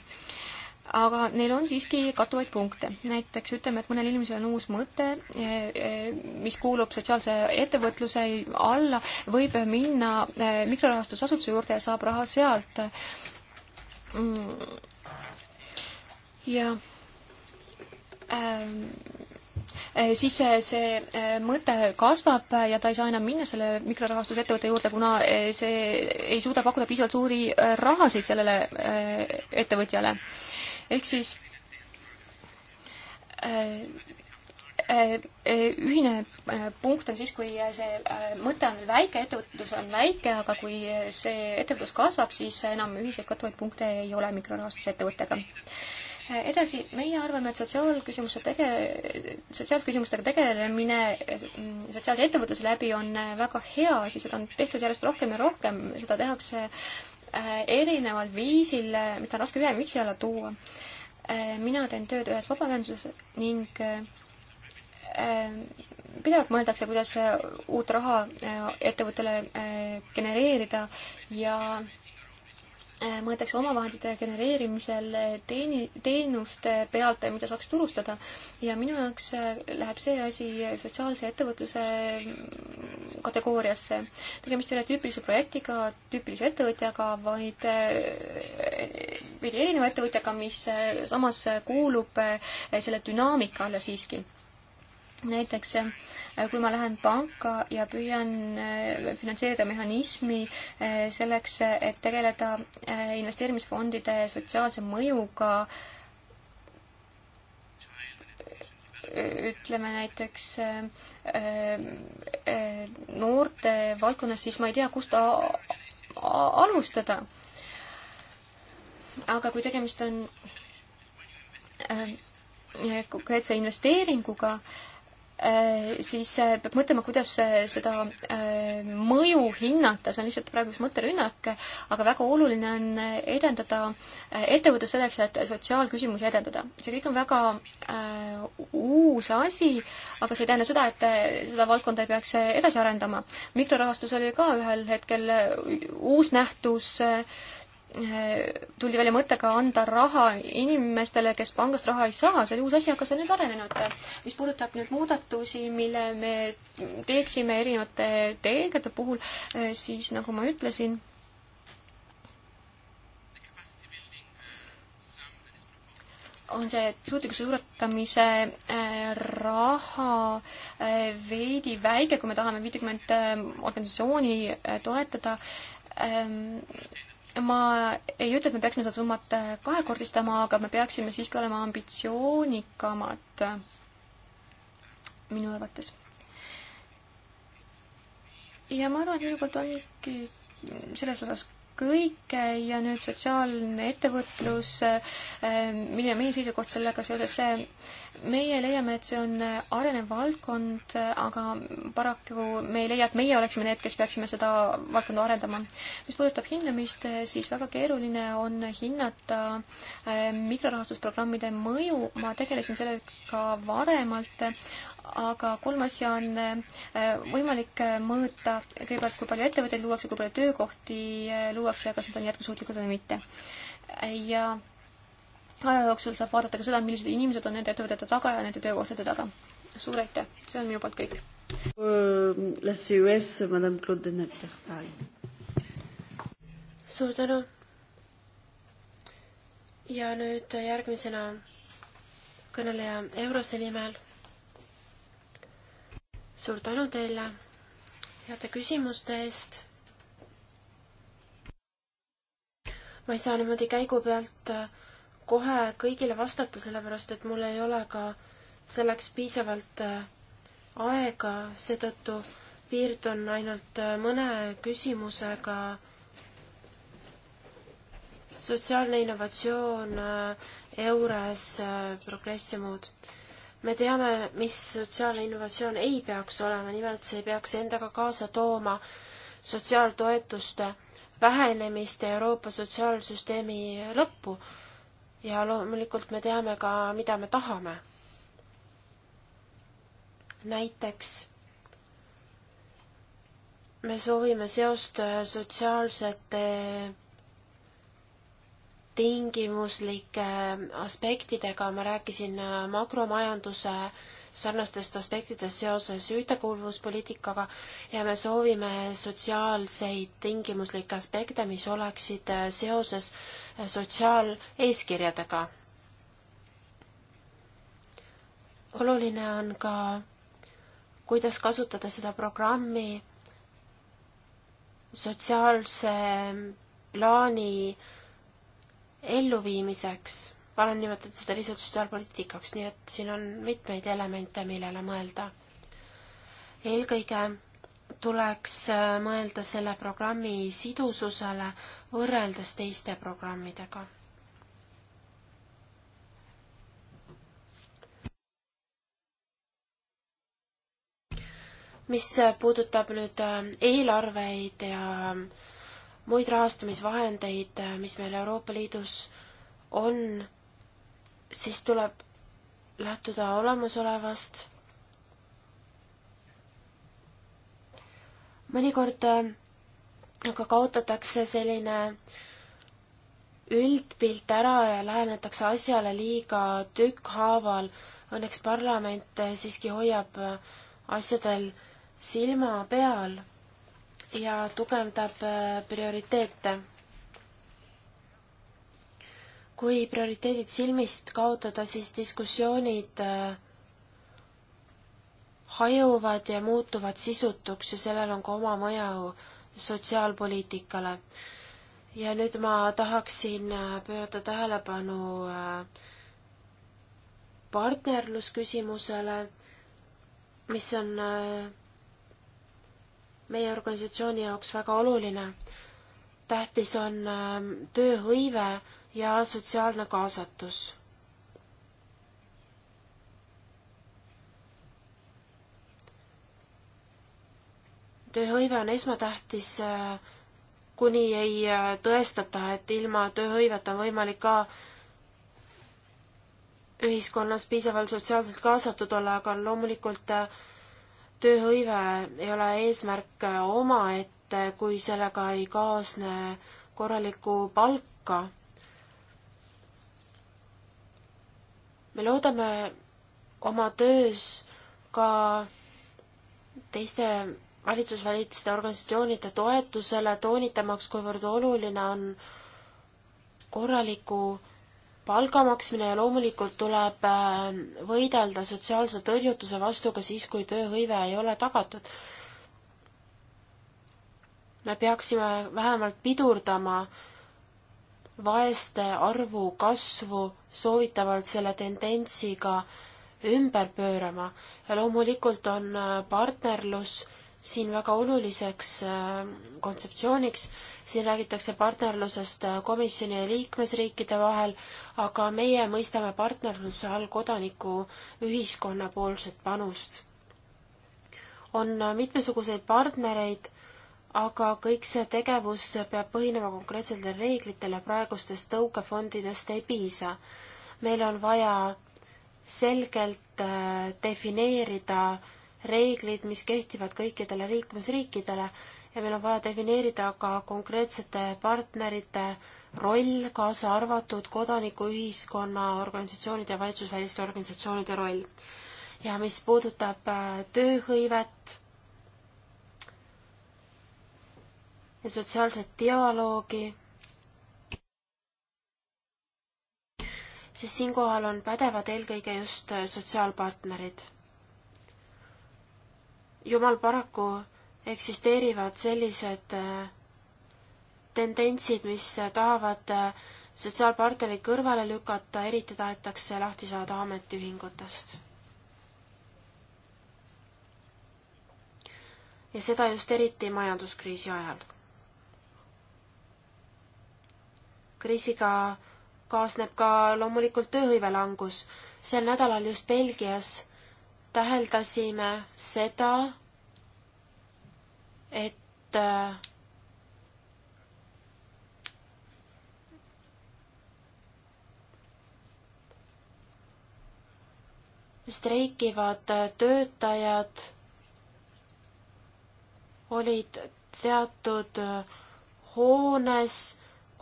aga neil on siiski kattuvaid punkte. näiteks ütleme, et mõnel inimesel on uus mõte, eh, eh, mis kuulub sotsiaalse ettevõtluse alla, võib minna eh, mikrorahastusasutuse juurde ja saab raha sealt. Mm. ja siis see mõte kasvab ja ta ei saa enam minna selle mikrorahastusettevõtte juurde, kuna see ei suuda pakkuda piisavalt suuri rahasid sellele ettevõtjale ehk siis äh, äh, äh, ühine punkt on siis, kui see mõte on väike, ettevõtlus on väike, aga kui see ettevõtlus kasvab, siis enam ühiseid katvaid punkte ei ole mikrorahastusettevõttega. edasi, meie arvame, et sotsiaalküsimuste tege-, sotsiaalküsimustega tegelemine sotsiaalse ettevõtluse läbi on väga hea asi, seda on tehtud järjest rohkem ja rohkem, seda tehakse Äh, erineval viisil, äh, mida on raske ühe mütsi alla tuua. Äh, mina teen tööd ühes vabaühenduses ning pidevalt mõeldakse, kuidas uut raha ettevõttele genereerida ja Äh, mõõdakse omavahendite genereerimisel äh, teeni, teenuste pealt, mida saaks turustada. ja minu jaoks äh, läheb see asi sotsiaalse ettevõtluse mm, kategooriasse. tegemist ei ole tüüpilise projektiga, tüüpilise ettevõtjaga, vaid veidi erineva ettevõtjaga, mis samas kuulub selle dünaamika alla siiski näiteks äh, kui ma lähen panka ja püüan äh, finantseerida mehhanismi äh, selleks, et tegeleda investeerimisfondide sotsiaalse mõjuga, ütleme näiteks noorte valdkonnas, siis ma ei tea, kust alustada. aga kui tegemist on konkreetse investeeringuga, Äh, siis äh, peab mõtlema, kuidas äh, seda mõju hinnata, see on lihtsalt praegu üks mõtterünnak, aga väga oluline on edendada ettevõtlust selleks, et sotsiaalküsimusi edendada. see kõik on väga uus asi, aga see ei tähenda seda, et seda valdkonda ei peaks edasi arendama. mikrorahastus oli ka ühel hetkel uus nähtus, tuldi välja mõttega anda raha inimestele, kes pangast raha ei saa, see oli uus asi, aga see on nüüd arenenud. mis puudutab nüüd muudatusi, mille me teeksime erinevate teegade puhul, siis nagu ma ütlesin, on see suutlikkuse suurendamise äh, raha äh, veidi väike, kui me tahame viitekümmet äh, organisatsiooni toetada ähm, ma ei ütle, et me peaksime seda summat äh, kahekordistama, aga me peaksime siiski olema ambitsioonikamad äh, minu arvates. ja ma arvan, et minu poolt ongi selles osas kõike ja nüüd sotsiaalne ettevõtlus, ähm, milline on meie seisukoht sellega seoses, meie leiame, et see on äh, arenev valdkond, äh, aga paraku me ei leia, et meie oleksime need, kes peaksime seda valdkonda arendama. mis puudutab hindamist, äh, siis väga keeruline on hinnata mikrorahastusprogrammide mõju, ma tegelesin sellega varemalt, aga kolm asja on äh, võimalik äh, mõõta, kõigepealt kui palju ettevõtteid luuakse, kui palju töökohti äh, luuakse ja kas need on jätkusuutlikud või mitte. ja aja jooksul saab vaadata ka seda, millised inimesed on nende ettevõtete taga ja nende töökohtade taga. suur aitäh, see on minu poolt kõik. La CES, madame Claude Denetter. suur tänu. ja nüüd järgmisena kõneleja Eurose nimel suur tänu teile heade küsimuste eest. ma ei saa niimoodi käigu pealt äh, kohe kõigile vastata, sellepärast et mul ei ole ka selleks piisavalt äh, aega, seetõttu piirdun ainult äh, mõne küsimusega. sotsiaalne innovatsioon, EURES, progress ja muud me teame, mis sotsiaalne innovatsioon ei peaks olema, nimelt see ei peaks endaga kaasa tooma sotsiaaltoetuste vähenemist ja Euroopa sotsiaalsüsteemi lõppu. ja loomulikult me teame ka, mida me tahame. näiteks me soovime seost sotsiaalsete tingimuslike aspektidega, ma rääkisin äh, makromajanduse sarnastest aspektidest seoses ühtekuuluvuspoliitikaga ja me soovime sotsiaalseid tingimuslikke aspekte, mis oleksid äh, seoses äh, sotsiaaleeskirjadega. oluline on ka, kuidas kasutada seda programmi sotsiaalse plaani äh, elluviimiseks. varem nimetati seda lihtsalt sotsiaalpoliitikaks, nii et siin on mitmeid elemente, millele mõelda. eelkõige tuleks äh, mõelda selle programmi sidususele võrreldes teiste programmidega. mis puudutab nüüd äh, eelarveid ja äh, muid rahastamisvahendeid, mis meil Euroopa Liidus on, siis tuleb lähtuda olemasolevast. mõnikord aga äh, kaotatakse selline üldpilt ära ja lähenetakse asjale liiga tükkhaaval. Õnneks parlament äh, siiski hoiab äh, asjadel silma peal ja tugevdab äh, prioriteete. kui prioriteedid silmist kaotada, siis diskussioonid äh, hajuvad ja muutuvad sisutuks ja sellel on ka oma mõju sotsiaalpoliitikale. ja nüüd ma tahaksin äh, pöörata tähelepanu partnerlusküsimusele, mis on meie organisatsiooni jaoks väga oluline. tähtis on ähm, tööhõive ja sotsiaalne kaasatus tööhõive on esmatähtis, äh, kuni ei äh, tõestata, et ilma tööhõiveta on võimalik ka ühiskonnas piisavalt sotsiaalselt kaasatud olla, aga loomulikult äh, tööhõive ei ole eesmärk omaette, kui sellega ei kaasne korralikku palka. me loodame oma töös ka teiste valitsusväliste organisatsioonide toetusele, toonitamaks, kuivõrd oluline on korraliku palga maksmine ja loomulikult tuleb äh, võidelda sotsiaalse tõrjutuse vastu ka siis, kui tööhõive ei ole tagatud. me peaksime vähemalt pidurdama vaeste arvu kasvu, soovitavalt selle tendentsiga ümber pöörama ja loomulikult on äh, partnerlus siin väga oluliseks äh, kontseptsiooniks. siin räägitakse partnerlusest äh, komisjoni ja liikmesriikide vahel, aga meie mõistame partnerluse all kodanikuühiskonna poolset panust. on äh, mitmesuguseid partnereid, aga kõik see tegevus peab põhinema konkreetsetel reeglitel ja praegustest tõukefondidest ei piisa. meil on vaja selgelt defineerida äh, reeglid, mis kehtivad kõikidele liikmesriikidele ja meil on vaja defineerida ka konkreetsete partnerite roll, kaasa arvatud kodanikuühiskonna organisatsioonide ja valitsusväliste organisatsioonide roll. ja mis puudutab äh, tööhõivet ja sotsiaalset dialoogi, siis siinkohal on pädevad eelkõige just äh, sotsiaalpartnerid jumal paraku eksisteerivad sellised äh, tendentsid, mis tahavad äh, sotsiaalpartnerid kõrvale lükata, eriti tahetakse lahti saada ametiühingutest. ja seda just eriti majanduskriisi ajal. kriisiga kaasneb ka loomulikult tööhõive langus. sel nädalal just Belgias täheldasime seda, et äh, streikivad töötajad olid teatud äh, hoones,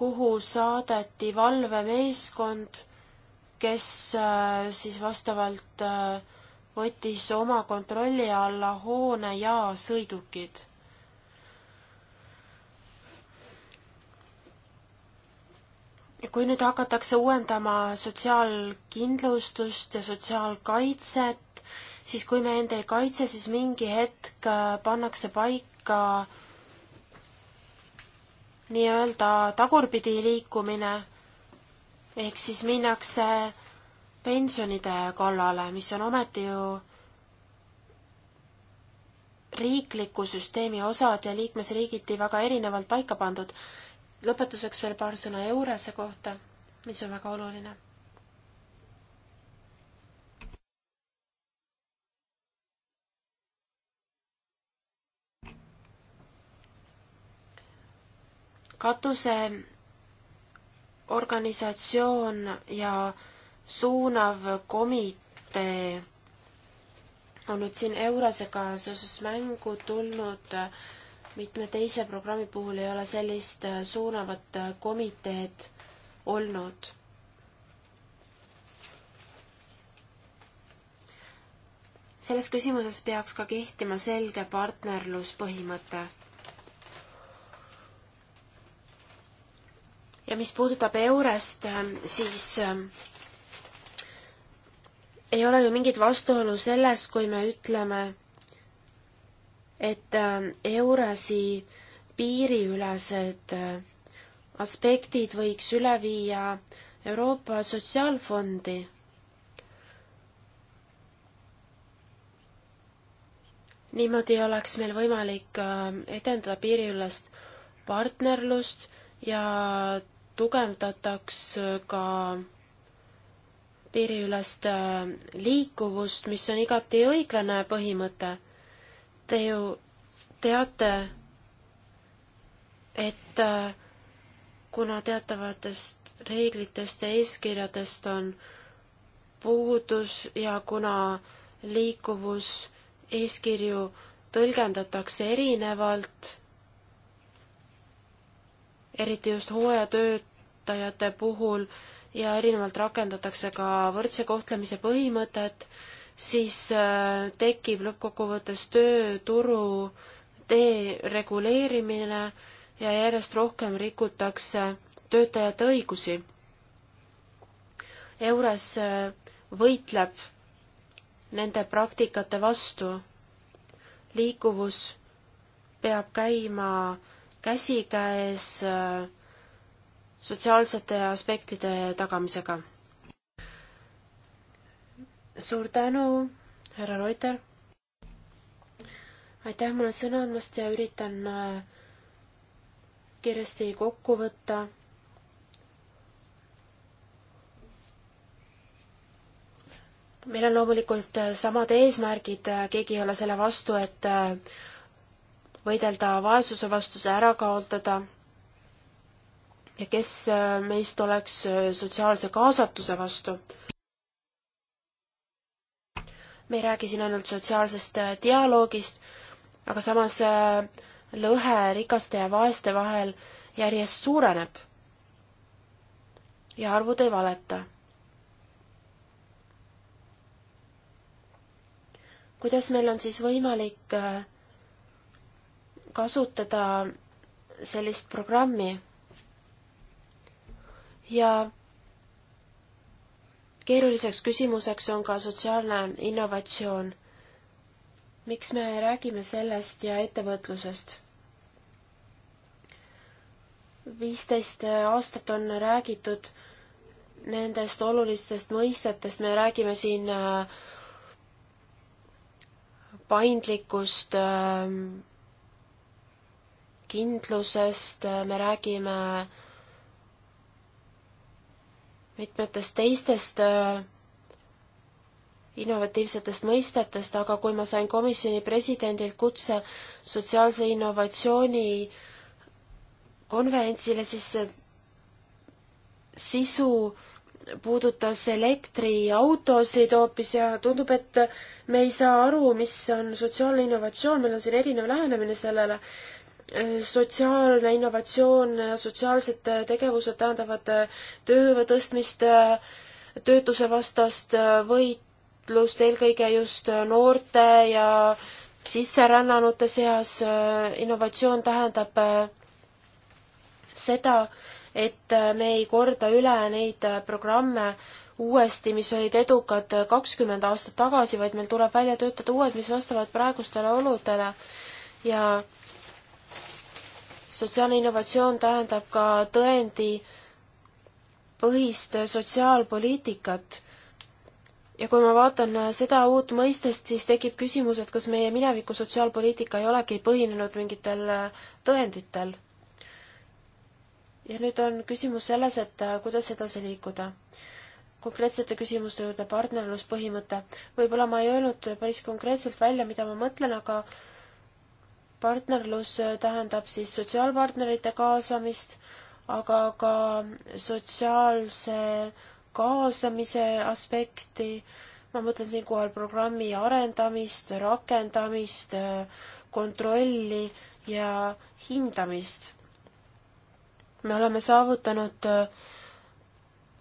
kuhu saadeti valvemeeskond, kes äh, siis vastavalt äh, võttis oma kontrolli alla hoone ja sõidukid. kui nüüd hakatakse uuendama sotsiaalkindlustust ja sotsiaalkaitset, siis kui me end ei kaitse, siis mingi hetk pannakse paika nii-öelda tagurpidi liikumine ehk siis minnakse pensionide kallale, mis on ometi ju riikliku süsteemi osad ja liikmesriigiti väga erinevalt paika pandud. lõpetuseks veel paar sõna Eurese kohta, mis on väga oluline. katuse organisatsioon ja suunav komitee on nüüd siin Eurosega seoses mängu tulnud, mitme teise programmi puhul ei ole sellist suunavat komiteed olnud. selles küsimuses peaks ka kehtima selge partnerluspõhimõte. ja mis puudutab Eurest, siis ei ole ju mingit vastuolu selles, kui me ütleme, et äh, EURES-i piiriülesed äh, aspektid võiks üle viia Euroopa Sotsiaalfondi. niimoodi oleks meil võimalik äh, edendada piiriülest partnerlust ja tugevdataks ka piiriülest äh, liikuvust, mis on igati õiglane põhimõte. Te ju teate, et äh, kuna teatavatest reeglitest ja eeskirjadest on puudus ja kuna liikuvus eeskirju tõlgendatakse erinevalt, eriti just hooajatöötajate puhul, ja erinevalt rakendatakse ka võrdse kohtlemise põhimõtet, siis äh, tekib lõppkokkuvõttes tööturu dereguleerimine ja järjest rohkem rikutakse töötajate õigusi. EURES äh, võitleb nende praktikate vastu. liikuvus peab käima käsikäes äh, sotsiaalsete aspektide tagamisega. suur tänu, härra Reuter. aitäh mulle sõna andmast ja üritan äh, kiiresti kokku võtta. meil on loomulikult äh, samad eesmärgid, äh, keegi ei ole selle vastu, et võidelda vaesuse vastu, see ära kaotada ja kes äh, meist oleks äh, sotsiaalse kaasatuse vastu. me ei räägi siin ainult sotsiaalsest äh, dialoogist, aga samas lõhe rikaste ja vaeste vahel järjest suureneb. ja arvud ei valeta. kuidas meil on siis võimalik kasutada sellist programmi ja keeruliseks küsimuseks on ka sotsiaalne innovatsioon. miks me räägime sellest ja ettevõtlusest? viisteist aastat on räägitud nendest olulistest mõistetest, me räägime siin äh, paindlikkust, äh, kindlusest, äh, me räägime äh, mitmetest teistest äh, innovatiivsetest mõistetest, aga kui ma sain komisjoni presidendilt kutse sotsiaalse innovatsiooni konverentsile, siis sisu puudutas elektriautosid hoopis ja tundub, et me ei saa aru, mis on sotsiaalne innovatsioon, meil on siin erinev lähenemine sellele sotsiaalne innovatsioon, sotsiaalsed tegevused tähendavad tööhõive tõstmist, töötuse vastast võitlust eelkõige just noorte ja sisserännanute seas. innovatsioon tähendab seda, et me ei korda üle neid programme uuesti, mis olid edukad kakskümmend aastat tagasi, vaid meil tuleb välja töötada uued, mis vastavad praegustele oludele ja sotsiaalne innovatsioon tähendab ka tõendipõhist sotsiaalpoliitikat. ja kui ma vaatan seda uut mõistest, siis tekib küsimus, et kas meie mineviku sotsiaalpoliitika ei olegi põhinenud mingitel tõenditel. ja nüüd on küsimus selles, et kuidas edasi liikuda konkreetsete küsimuste juurde, partnerluspõhimõte. võib-olla ma ei öelnud päris konkreetselt välja, mida ma mõtlen, aga partnerlus tähendab siis sotsiaalpartnerite kaasamist, aga ka sotsiaalse kaasamise aspekti, ma mõtlen siinkohal programmi arendamist, rakendamist, kontrolli ja hindamist. me oleme saavutanud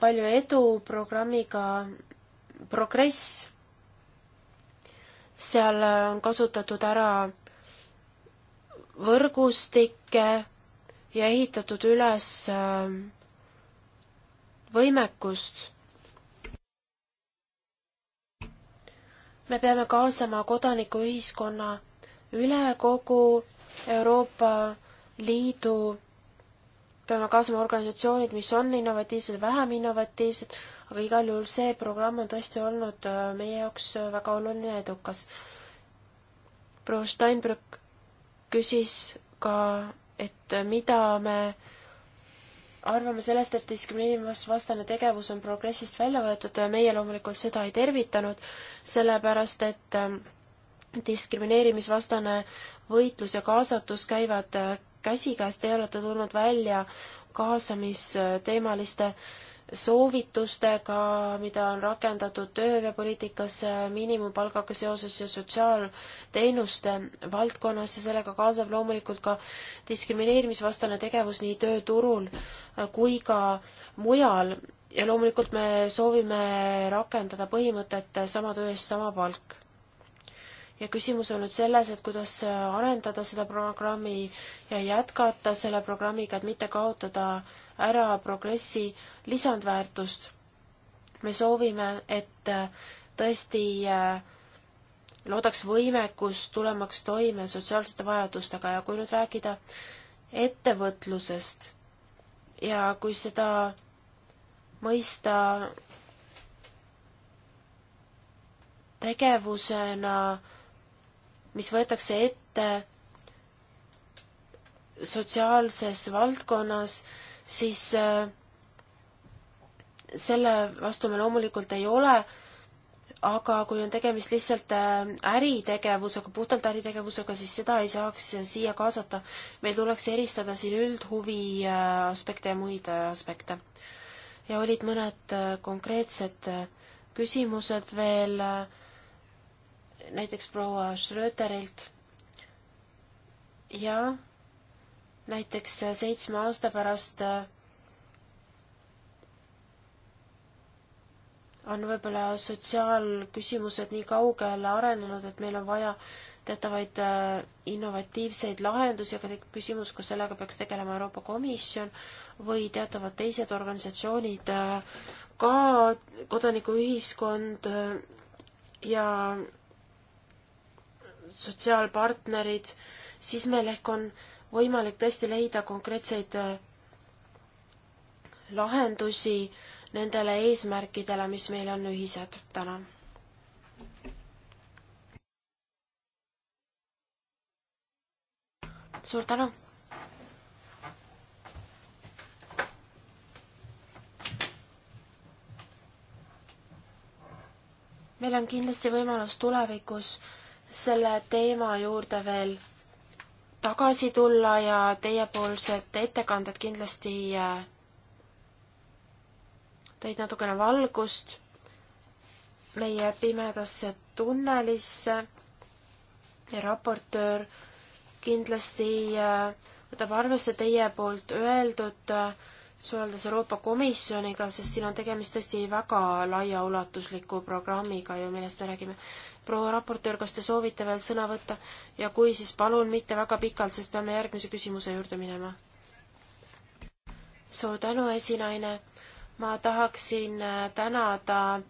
palju edu programmiga Progress. seal on kasutatud ära võrgustikke ja ehitatud üles äh, võimekust. me peame kaasama kodanikuühiskonna üle kogu Euroopa Liidu, peame kaasama organisatsioonid, mis on innovatiivsed, vähem innovatiivsed, aga igal juhul see programm on tõesti olnud äh, meie jaoks äh, väga oluline ja edukas. proua Steinbrück küsis ka, et mida me arvame sellest, et diskrimineerimisvastane tegevus on progressist välja võetud, meie loomulikult seda ei tervitanud, sellepärast et ähm, diskrimineerimisvastane võitlus ja kaasatus käivad äh, käsikäes, te olete tulnud välja kaasamisteemaliste äh, soovitustega, mida on rakendatud tööhõivepoliitikas miinimumpalgaga seoses ja sotsiaalteenuste valdkonnas ja sellega kaasab loomulikult ka diskrimineerimisvastane tegevus nii tööturul äh, kui ka mujal ja loomulikult me soovime rakendada põhimõtet äh, sama töö eest sama palk. ja küsimus on nüüd selles, et kuidas äh, arendada seda programmi ja jätkata selle programmiga, et mitte kaotada ära progressi lisandväärtust. me soovime, et äh, tõesti äh, loodaks võimekus tulemaks toime sotsiaalsete vajadustega ja kui nüüd rääkida ettevõtlusest ja kui seda mõista tegevusena, mis võetakse ette sotsiaalses valdkonnas, siis äh, selle vastu me loomulikult ei ole, aga kui on tegemist lihtsalt äh, äritegevusega, puhtalt äritegevusega, siis seda ei saaks siia kaasata. meil tuleks eristada siin üldhuvi äh, aspekte ja muid aspekte. ja olid mõned konkreetsed küsimused veel näiteks proua Schröderilt. jaa näiteks seitsme aasta pärast äh, on võib-olla sotsiaalküsimused nii kaugele arenenud, et meil on vaja teatavaid äh, innovatiivseid lahendusi, aga tekib küsimus, kas sellega peaks tegelema Euroopa Komisjon või teatavad teised organisatsioonid, äh, ka kodanikuühiskond ja sotsiaalpartnerid, siis meil ehk on võimalik tõesti leida konkreetseid äh, lahendusi nendele eesmärkidele, mis meil on ühised. tänan. suur tänu. meil on kindlasti võimalus tulevikus selle teema juurde veel tagasi tulla ja teiepoolsed ettekanded kindlasti äh, tõid natukene valgust meie pimedasse tunnelisse ja raportöör kindlasti äh, võtab arvesse teie poolt öeldud äh, suheldes Euroopa Komisjoniga, sest siin on tegemist tõesti väga laiaulatusliku programmiga ju, millest me räägime. proua raportöör, kas te soovite veel sõna võtta ja kui, siis palun mitte väga pikalt, sest peame järgmise küsimuse juurde minema. suur tänu, esinaine. ma tahaksin äh, tänada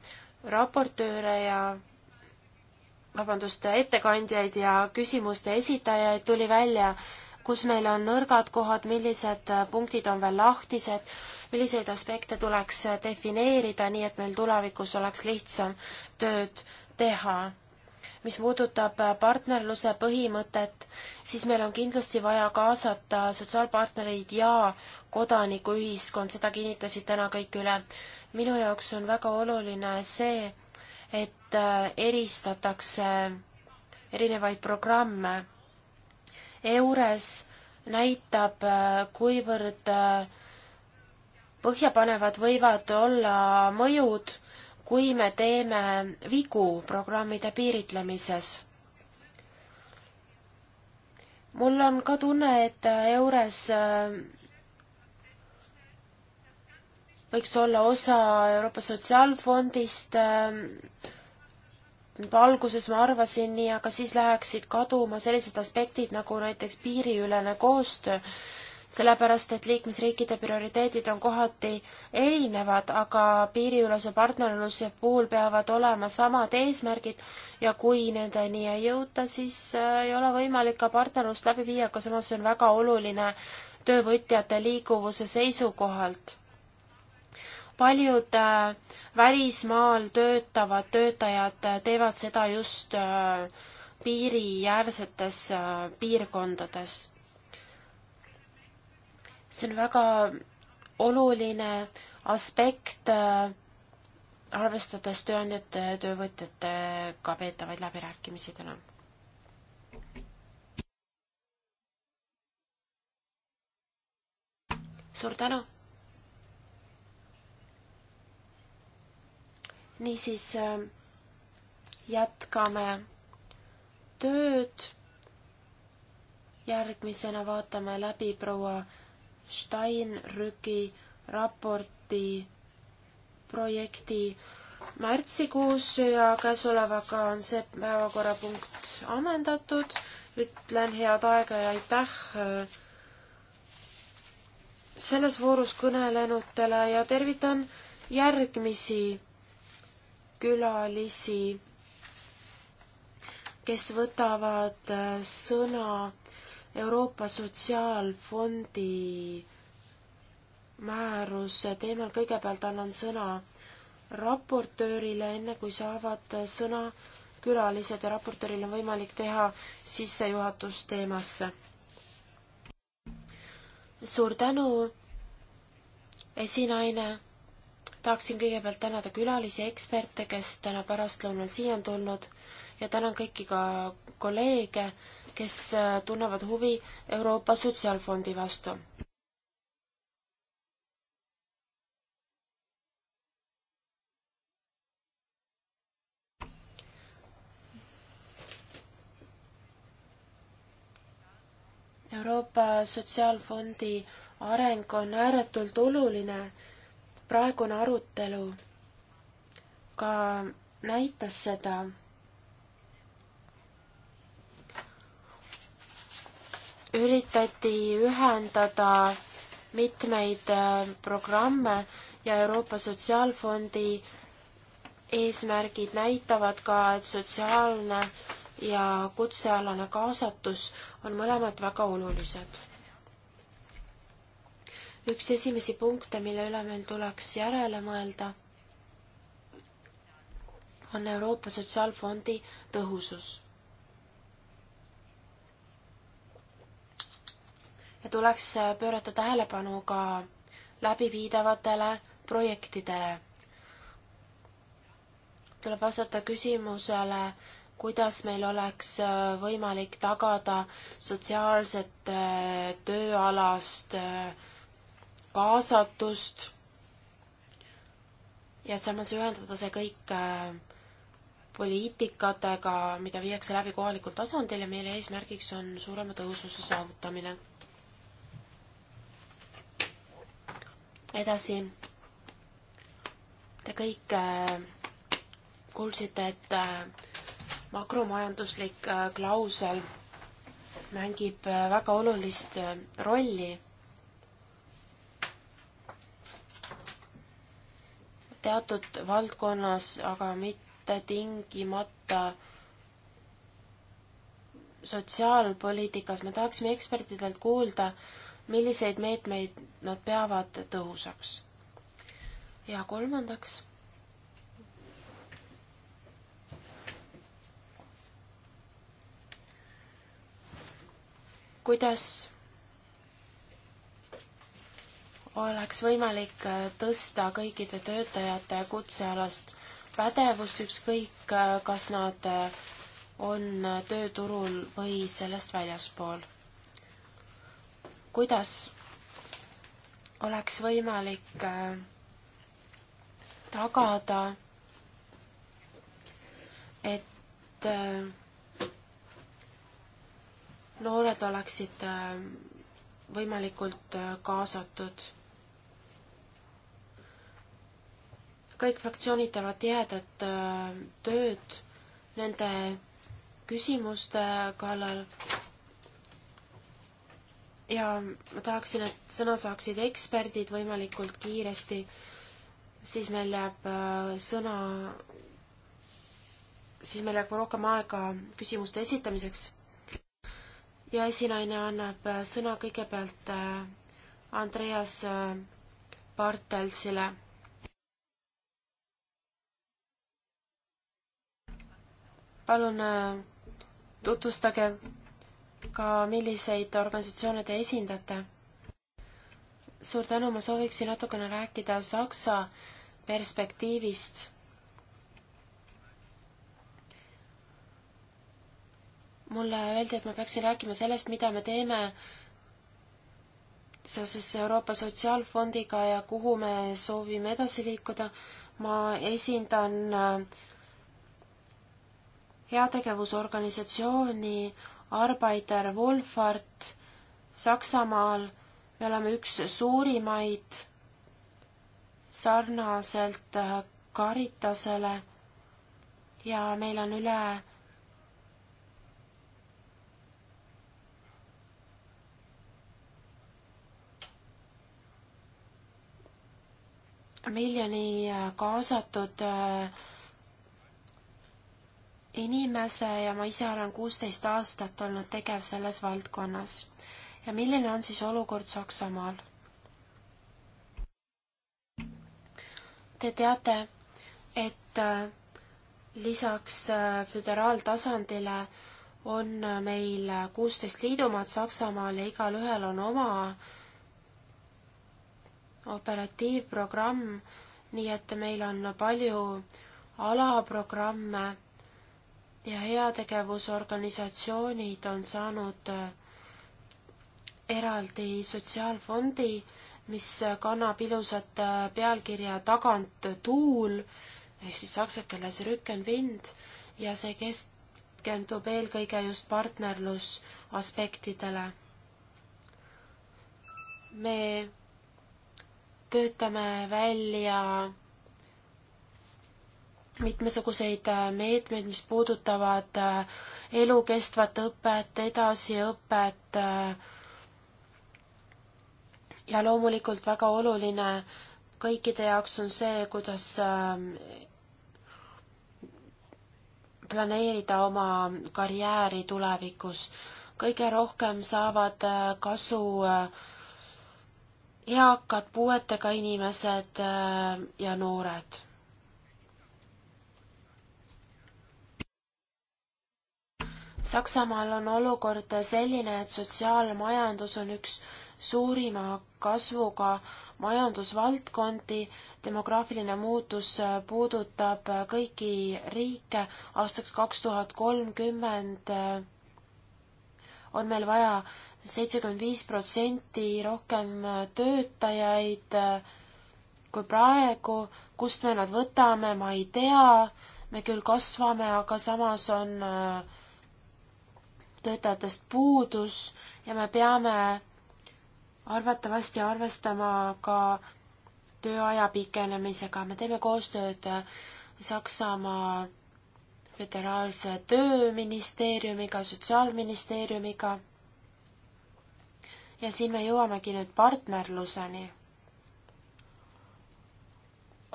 raportööre ja vabandust, ettekandjaid ja küsimuste esitajaid tuli välja, kus meil on nõrgad kohad, millised äh, punktid on veel lahtised, milliseid aspekte tuleks äh, defineerida, nii et meil tulevikus oleks lihtsam tööd teha. mis puudutab äh, partnerluse põhimõtet, siis meil on kindlasti vaja kaasata sotsiaalpartnereid ja kodanikuühiskond, seda kinnitasid täna kõik üle. minu jaoks on väga oluline see, et eristatakse erinevaid programme EURES näitab, kuivõrd äh, põhjapanevad võivad olla mõjud, kui me teeme vigu programmide piiritlemises. mul on ka tunne, et äh, EURES äh, võiks olla osa Euroopa Sotsiaalfondist äh,, alguses ma arvasin nii, aga siis läheksid kaduma sellised aspektid nagu näiteks piiriülene koostöö, sellepärast et liikmesriikide prioriteedid on kohati erinevad, aga piiriülese partnerluse puhul peavad olema samad eesmärgid ja kui nendeni ei jõuta, siis äh, ei ole võimalik ka partnerlust läbi viia, aga samas see on väga oluline töövõtjate liikuvuse seisukohalt paljud äh, välismaal töötavad töötajad äh, teevad seda just äh, piiriäärsetes piirkondades. see on väga oluline aspekt, arvestades tööandjate ja töövõtjatega peetavaid läbirääkimisi täna suur tänu! niisiis äh, jätkame tööd. järgmisena vaatame läbi proua Steinrüki raporti projekti märtsikuus ja käesolevaga on see päevakorrapunkt ammendatud. ütlen head aega ja aitäh äh, selles voorus kõnelenutele ja tervitan järgmisi külalisi, kes võtavad äh, sõna Euroopa Sotsiaalfondi määruse teemal. kõigepealt annan sõna raportöörile, enne kui saavad sõna külalised ja raportööril on võimalik teha sissejuhatus teemasse. suur tänu, esinaine tahaksin kõigepealt tänada külalisi ja eksperte, kes täna pärastlõunal siia on tulnud ja tänan kõiki ka kolleege, kes äh, tunnevad huvi Euroopa Sotsiaalfondi vastu. Euroopa Sotsiaalfondi areng on ääretult oluline praegune arutelu ka näitas seda. üritati ühendada mitmeid äh, programme ja Euroopa Sotsiaalfondi eesmärgid näitavad ka, et sotsiaalne ja kutsealane kaasatus on mõlemad väga olulised üks esimesi punkte, mille üle meil tuleks järele mõelda, on Euroopa Sotsiaalfondi tõhusus. ja tuleks pöörata tähelepanu ka läbiviidavatele projektidele. tuleb vastata küsimusele, kuidas meil oleks võimalik tagada sotsiaalset äh, tööalast äh, kaasatust ja samas ühendada see kõik äh, poliitikatega, mida viiakse läbi kohalikul tasandil ja meile eesmärgiks on suurema tõhususe saavutamine. edasi. Te kõik äh, kuulsite, et äh, makromajanduslik klausel mängib väga olulist rolli teatud valdkonnas, aga mitte tingimata sotsiaalpoliitikas, me tahaksime ekspertidelt kuulda, milliseid meetmeid nad peavad tõhusaks. ja kolmandaks. kuidas oleks võimalik äh, tõsta kõikide töötajate kutsealast pädevust, ükskõik äh, kas nad äh, on tööturul või sellest väljaspool. kuidas oleks võimalik tagada, et noored oleksid võimalikult kaasatud kõik fraktsioonid teevad tihedat äh, tööd nende küsimuste kallal. ja ma tahaksin, et sõna saaksid eksperdid võimalikult kiiresti, siis meil jääb äh, sõna, siis meil jääb rohkem aega küsimuste esitamiseks. ja esinaine annab äh, sõna kõigepealt Andreas Bartelsile palun äh, tutvustage ka, milliseid organisatsioone te esindate. suur tänu, ma sooviksin natukene rääkida Saksa perspektiivist. mulle öeldi, et ma peaksin rääkima sellest, mida me teeme seoses Euroopa Sotsiaalfondiga ja kuhu me soovime edasi liikuda. ma esindan äh, heategevusorganisatsiooni Arbeiter Wohlfahrt Saksamaal. me oleme üks suurimaid sarnaselt äh, Caritasele ja meil on üle miljoni äh, kaasatud äh, inimese ja ma ise olen kuusteist aastat olnud tegev selles valdkonnas. ja milline on siis olukord Saksamaal? Te teate, et äh, lisaks äh, föderaaltasandile on äh, meil kuusteist liidumaad Saksamaal ja igalühel on oma operatiivprogramm, nii et meil on palju alaprogramme ja heategevusorganisatsioonid on saanud äh, eraldi sotsiaalfondi, mis kannab ilusat äh, pealkirja Tagant tuul ehk siis saksa keeles Rückenwind ja see keskendub eelkõige just partnerlusaspektidele. me töötame välja mitmesuguseid äh, meetmeid, mis puudutavad äh, elukestvat õpet, edasiõpet äh, ja loomulikult väga oluline kõikide jaoks on see, kuidas planeerida oma karjääri tulevikus. kõige rohkem saavad kasu eakad, puuetega inimesed ja noored Saksamaal on olukord selline, et sotsiaalmajandus on üks suurima kasvuga majandusvaldkondi. demograafiline muutus puudutab kõiki riike. aastaks kaks tuhat kolmkümmend on meil vaja seitsekümmend viis protsenti rohkem töötajaid kui praegu. kust me nad võtame, ma ei tea. me küll kasvame, aga samas on äh, töötajatest puudus ja me peame arvatavasti arvestama ka tööaja pikenemisega, me teeme koostööd Saksamaa föderaalse tööministeeriumiga, sotsiaalministeeriumiga. ja siin me jõuamegi nüüd partnerluseni.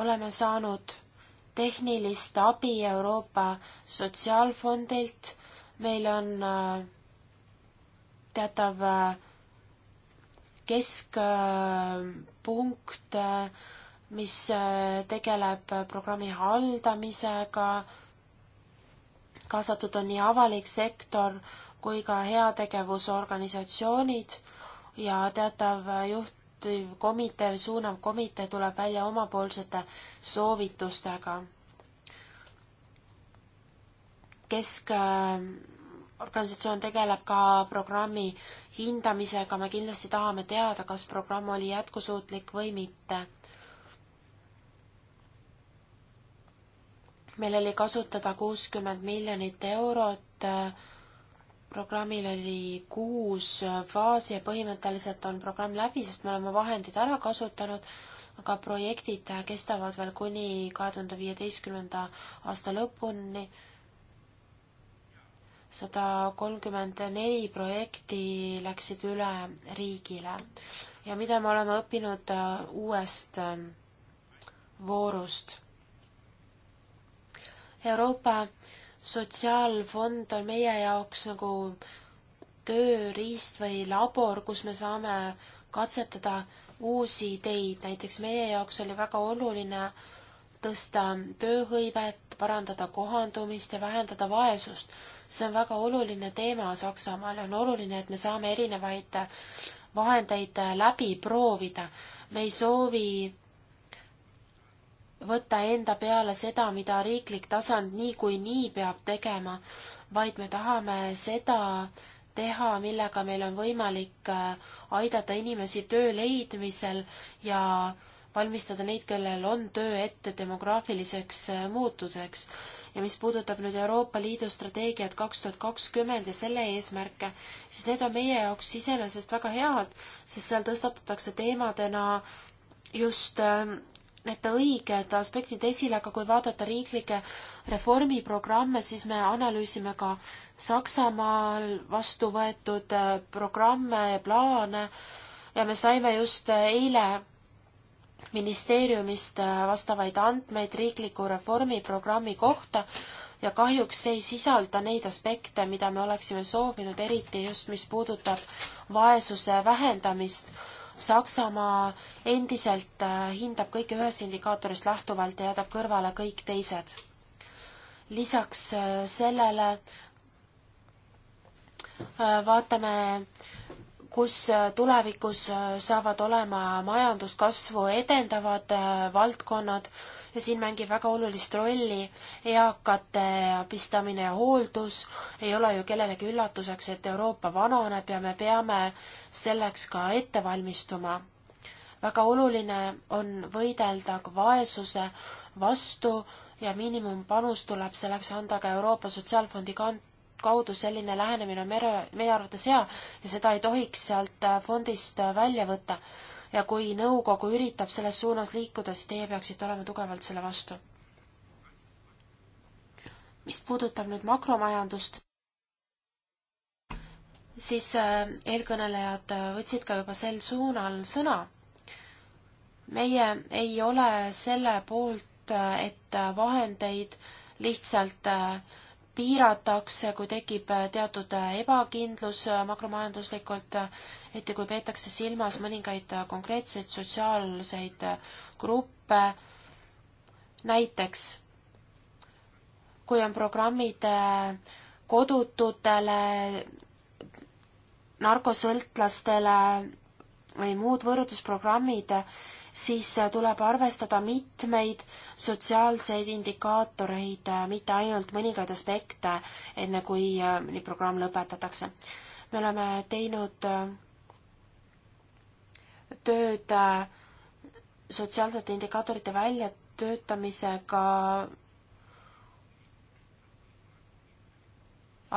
oleme saanud tehnilist abi Euroopa Sotsiaalfondilt meil on äh, teatav äh, keskpunkt, äh, mis tegeleb programmi haldamisega, kaasatud on nii avalik sektor kui ka heategevusorganisatsioonid ja teatav juhtivkomitee või suunav komitee tuleb välja omapoolsete soovitustega keskorganisatsioon äh, tegeleb ka programmi hindamisega, me kindlasti tahame teada, kas programm oli jätkusuutlik või mitte. meil oli kasutada kuuskümmend miljonit eurot, programmil oli kuus faasi ja põhimõtteliselt on programm läbi, sest me oleme vahendid ära kasutanud aga projektid kestavad veel kuni kahe tuhande viieteistkümnenda aasta lõpuni sada kolmkümmend neli projekti läksid üle riigile ja mida me oleme õppinud äh, uuest äh, voorust. Euroopa Sotsiaalfond on meie jaoks nagu tööriist või labor, kus me saame katsetada uusi ideid, näiteks meie jaoks oli väga oluline äh, tõsta tööhõivet, parandada kohandumist ja vähendada vaesust. see on väga oluline teema Saksamaal ja on oluline, et me saame erinevaid vahendeid läbi proovida. me ei soovi võtta enda peale seda, mida riiklik tasand niikuinii peab tegema, vaid me tahame seda teha, millega meil on võimalik aidata inimesi töö leidmisel ja valmistada neid, kellel on töö ette demograafiliseks äh, muutuseks. ja mis puudutab nüüd Euroopa Liidu strateegiat kaks tuhat kakskümmend ja selle eesmärke, siis need on meie jaoks iseenesest väga head, sest seal tõstatatakse teemadena just ähm, need õiged aspektid esile, aga kui vaadata riiklikke reformiprogramme, siis me analüüsime ka Saksamaal vastu võetud äh, programme ja plaane ja me saime just äh, eile ministeeriumist äh, vastavaid andmeid riikliku reformiprogrammi kohta ja kahjuks ei sisalda neid aspekte, mida me oleksime soovinud, eriti just, mis puudutab vaesuse vähendamist. Saksamaa endiselt äh, hindab kõike ühest indikaatorist lähtuvalt ja jätab kõrvale kõik teised. lisaks äh, sellele vaatame kus äh, tulevikus äh, saavad olema majanduskasvu edendavad äh, valdkonnad ja siin mängib väga olulist rolli eakate abistamine ja hooldus. ei ole ju kellelegi üllatuseks, et Euroopa vananeb ja me peame selleks ka ette valmistuma. väga oluline on võidelda ka vaesuse vastu ja miinimumpanus tuleb selleks anda ka Euroopa Sotsiaalfondi kant-, kaudu selline lähenemine on mere, meie arvates hea ja seda ei tohiks sealt äh, fondist äh, välja võtta. ja kui nõukogu üritab selles suunas liikuda, siis teie peaksite olema tugevalt selle vastu. mis puudutab nüüd makromajandust, siis äh, eelkõnelejad võtsid ka juba sel suunal sõna. meie ei ole selle poolt, et vahendeid lihtsalt äh, piiratakse, kui tekib äh, teatud äh, ebakindlus äh, makromajanduslikult, et kui peetakse silmas mõningaid konkreetseid sotsiaalseid gruppe, näiteks kui on programmid kodututele, narkosõltlastele või muud võrdlusprogrammid, siis äh, tuleb arvestada mitmeid sotsiaalseid indikaatoreid, äh, mitte ainult mõningaid aspekte, enne kui äh, nii programm lõpetatakse. me oleme teinud tööd sotsiaalsete indikaatorite väljatöötamisega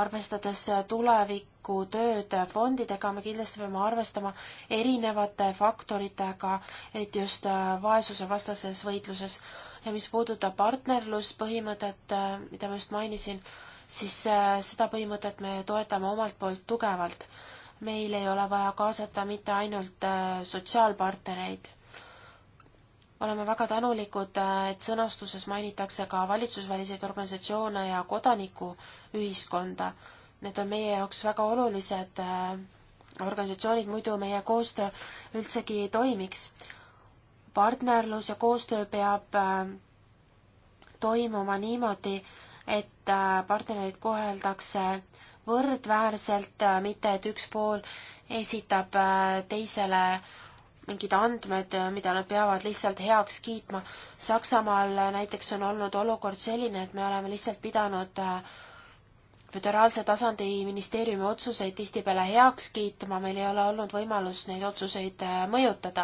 arvestades tulevik, tuleviku tööd fondidega, me kindlasti peame arvestama erinevate faktoritega, eriti just äh, vaesusevastases võitluses. ja mis puudutab partnerluspõhimõtet, äh, mida ma just mainisin, siis äh, seda põhimõtet me toetame omalt poolt tugevalt. meil ei ole vaja kaasata mitte ainult sotsiaalpartnereid oleme väga tänulikud, et sõnastuses mainitakse ka valitsusväliseid organisatsioone ja kodanikuühiskonda. Need on meie jaoks väga olulised äh, organisatsioonid, muidu meie koostöö üldsegi ei toimiks. partnerlus ja koostöö peab äh, toimuma niimoodi, et äh, partnereid koheldakse võrdväärselt, mitte et üks pool esitab teisele mingid andmed, mida nad peavad lihtsalt heaks kiitma. Saksamaal näiteks on olnud olukord selline, et me oleme lihtsalt pidanud föderaalse tasandi ministeeriumi otsuseid tihtipeale heaks kiitma, meil ei ole olnud võimalust neid otsuseid äh, mõjutada.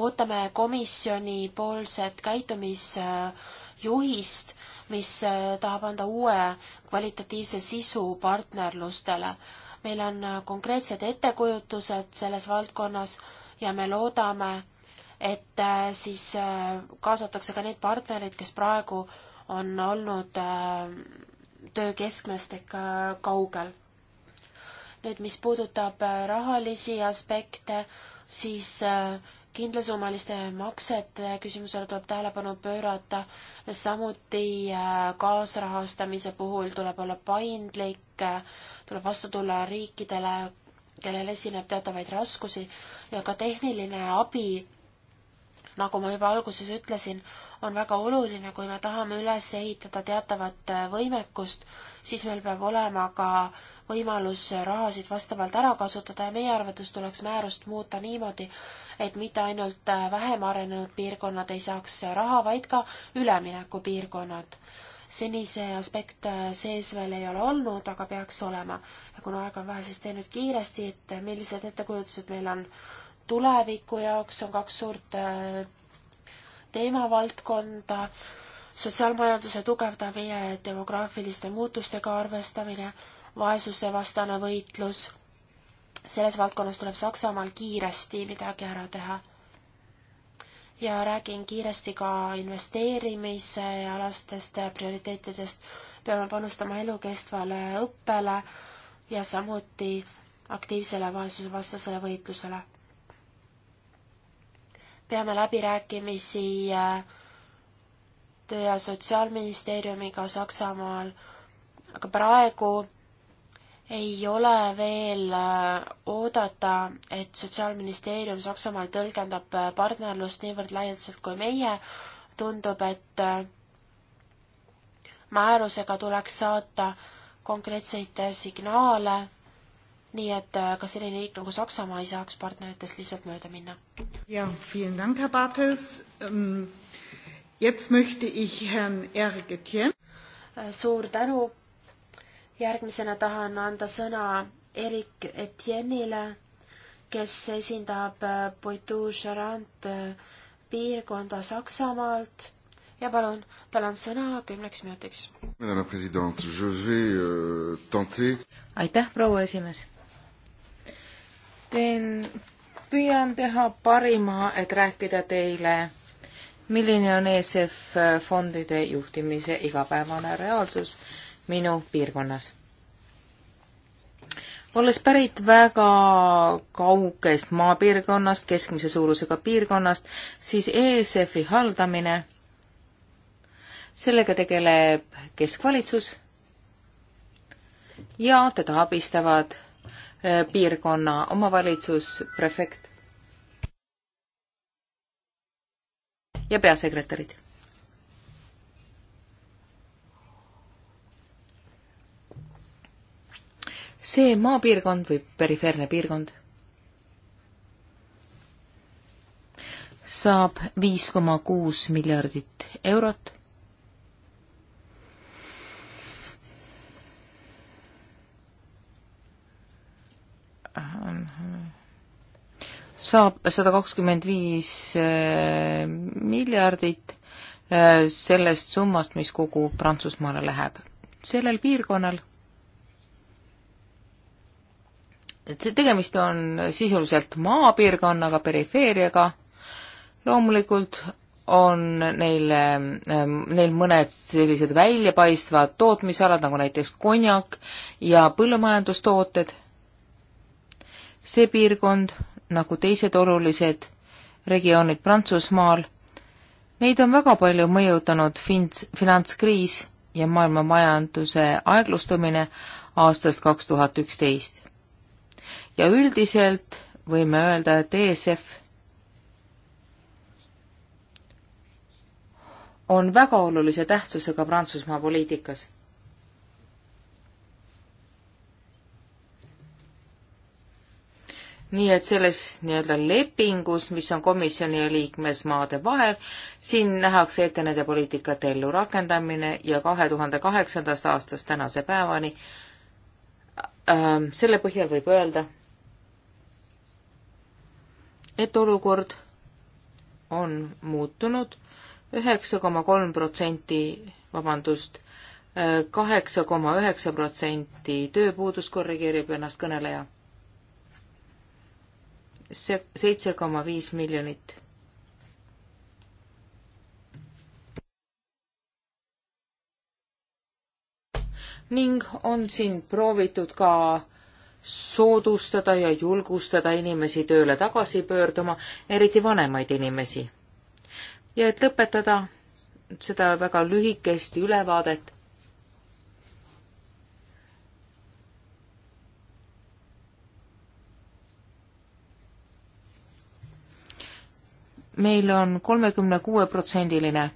ootame komisjoni poolset käitumisjuhist, mis äh, tahab anda uue kvalitatiivse sisu partnerlustele. meil on äh, konkreetsed ettekujutused selles valdkonnas ja me loodame, et siis kaasatakse ka need partnerid, kes praegu on olnud töö keskmest ikka kaugel. nüüd, mis puudutab äh, rahalisi aspekte, siis äh, kindlasummaliste maksete küsimusele tuleb tähelepanu pöörata, samuti äh, kaasrahastamise puhul tuleb olla paindlik, tuleb vastu tulla riikidele, kellel esineb teatavaid raskusi ja ka tehniline abi, nagu ma juba alguses ütlesin, on väga oluline, kui me tahame üles ehitada teatavat äh, võimekust, siis meil peab olema ka võimalus rahasid vastavalt ära kasutada ja meie arvates tuleks määrust muuta niimoodi, et mitte ainult äh, vähem arenenud piirkonnad ei saaks raha, vaid ka üleminekupiirkonnad. seni see aspekt äh, sees veel ei ole olnud, aga peaks olema. ja kuna aega on vähe, siis teen nüüd kiiresti, et millised ettekujutused meil on tuleviku jaoks, on kaks suurt teemavaldkonda, sotsiaalmajanduse tugevdamine, demograafiliste muutustega arvestamine, vaesusevastane võitlus. selles valdkonnas tuleb Saksamaal kiiresti midagi ära teha. ja räägin kiiresti ka investeerimise alastest prioriteetidest. peame panustama elukestvale õppele ja samuti aktiivsele vaesusevastasele võitlusele peame läbirääkimisi äh, töö- ja sotsiaalministeeriumiga Saksamaal, aga praegu ei ole veel äh, oodata, et Sotsiaalministeerium Saksamaal tõlgendab äh, partnerlust niivõrd laialdaselt kui meie. tundub, et määrusega tuleks saata konkreetseid signaale nii et äh, ka selline riik nagu Saksamaa ei saaks partneritest lihtsalt mööda minna. ja, vielen dank, Herr Bartels um,. Jetzt möchte ich Herrn Erik Etienne. Äh, suur tänu. järgmisena tahan anda sõna Erik Etienne'ile, kes esindab äh, Poitou-Charente piirkonda Saksamaalt ja palun, tal on sõna kümneks minutiks. Euh, aitäh, proua esimees teen, püüan teha parima, et rääkida teile, milline on ESF fondide juhtimise igapäevane reaalsus minu piirkonnas. olles pärit väga kaugest maapiirkonnast, keskmise suurusega piirkonnast, siis ESF-i haldamine, sellega tegeleb keskvalitsus ja teda abistavad Eh, piirkonna omavalitsus, prefekt ja peasekretärid. see maapiirkond või perifeerne piirkond saab viis koma kuus miljardit eurot saab sada kakskümmend viis eh, miljardit eh, sellest summast, mis kogu Prantsusmaale läheb. sellel piirkonnal tegemist on sisuliselt maapiirkonnaga, perifeeriaga, loomulikult on neil, ehm, neil mõned sellised väljapaistvad tootmisalad, nagu näiteks konjak ja põllumajandustooted see piirkond, nagu teised olulised regioonid Prantsusmaal, neid on väga palju mõjutanud fins-, finantskriis ja maailma majanduse aeglustumine aastast kaks tuhat üksteist. ja üldiselt võime öelda, et ESF on väga olulise tähtsusega Prantsusmaa poliitikas nii et selles nii-öelda lepingus, mis on komisjoni ja liikmesmaade vahel, siin nähakse ette nende poliitikate ellurakendamine ja kahe tuhande kaheksandast aastast tänase päevani ähm,. selle põhjal võib öelda, et olukord on muutunud üheksa koma kolm protsenti, vabandust, äh, kaheksa koma üheksa protsenti tööpuudus korrigeerib ennast kõneleja see seitse koma viis miljonit. ning on siin proovitud ka soodustada ja julgustada inimesi tööle tagasi pöörduma, eriti vanemaid inimesi. ja et lõpetada seda väga lühikest ülevaadet meil on kolmekümne kuue protsendiline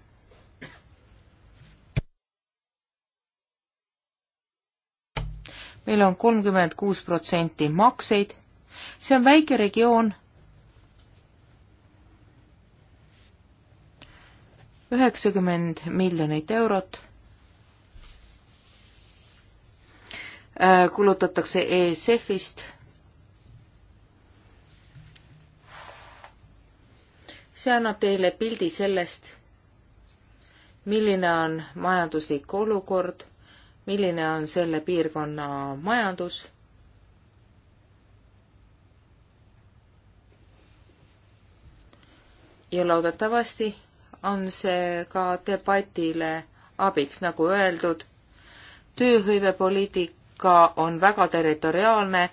meil on kolmkümmend kuus protsenti makseid, see on väike regioon, üheksakümmend miljonit eurot äh, kulutatakse ESF-ist see annab teile pildi sellest, milline on majanduslik olukord, milline on selle piirkonna majandus. ja loodetavasti on see ka debatile abiks, nagu öeldud, tööhõivepoliitika on väga territoriaalne,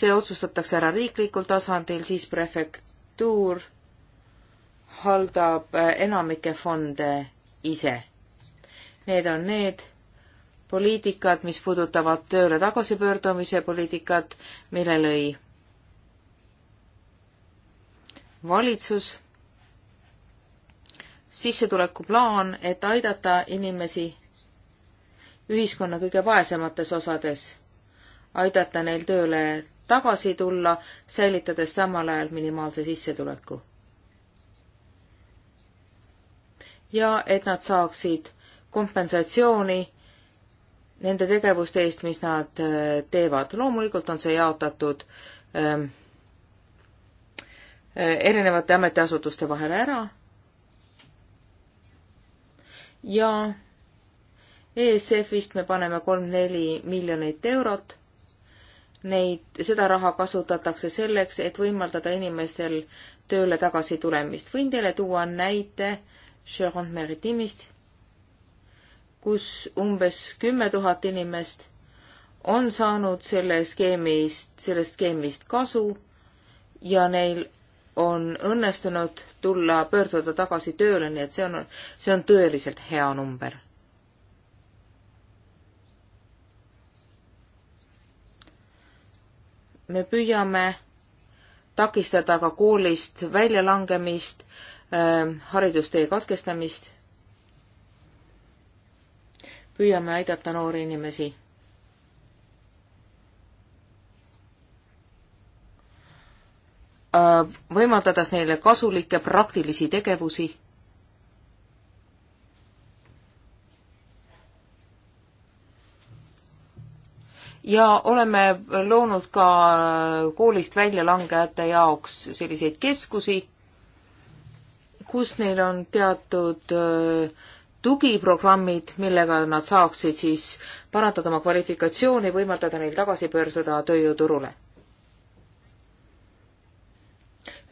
see otsustatakse ära riiklikul tasandil, siis prefektuur haldab äh, enamike fonde ise. Need on need poliitikad, mis puudutavad tööle tagasipöördumise poliitikat, mille lõi valitsus, sissetulekuplaan, et aidata inimesi ühiskonna kõige vaesemates osades, aidata neil tööle tagasi tulla, säilitades samal ajal minimaalse sissetuleku ja et nad saaksid kompensatsiooni nende tegevuste eest, mis nad äh, teevad. loomulikult on see jaotatud ähm, äh, erinevate ametiasutuste vahel ära ja ESF-ist me paneme kolm-neli miljonit eurot. Neid, seda raha kasutatakse selleks, et võimaldada inimestel tööle tagasi tulemist. võin teile tuua näite äh, Charente-Meri tiimist, kus umbes kümme tuhat inimest on saanud selle skeemist, sellest skeemist kasu ja neil on õnnestunud tulla, pöörduda tagasi tööle, nii et see on, see on tõeliselt hea number. me püüame takistada ka koolist väljalangemist Ähm, haridustee katkestamist. püüame aidata noori inimesi. Äh, võimaldades neile kasulikke praktilisi tegevusi. ja oleme loonud ka koolist väljalangejate jaoks selliseid keskusi kus neil on teatud tugiprogrammid, millega nad saaksid siis parandada oma kvalifikatsiooni, võimaldada neil tagasi pöörduda tööjõuturule.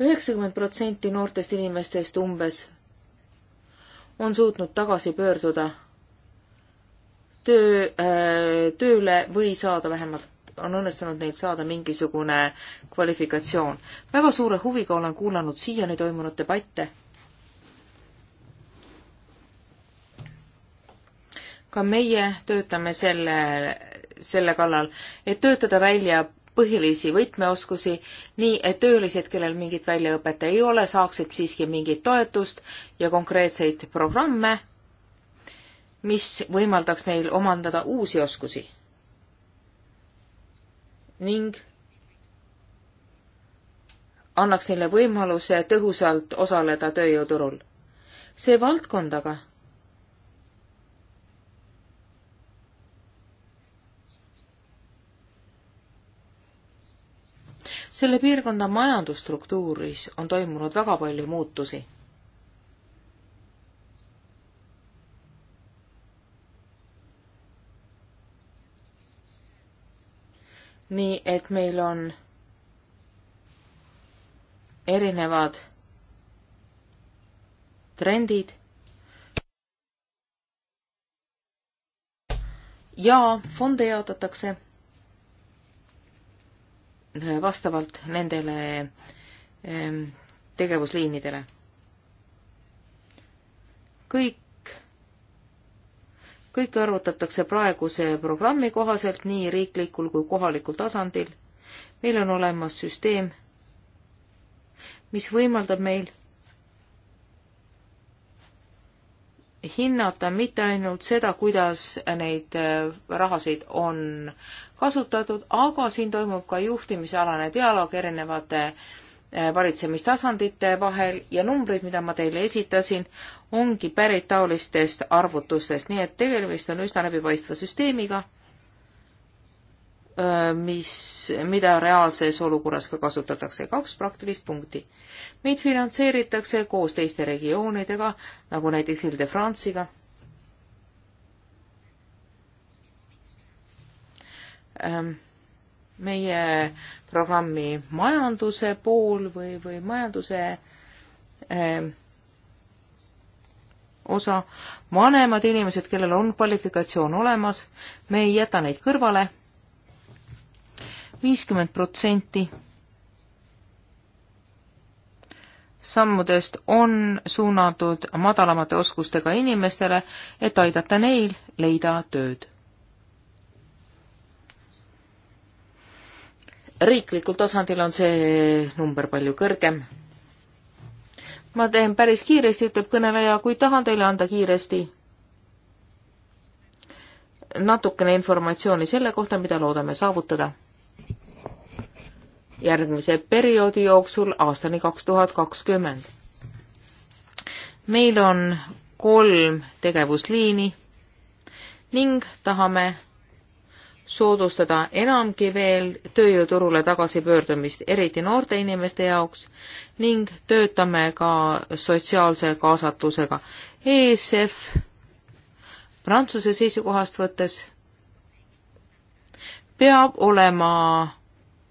üheksakümmend protsenti noortest inimestest umbes on suutnud tagasi pöörduda töö, tööle või saada vähemalt, on õnnestunud neil saada mingisugune kvalifikatsioon. väga suure huviga olen kuulanud siiani toimunud debatte ka meie töötame selle, selle kallal, et töötada välja põhilisi võtmeoskusi, nii et töölised, kellel mingit väljaõpet ei ole, saaksid siiski mingit toetust ja konkreetseid programme, mis võimaldaks neil omandada uusi oskusi. ning annaks neile võimaluse tõhusalt osaleda tööjõuturul. see valdkond aga selle piirkonna majandusstruktuuris on toimunud väga palju muutusi. nii et meil on erinevad trendid ja fonde jaotatakse vastavalt nendele ehm, tegevusliinidele. kõik, kõike arvutatakse praeguse programmi kohaselt nii riiklikul kui kohalikul tasandil. meil on olemas süsteem, mis võimaldab meil hinnata mitte ainult seda, kuidas neid äh, rahasid on kasutatud, aga siin toimub ka juhtimisalane dialoog erinevate äh, valitsemistasandite vahel ja numbrid, mida ma teile esitasin, ongi pärit taolistest arvutustest, nii et tegemist on üsna läbipaistva süsteemiga Äh, mis, mida reaalses olukorras ka kasutatakse. kaks praktilist punkti. meid finantseeritakse koos teiste regioonidega, nagu näiteks Ile de France'iga. Ähm, meie programmi majanduse pool või, või majanduse öö, ähm, osa, vanemad inimesed, kellel on kvalifikatsioon olemas, me ei jäta neid kõrvale viiskümmend protsenti sammudest on suunatud madalamate oskustega inimestele, et aidata neil leida tööd. riiklikul tasandil on see number palju kõrgem. ma teen päris kiiresti, ütleb kõneleja, kuid tahan teile anda kiiresti natukene informatsiooni selle kohta, mida loodame saavutada järgmise perioodi jooksul aastani kaks tuhat kakskümmend. meil on kolm tegevusliini ning tahame soodustada enamgi veel tööjõuturule tagasipöördumist, eriti noorte inimeste jaoks ning töötame ka sotsiaalse kaasatusega. ESF Prantsuse seisukohast võttes peab olema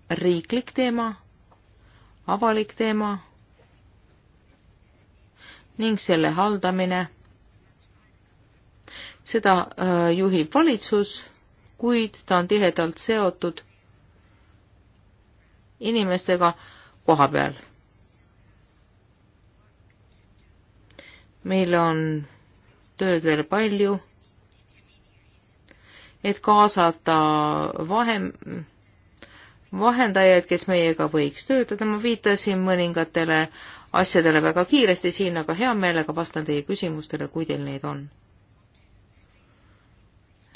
riiklik teema, avalik teema ning selle haldamine. seda äh, juhib valitsus, kuid ta on tihedalt seotud inimestega koha peal. meil on tööd veel palju, et kaasata vahem, vahendajaid, kes meiega võiks töötada, ma viitasin mõningatele asjadele väga kiiresti siin, aga hea meelega vastan teie küsimustele, kui teil neid on.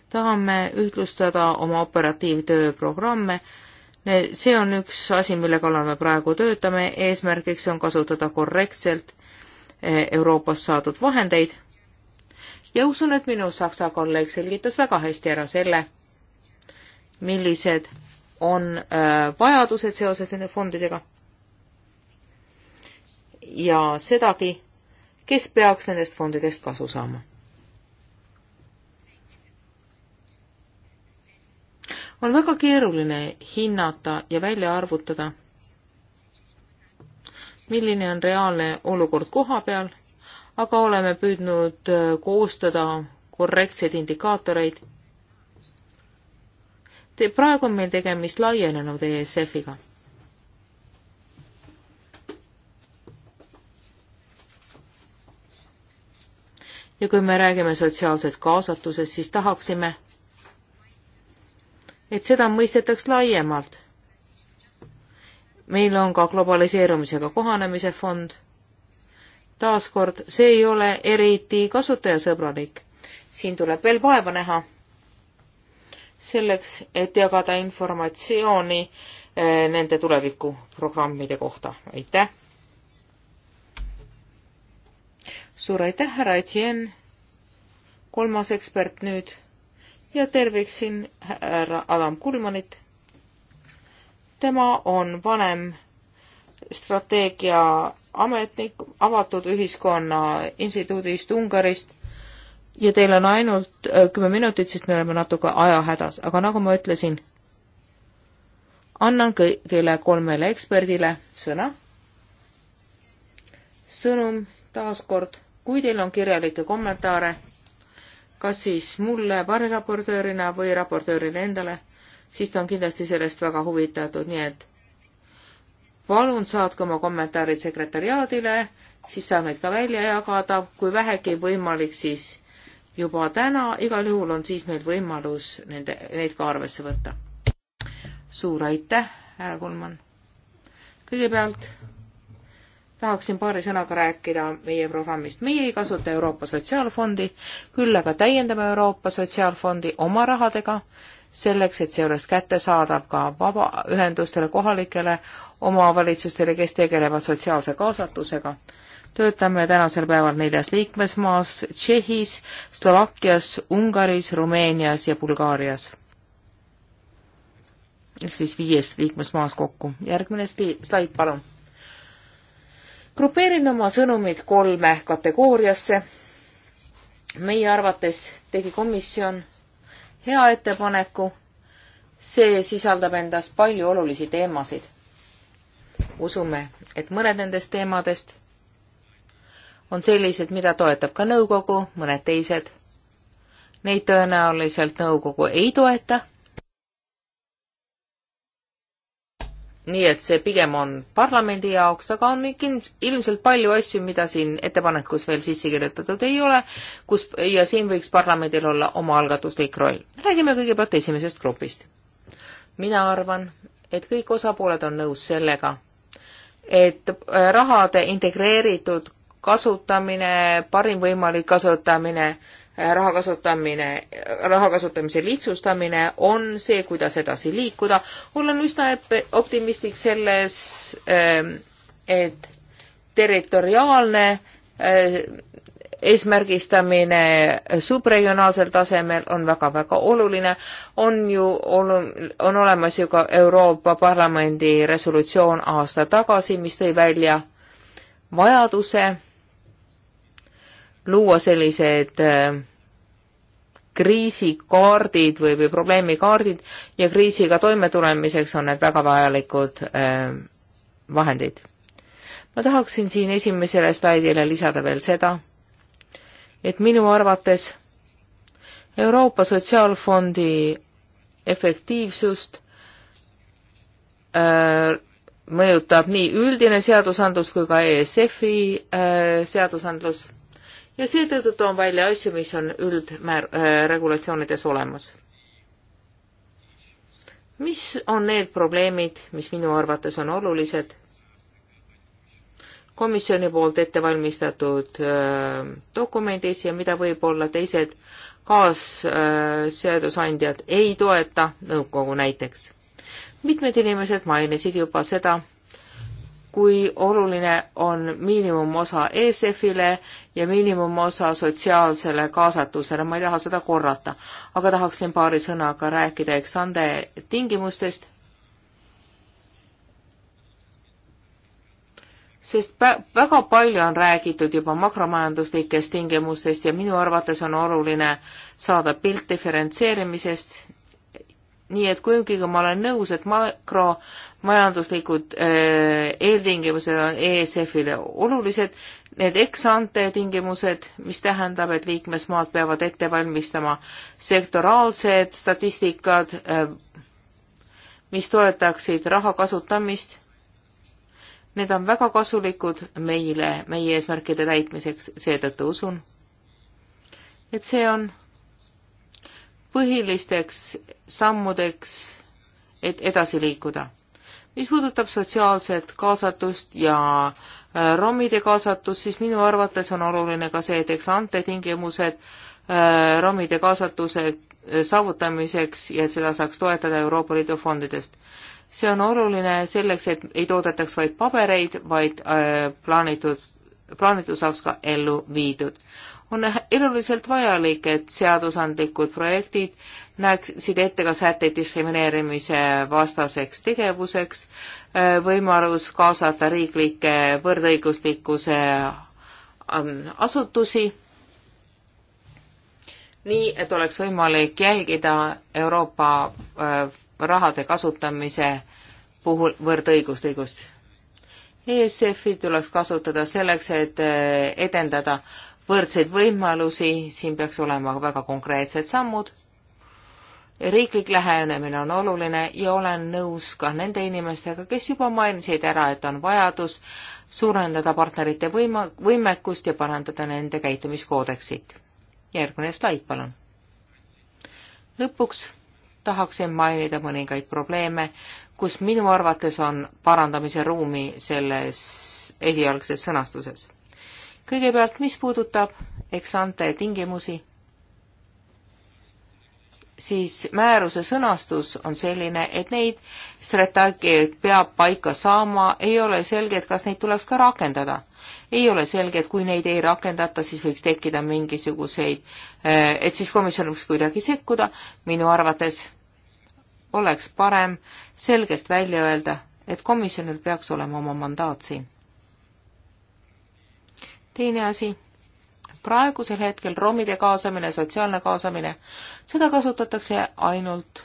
tahame ühtlustada oma operatiivtöö programme, see on üks asi, mille kallal me praegu töötame, eesmärgiks on kasutada korrektselt eh, Euroopast saadud vahendeid ja usun, et minu saksa kolleeg selgitas väga hästi ära selle, millised on äh, vajadused seoses nende fondidega ja sedagi, kes peaks nendest fondidest kasu saama. on väga keeruline hinnata ja välja arvutada, milline on reaalne olukord koha peal, aga oleme püüdnud äh, koostada korrektseid indikaatoreid Te, praegu on meil tegemist laienenud ESF-iga. ja kui me räägime sotsiaalsest kaasatusest, siis tahaksime, et seda mõistetaks laiemalt. meil on ka globaliseerumisega kohanemise fond taaskord, see ei ole eriti kasutajasõbralik. siin tuleb veel vaeva näha selleks, et jagada informatsiooni eh, nende tulevikuprogrammide kohta. aitäh! suur aitäh, härra Etienne! kolmas ekspert nüüd ja terviksin härra Adam Kulmanit. tema on vanem strateegiaametnik Avatud Ühiskonna Instituudist Ungarist ja teil on ainult äh, kümme minutit, sest me oleme natuke ajahädas, aga nagu ma ütlesin, annan kõigile kolmele eksperdile sõna. sõnum taaskord, kui teil on kirjalikke kommentaare, kas siis mulle variraportöörina või raportöörile endale, siis ta on kindlasti sellest väga huvitatud, nii et palun saatke oma kommentaarid sekretäriaadile, siis saab neid ka välja jagada, kui vähegi võimalik, siis juba täna, igal juhul on siis meil võimalus nende, neid ka arvesse võtta. suur aitäh, härra Kulman! kõigepealt tahaksin paari sõnaga rääkida meie programmist. meie ei kasuta Euroopa Sotsiaalfondi, küll aga täiendame Euroopa Sotsiaalfondi oma rahadega, selleks, et see oleks kättesaadav ka vabaühendustele, kohalikele omavalitsustele, kes tegelevad sotsiaalse kaasatusega töötame tänasel päeval neljas liikmesmaas Tšehhis, Slovakkias, Ungaris, Rumeenias ja Bulgaarias. ehk siis viies liikmesmaas kokku. järgmine slaid, palun. grupeerin oma sõnumid kolme kategooriasse. meie arvates tegi komisjon hea ettepaneku, see sisaldab endas palju olulisi teemasid. usume, et mõned nendest teemadest on sellised, mida toetab ka nõukogu, mõned teised. Neid tõenäoliselt nõukogu ei toeta. nii et see pigem on parlamendi jaoks, aga on ilmselt palju asju, mida siin ettepanekus veel sisse kirjutatud ei ole, kus ja siin võiks parlamendil olla omaalgatuslik roll. räägime kõigepealt esimesest grupist. mina arvan, et kõik osapooled on nõus sellega, et äh, rahade integreeritud kasutamine, parim võimalik kasutamine, raha kasutamine, raha kasutamise lihtsustamine on see, kuidas edasi liikuda. olen üsna optimistlik selles, ähm, et territoriaalne äh, eesmärgistamine subregionaalsel tasemel on väga-väga oluline, on ju olu-, on olemas ju ka Euroopa Parlamendi resolutsioon aasta tagasi, mis tõi välja vajaduse luua sellised äh, kriisikaardid või, või probleemikaardid ja kriisiga toimetulemiseks on need väga vajalikud äh, vahendid. ma tahaksin siin esimesele slaidile lisada veel seda, et minu arvates Euroopa Sotsiaalfondi efektiivsust öö, äh, mõjutab nii üldine seadusandlus kui ka ESF-i seadusandlus ja seetõttu toon välja asju, mis on üldmäär- äh,, regulatsioonides olemas. mis on need probleemid, mis minu arvates on olulised? komisjoni poolt ette valmistatud äh, dokumendis ja mida võib-olla teised kaasseadusandjad äh, ei toeta, nõukogu näiteks. mitmed inimesed mainisid juba seda, kui oluline on miinimumosa ESF-ile ja miinimumosa sotsiaalsele kaasatusele, ma ei taha seda korrata, aga tahaksin paari sõnaga rääkida eksande tingimustest, sest väga palju on räägitud juba makromajanduslikest tingimustest ja minu arvates on oluline saada pilt diferentseerimisest nii et kuigi ma olen nõus, et makromajanduslikud äh, eeltingimused on ESF-ile olulised, need eksante tingimused, mis tähendab, et liikmesmaad peavad ette valmistama sektoraalsed statistikad, äh, mis toetaksid raha kasutamist, need on väga kasulikud meile, meie eesmärkide täitmiseks, seetõttu usun, et see on põhilisteks sammudeks, et edasi liikuda. mis puudutab sotsiaalset kaasatust ja äh, ROM-ide kaasatust, siis minu arvates on oluline ka see, et eks antetingimused äh, ROM-ide kaasatuse äh, saavutamiseks ja et seda saaks toetada Euroopa Liidu fondidest. see on oluline selleks, et ei toodetaks vaid pabereid, vaid plaanitud, plaanitud saaks ka ellu viidud on eluliselt vajalik, et seadusandlikud projektid näeksid ette ka sätteid diskrimineerimise vastaseks tegevuseks, äh, võimalus kaasata riiklikke võrdõiguslikkuse ähm, asutusi, nii et oleks võimalik jälgida Euroopa äh, rahade kasutamise puhul võrdõiguslikkust. ESF-i tuleks kasutada selleks, et äh, edendada võrdseid võimalusi, siin peaks olema väga konkreetsed sammud riiklik lähenemine on oluline ja olen nõus ka nende inimestega, kes juba mainisid ära, et on vajadus suurendada partnerite võima-, võimekust ja parandada nende käitumiskoodeksit. järgmine slaid, palun. lõpuks tahaksin mainida mõningaid probleeme, kus minu arvates on parandamise ruumi selles esialgses sõnastuses. kõigepealt, mis puudutab eksante tingimusi siis määruse sõnastus on selline, et neid strateegiaid peab paika saama, ei ole selge, et kas neid tuleks ka rakendada. ei ole selge, et kui neid ei rakendata, siis võiks tekkida mingisuguseid, eh, et siis komisjon võiks kuidagi sekkuda, minu arvates oleks parem selgelt välja öelda, et komisjonil peaks olema oma mandaat siin. teine asi praegusel hetkel romide kaasamine, sotsiaalne kaasamine, seda kasutatakse ainult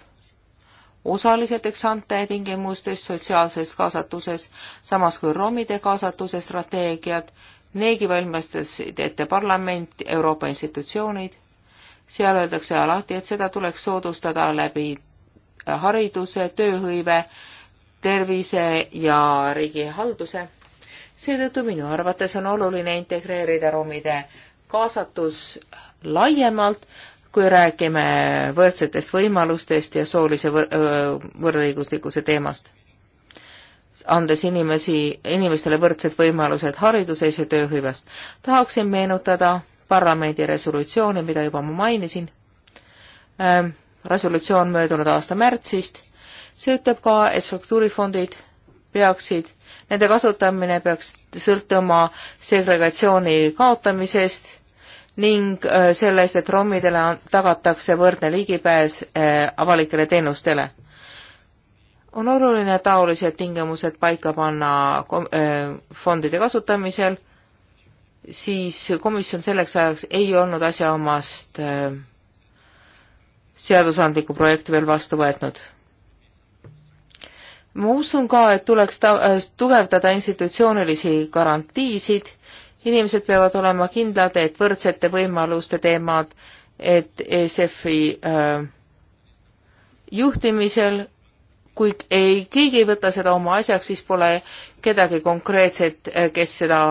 osaliselt eksante tingimustes sotsiaalses kaasatuses, samas kui romide kaasatuse strateegiad, neegi valmistasid ette parlament, Euroopa institutsioonid, seal öeldakse alati, et seda tuleks soodustada läbi hariduse, tööhõive, tervise ja riigihalduse. seetõttu minu arvates on oluline integreerida romide kaasatus laiemalt, kui räägime võrdsetest võimalustest ja soolise võr-, võrdõiguslikkuse teemast. andes inimesi, inimestele võrdsed võimalused hariduses ja tööhõivest. tahaksin meenutada parlamendi resolutsiooni, mida juba ma mainisin, ähm, resolutsioon möödunud aasta märtsist, see ütleb ka, et struktuurifondid peaksid, nende kasutamine peaks sõltuma segregatsiooni kaotamisest ning äh, selle eest, et rommidele tagatakse võrdne ligipääs äh, avalikele teenustele. on oluline taolised tingimused paika panna äh, fondide kasutamisel, siis komisjon selleks ajaks ei olnud asjaomast seadusandlikku projekti veel vastu võetnud ma usun ka, et tuleks ta-, tugevdada institutsioonilisi garantiisid inimesed peavad olema kindlad, et võrdsete võimaluste teemad, et ESF-i äh, juhtimisel, kui ei, keegi ei võta seda oma asjaks, siis pole kedagi konkreetset, äh, kes seda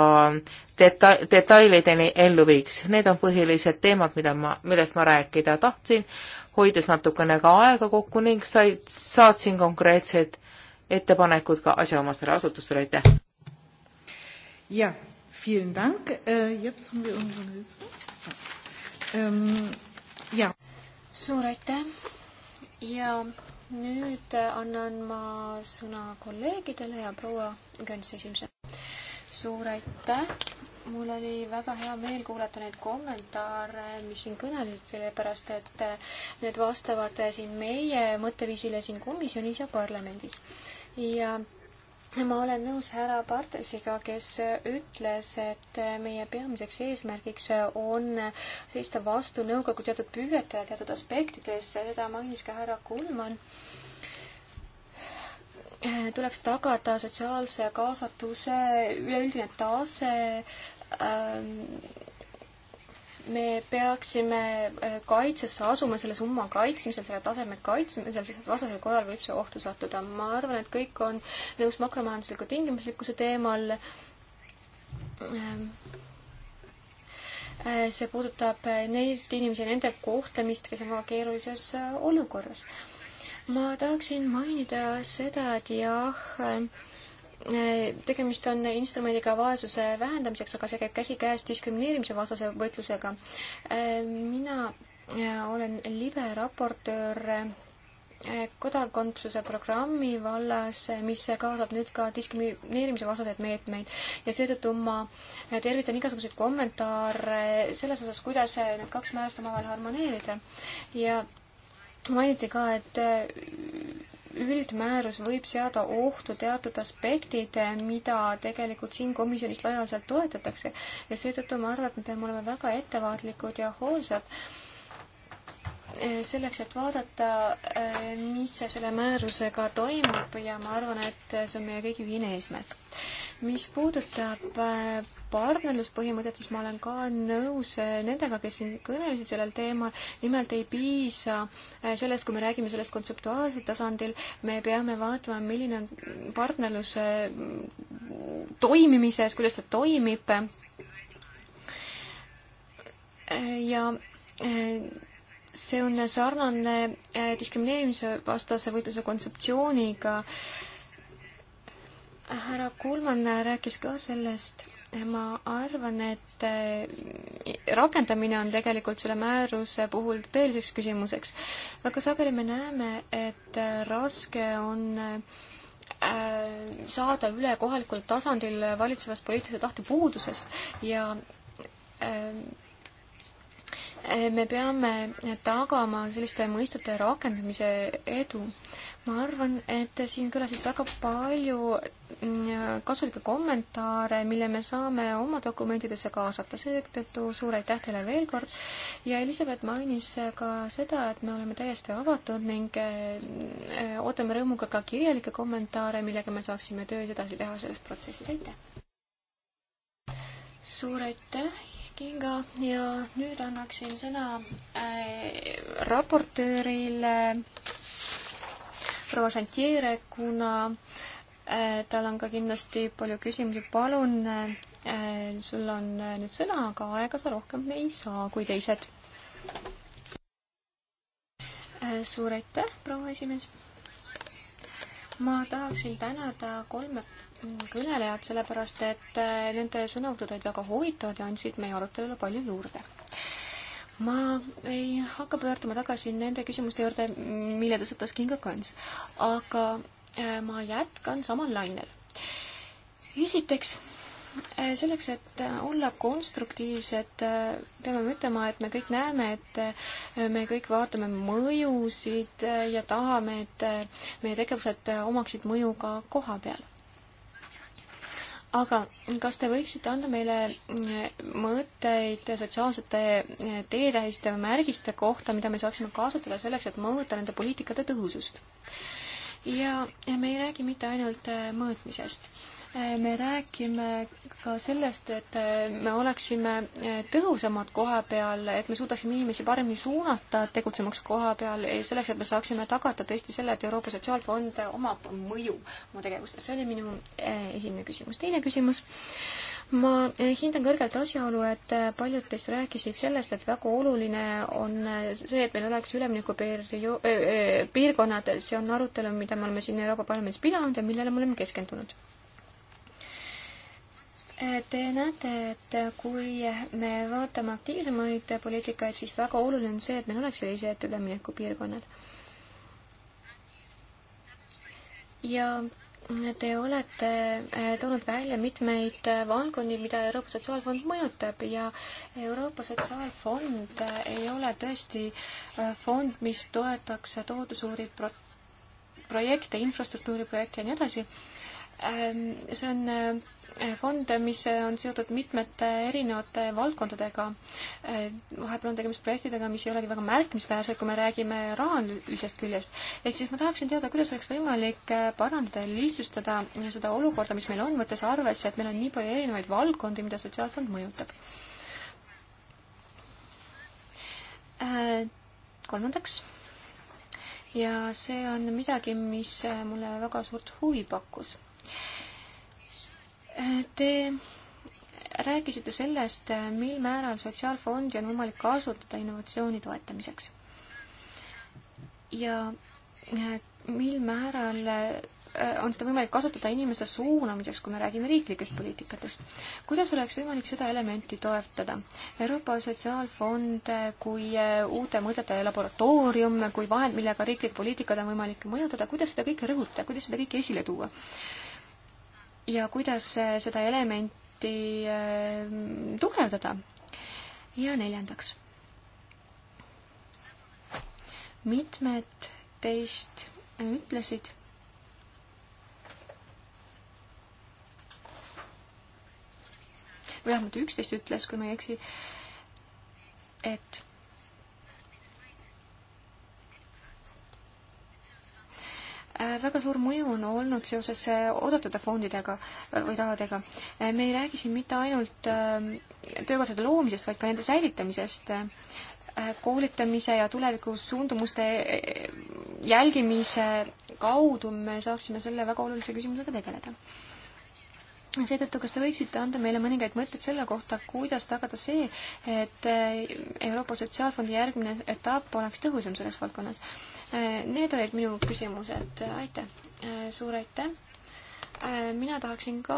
deta-, detailideni ellu viiks. Need on põhilised teemad, mida ma, millest ma rääkida tahtsin, hoides natukene ka aega kokku ning sai, saatsin konkreetsed ettepanekud ka asjaomastele asutustele, aitäh! jah Vielen Dank. Äh, jetzt haben wir unseren Hilfsner. Ähm, ja. suur aitäh ja nüüd äh, annan ma sõna kolleegidele ja proua Köns esimesena. suur aitäh, mul oli väga hea meel kuulata neid kommentaare, mis siin kõnelesid, sellepärast et äh, need vastavad äh, siin meie mõtteviisile siin komisjonis ja parlamendis. ja ma olen nõus härra Bartelsiga, kes ütles, et meie peamiseks eesmärgiks on seista vastu nõukogu teatud püüetele teatud aspektides, seda mainis ka härra Kulman tuleks tagada sotsiaalse kaasatuse üleüldine tase ähm, me peaksime äh, kaitsesse asuma, selle summa kaitsmisel, selle taseme kaitsmisel, sest vastasel korral võib see ohtu sattuda. ma arvan, et kõik on nõus makromajandusliku tingimuslikkuse teemal. Äh, see puudutab neid inimesi ja nende kohtlemist, kes on väga keerulises äh, olukorras. ma tahaksin mainida seda, et jah, tegemist on instrumendiga vaesuse vähendamiseks, aga see käib käsikäes diskrimineerimise vastase võitlusega. mina olen libe raportöör eh, kodakondsuse programmi vallas, mis kaasab nüüd ka diskrimineerimise vastaseid meetmeid ja seetõttu ma tervitan igasuguseid kommentaare selles osas, kuidas need kaks määrust omavahel harmoneerida ja mainiti ka, et üldmäärus võib seada ohtu teatud aspektid, mida tegelikult siin komisjonis laialdaselt toetatakse ja seetõttu ma arvan, et me peame olema väga ettevaatlikud ja hoolsad e, selleks, et vaadata, e, mis selle määrusega toimub ja ma arvan, et see on meie kõigi ühine eesmärk mis puudutab äh, partnerluspõhimõtet, siis ma olen ka nõus äh, nendega, kes siin kõnelesid sellel teemal. nimelt ei piisa äh, sellest, kui me räägime sellest kontseptuaalsel tasandil, me peame vaatama, milline on partnerlus toimimises, kuidas ta toimib. ja see on sarnane diskrimineerimise vastase võitluse kontseptsiooniga äh, härra Kulman rääkis ka sellest, ma arvan, et eh, rakendamine on tegelikult selle määruse puhul tõeliseks küsimuseks. väga sageli me näeme, et eh, raske on eh, saada üle kohalikul tasandil valitsevast poliitilise tahte puudusest ja me peame tagama selliste mõistete rakendamise edu ma arvan, et siin kõlasid väga palju mm, kasulikke kommentaare, mille me saame oma dokumentidesse kaasata, seetõttu suur aitäh teile veel kord. ja Elizabeth mainis ka seda, et me oleme täiesti avatud ning eh, ootame rõõmuga ka kirjalikke kommentaare, millega me saaksime tööd edasi teha selles protsessis, aitäh! suur aitäh Kinga ja nüüd annaksin sõna äh, raportöörile äh, proua Šantiere, kuna äh, tal on ka kindlasti palju küsimusi, palun, äh, sul on äh, nüüd sõna, aga aega sa rohkem ei saa kui teised. suur aitäh, proua esimees. ma tahaksin tänada kolme kõnelejat, sellepärast et nende sõnavõtud olid väga huvitavad ja andsid meie arutelule palju juurde ma ei hakka pöörduma tagasi nende küsimuste juurde, mille tõstatas Kinga Kans, aga äh, ma jätkan samal lainel. esiteks, äh, selleks, et äh, olla konstruktiivsed, peame ütlema, et me kõik näeme, et me kõik vaatame mõjusid ja tahame, et meie tegevused omaksid mõju ka koha peal aga kas te võiksite anda meile mm, mõtteid sotsiaalsete eh, teetähiste või märgiste kohta, mida me saaksime kasutada selleks, et mõõta nende poliitikate tõhusust? ja, ja me ei räägi mitte ainult eh, mõõtmisest me räägime ka sellest, et me oleksime eh, tõhusamad koha peal, et me suudaksime inimesi paremini suunata tegutsemaks koha peal, eh, selleks, et me saaksime tagada tõesti selle, et Euroopa Sotsiaalfond eh, omab mõju oma tegevustes. see oli minu esimene küsimus. teine küsimus ma hindan kõrgelt asjaolu, et paljud teist rääkisid sellest, et väga oluline on see, et meil oleks üleminekuperiood, piirkonnad, see on arutelu, mida me oleme siin Euroopa Parlamendis pidanud ja millele me oleme keskendunud. Te näete, et kui me vaatame aktiivsemaid poliitikaid, siis väga oluline on see, et meil oleks sellised üleminekupiirkonnad. ja te olete äh, toonud välja mitmeid valdkondi, mida Euroopa Sotsiaalfond mõjutab ja Euroopa Sotsiaalfond ei ole tõesti äh, fond, mis toetaks toodusuuri pro projekte, infrastruktuuriprojekte ja nii edasi Ehm, see on eh, fond, mis on seotud mitmete erinevate valdkondadega. Eh, vahepeal on tegemist projektidega, mis ei olegi väga märkimisväärsed, kui me räägime rahalisest küljest. ehk siis ma tahaksin teada, kuidas oleks võimalik eh, parandada ja lihtsustada seda olukorda, mis meil on, võttes arvesse, et meil on nii palju erinevaid valdkondi, mida Sotsiaalfond mõjutab. kolmandaks ja see on midagi, mis mulle väga suurt huvi pakkus Te rääkisite sellest, mil määral Sotsiaalfondi on võimalik kasutada innovatsiooni toetamiseks. ja äh, mil määral äh, on seda võimalik kasutada inimeste suunamiseks, kui me räägime riiklikest poliitikatest. kuidas oleks võimalik seda elementi toetada? Euroopa Sotsiaalfond äh, kui uute mõtete laboratoorium, kui vahend, millega riiklik poliitikad on võimalik mõjutada, kuidas seda kõike rõhutada, kuidas seda kõike esile tuua? ja kuidas seda elementi äh, tugevdada. ja neljandaks. mitmed teist ütlesid või vähemalt üksteist ütles, kui ma ei eksi, et Äh, väga suur mõju on olnud seoses äh, oodatud fondidega äh, või rahadega. me ei räägi siin mitte ainult töökohtade loomisest, vaid ka nende säilitamisest, koolitamise ja tulevikusuundumuste jälgimise kaudu me saaksime selle väga olulise küsimusega tegeleda seetõttu, kas te võiksite anda meile mõningaid mõtteid selle kohta, kuidas tagada see, et eh, Euroopa Sotsiaalfondi järgmine etapp oleks tõhusam selles valdkonnas? Eh, need olid minu küsimused, aitäh. Eh, suur aitäh. mina tahaksin ka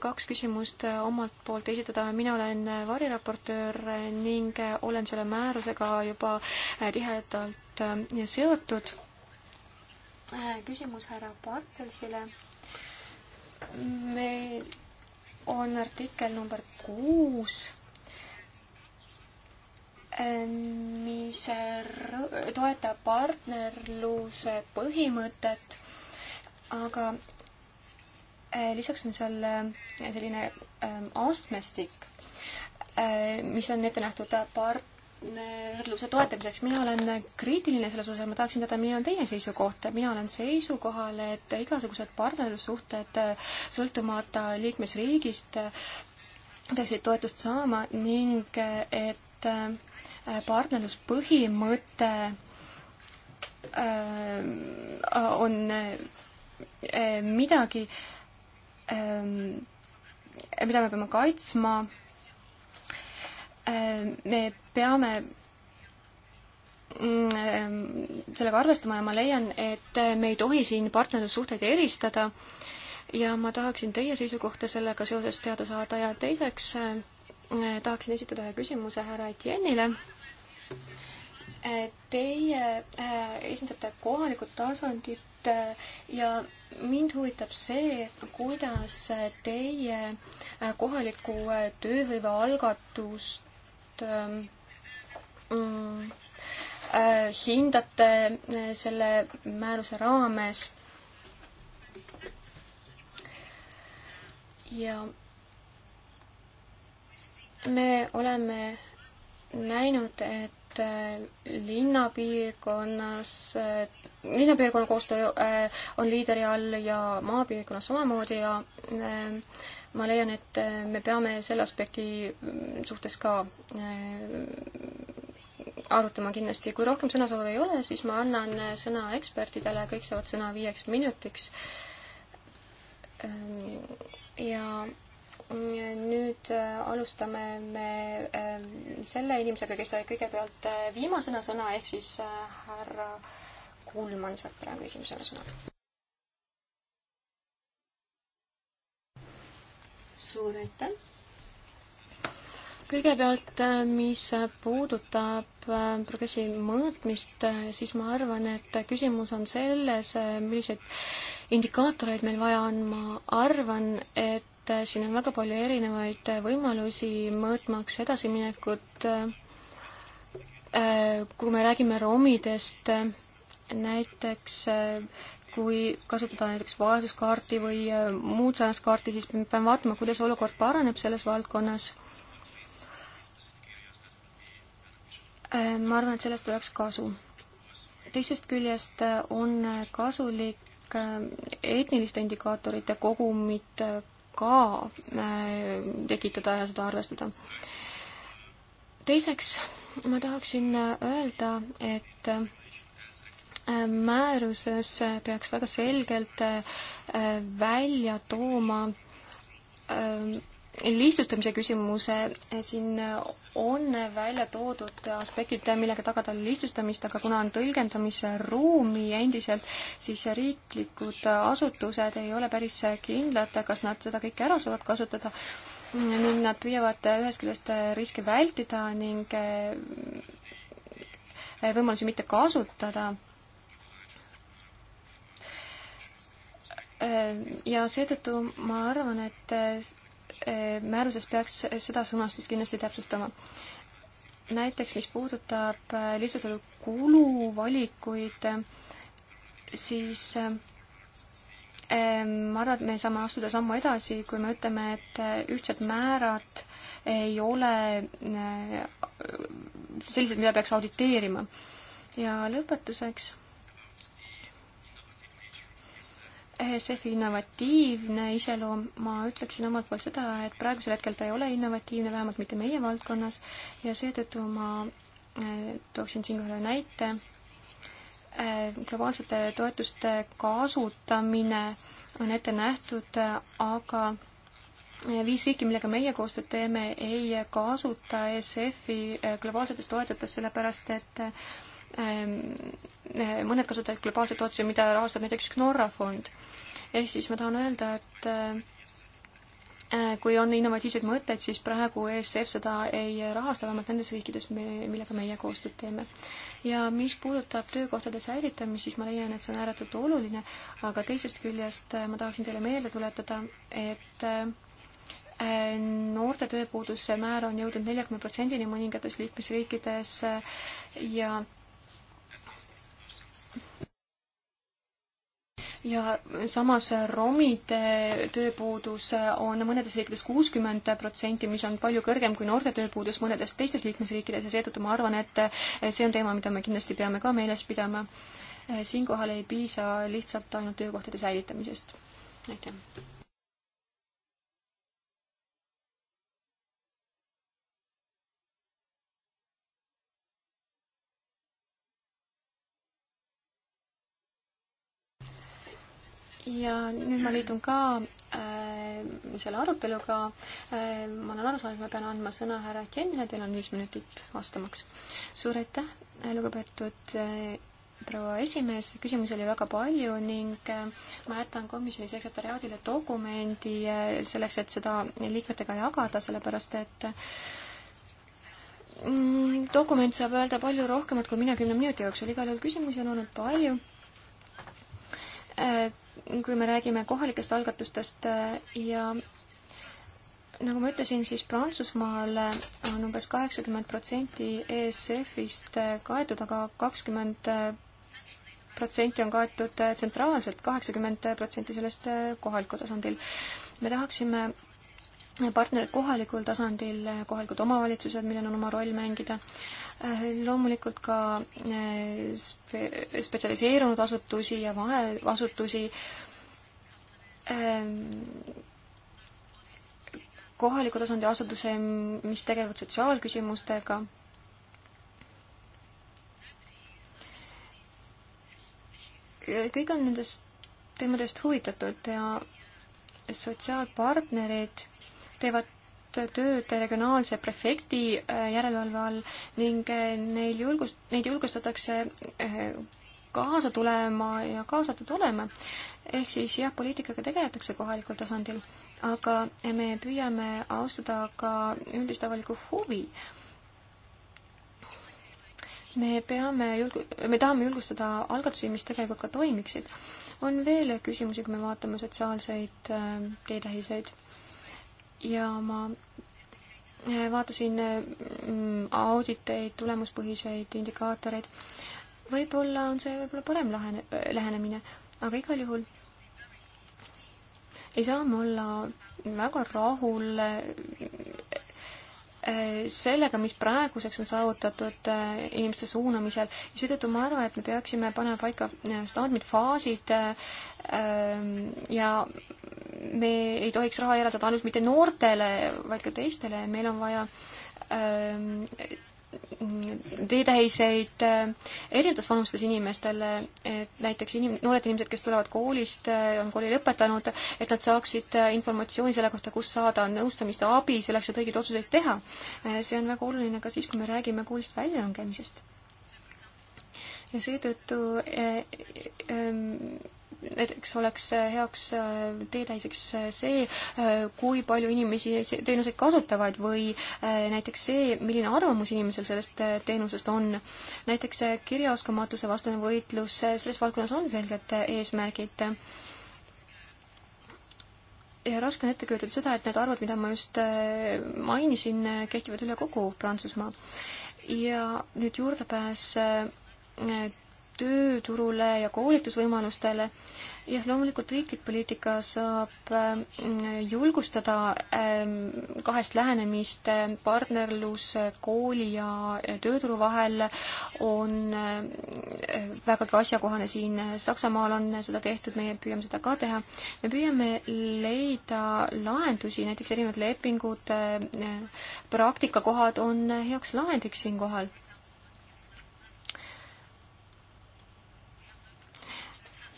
kaks küsimust omalt poolt esitada, mina olen variraportöör ning olen selle määrusega juba tihedalt seotud. küsimus härra Bartelsile meil on artikkel number kuus, mis toetab partnerluse põhimõtet, aga eh, lisaks on seal eh, selline eh, astmestik, mis on ette nähtud part-, partnerluse toetamiseks, mina olen kriitiline selles osas, ma tahaksin teada, milline on teie seisukoht, mina olen seisukohal, et igasugused partnerlussuhted sõltumata liikmesriigist peaksid toetust saama ning et äh, partnerluspõhimõte äh, on äh, midagi, ähm, mida me peame kaitsma Äh, me peame mm, ähm, sellega arvestama ja ma leian, et äh, me ei tohi siin partnerlussuhteid eristada ja ma tahaksin teie seisukohta sellega seoses teada saada ja teiseks äh, tahaksin esitada ühe küsimuse härra Etienne'ile. Teie esindate kohalikut tasandit ja mind huvitab see, kuidas teie kohalikku tööhõivealgatust Ähm, mm, äh, hindate äh, selle määruse raames ja me oleme näinud, et äh, linnapiirkonnas, linnapiirkonna koostöö on liideri all ja maapiirkonnas samamoodi ja ma leian, et äh, me peame selle aspekti mm, suhtes ka äh, arutama kindlasti. kui rohkem sõnasoove ei ole, siis ma annan äh, sõna ekspertidele, kõik saavad sõna viieks minutiks. Ähm, ja mm, nüüd alustame me ähm, selle inimesega, kes sai kõigepealt viimasena sõna, ehk siis härra Kuulmann saab praegu esimesena sõna. suur aitäh! kõigepealt, äh, mis puudutab äh, progressi mõõtmist, äh, siis ma arvan, et küsimus on selles, milliseid indikaatoreid meil vaja on, ma arvan, et siin on väga palju erinevaid võimalusi mõõtmaks edasiminekut. kui me räägime romidest, näiteks kui kasutada näiteks vaesuskaarti või äh, muud sarnast kaarti, siis me peame vaatama, kuidas olukord paraneb selles valdkonnas. Äh, ma arvan, et sellest oleks kasu. teisest küljest äh, on kasulik etniliste indikaatorite kogumit ka tekitada ja seda arvestada. teiseks ma tahaksin öelda, et määruses peaks väga selgelt äh, välja tooma äh, lihtsustamise küsimuse, siin on välja toodud aspektid, millega tagada lihtsustamist, aga kuna on tõlgendamise ruumi endiselt, siis riiklikud asutused ei ole päris kindlad, kas nad seda kõike ära saavad kasutada ning nad püüavad ühest küljest riske vältida ning äh, võimalusi mitte kasutada Äh, ja seetõttu ma arvan, et äh, määruses peaks seda sõnastust kindlasti täpsustama. näiteks, mis puudutab äh, lihtsustatud kuluvalikuid, siis ma arvan, et me saame astuda sammu edasi, kui me ütleme, et ühtsed määrad ei ole sellised, mida peaks auditeerima. ja lõpetuseks ESF-i innovatiivne iseloom, ma ütleksin omalt poolt seda, et praegusel hetkel ta ei ole innovatiivne, vähemalt mitte meie valdkonnas, ja seetõttu ma eh, tooksin siinkohal ühe näite. Eh, globaalsete toetuste kasutamine on ette nähtud, aga viis riiki, millega meie koostööd teeme, ei kasuta ESF-i eh, globaalsetes toetustes, sellepärast et Ehm, eh, mõned kasutavad globaalset toetusi, mida rahastab näiteks Norra fond. ehk siis ma tahan öelda, et eh, eh, kui on innovatiivseid mõtteid, siis praegu ESF seda ei rahasta, vähemalt nendes riikides, millega meie koostööd teeme. ja mis puudutab töökohtade säilitamist, siis ma leian, et see on ääretult oluline, aga teisest küljest ma tahaksin teile meelde tuletada, et noorte tööpuuduse määr on jõudnud neljakümne protsendini mõningates liikmesriikides ja ja samas romide tööpuudus on mõnedes riikides kuuskümmend protsenti, mis on palju kõrgem kui noorte tööpuudus mõnedes teistes liikmesriikides ja seetõttu ma arvan, et see on teema, mida me kindlasti peame ka meeles pidama. siinkohal ei piisa lihtsalt ainult töökohtade säilitamisest. aitäh! ja nüüd ma liitun ka äh, selle aruteluga äh,. ma olen aru saanud, et ma pean andma sõna härra Kennile, teil on viis minutit vastamaks. suur aitäh, lugupeetud äh, proua esimees, küsimusi oli väga palju ning äh, ma jätan komisjoni sekretäriaadile dokumendi äh, selleks, et seda liikmetega jagada, sellepärast et äh, mm, dokument saab öelda palju rohkemat kui mina kümne minuti jooksul, igal juhul küsimusi on olnud palju Äh, kui me räägime kohalikest algatustest äh, ja nagu ma ütlesin, siis Prantsusmaal äh, on umbes kaheksakümmend protsenti ESF-ist kaetud, aga kakskümmend protsenti on kaetud tsentraalselt, kaheksakümmend protsenti sellest kohalikul tasandil. me tahaksime partnerid kohalikul tasandil, kohalikud omavalitsused, millel on oma roll mängida, loomulikult ka eh, spe-, spetsialiseerunud asutusi ja vaheasutusi, ehm, kohaliku tasandi asutuse, mis tegelevad sotsiaalküsimustega, kõik on nendest teemadest huvitatud ja sotsiaalpartnerid teevad tööd regionaalse prefekti äh, järelevalve all ning äh, neil julgust, neid julgustatakse äh, kaasa tulema ja kaasatud olema. ehk siis jah, poliitikaga tegeletakse kohalikul tasandil, aga me püüame austada ka üldist avalikku huvi. me peame julgu-, me tahame julgustada algatusi, mis tegelikult ka toimiksid. on veel küsimusi, kui me vaatame sotsiaalseid teetähiseid äh, ja ma eh, vaatasin eh, mm, auditeid, tulemuspõhiseid indikaatoreid. võib-olla on see võib-olla parem lahene, lähenemine, aga igal juhul ei saa me olla väga rahul eh, Äh, sellega, mis praeguseks on saavutatud äh, inimeste suunamisel ja seetõttu ma arvan, et me peaksime panema paika äh, standardid, faasid ähm, ja me ei tohiks raha eraldada ainult mitte noortele, vaid ka teistele, meil on vaja ähm, teetähiseid äh, erinevates vanustes inimestele, et näiteks inim-, noored inimesed, kes tulevad koolist, äh, on kooli lõpetanud, et nad saaksid äh, informatsiooni selle kohta, kus saada nõustamist, abi selleks, et õigeid otsuseid teha. see on väga oluline ka siis, kui me räägime koolist väljalangemisest ja seetõttu äh, äh, näiteks oleks heaks äh, teetäiseks see, äh, kui palju inimesi teenuseid kasutavad või äh, näiteks see, milline arvamus inimesel sellest teenusest on. näiteks kirjaoskamatuse vastane võitlus, selles valdkonnas on selged eesmärgid. ja raske on ette kujutada seda, et need arvud, mida ma just mainisin, kehtivad üle kogu Prantsusmaa. ja nüüd juurdepääs tööturule ja koolitusvõimalustele. jah, loomulikult riiklik poliitika saab mm, julgustada ähm, kahest lähenemist, partnerlus kooli ja tööturu vahel on ähm, vägagi asjakohane siin, Saksamaal on seda tehtud, meie püüame seda ka teha. me püüame leida lahendusi, näiteks erinevad lepingud, äh, praktikakohad on heaks lahendiks siinkohal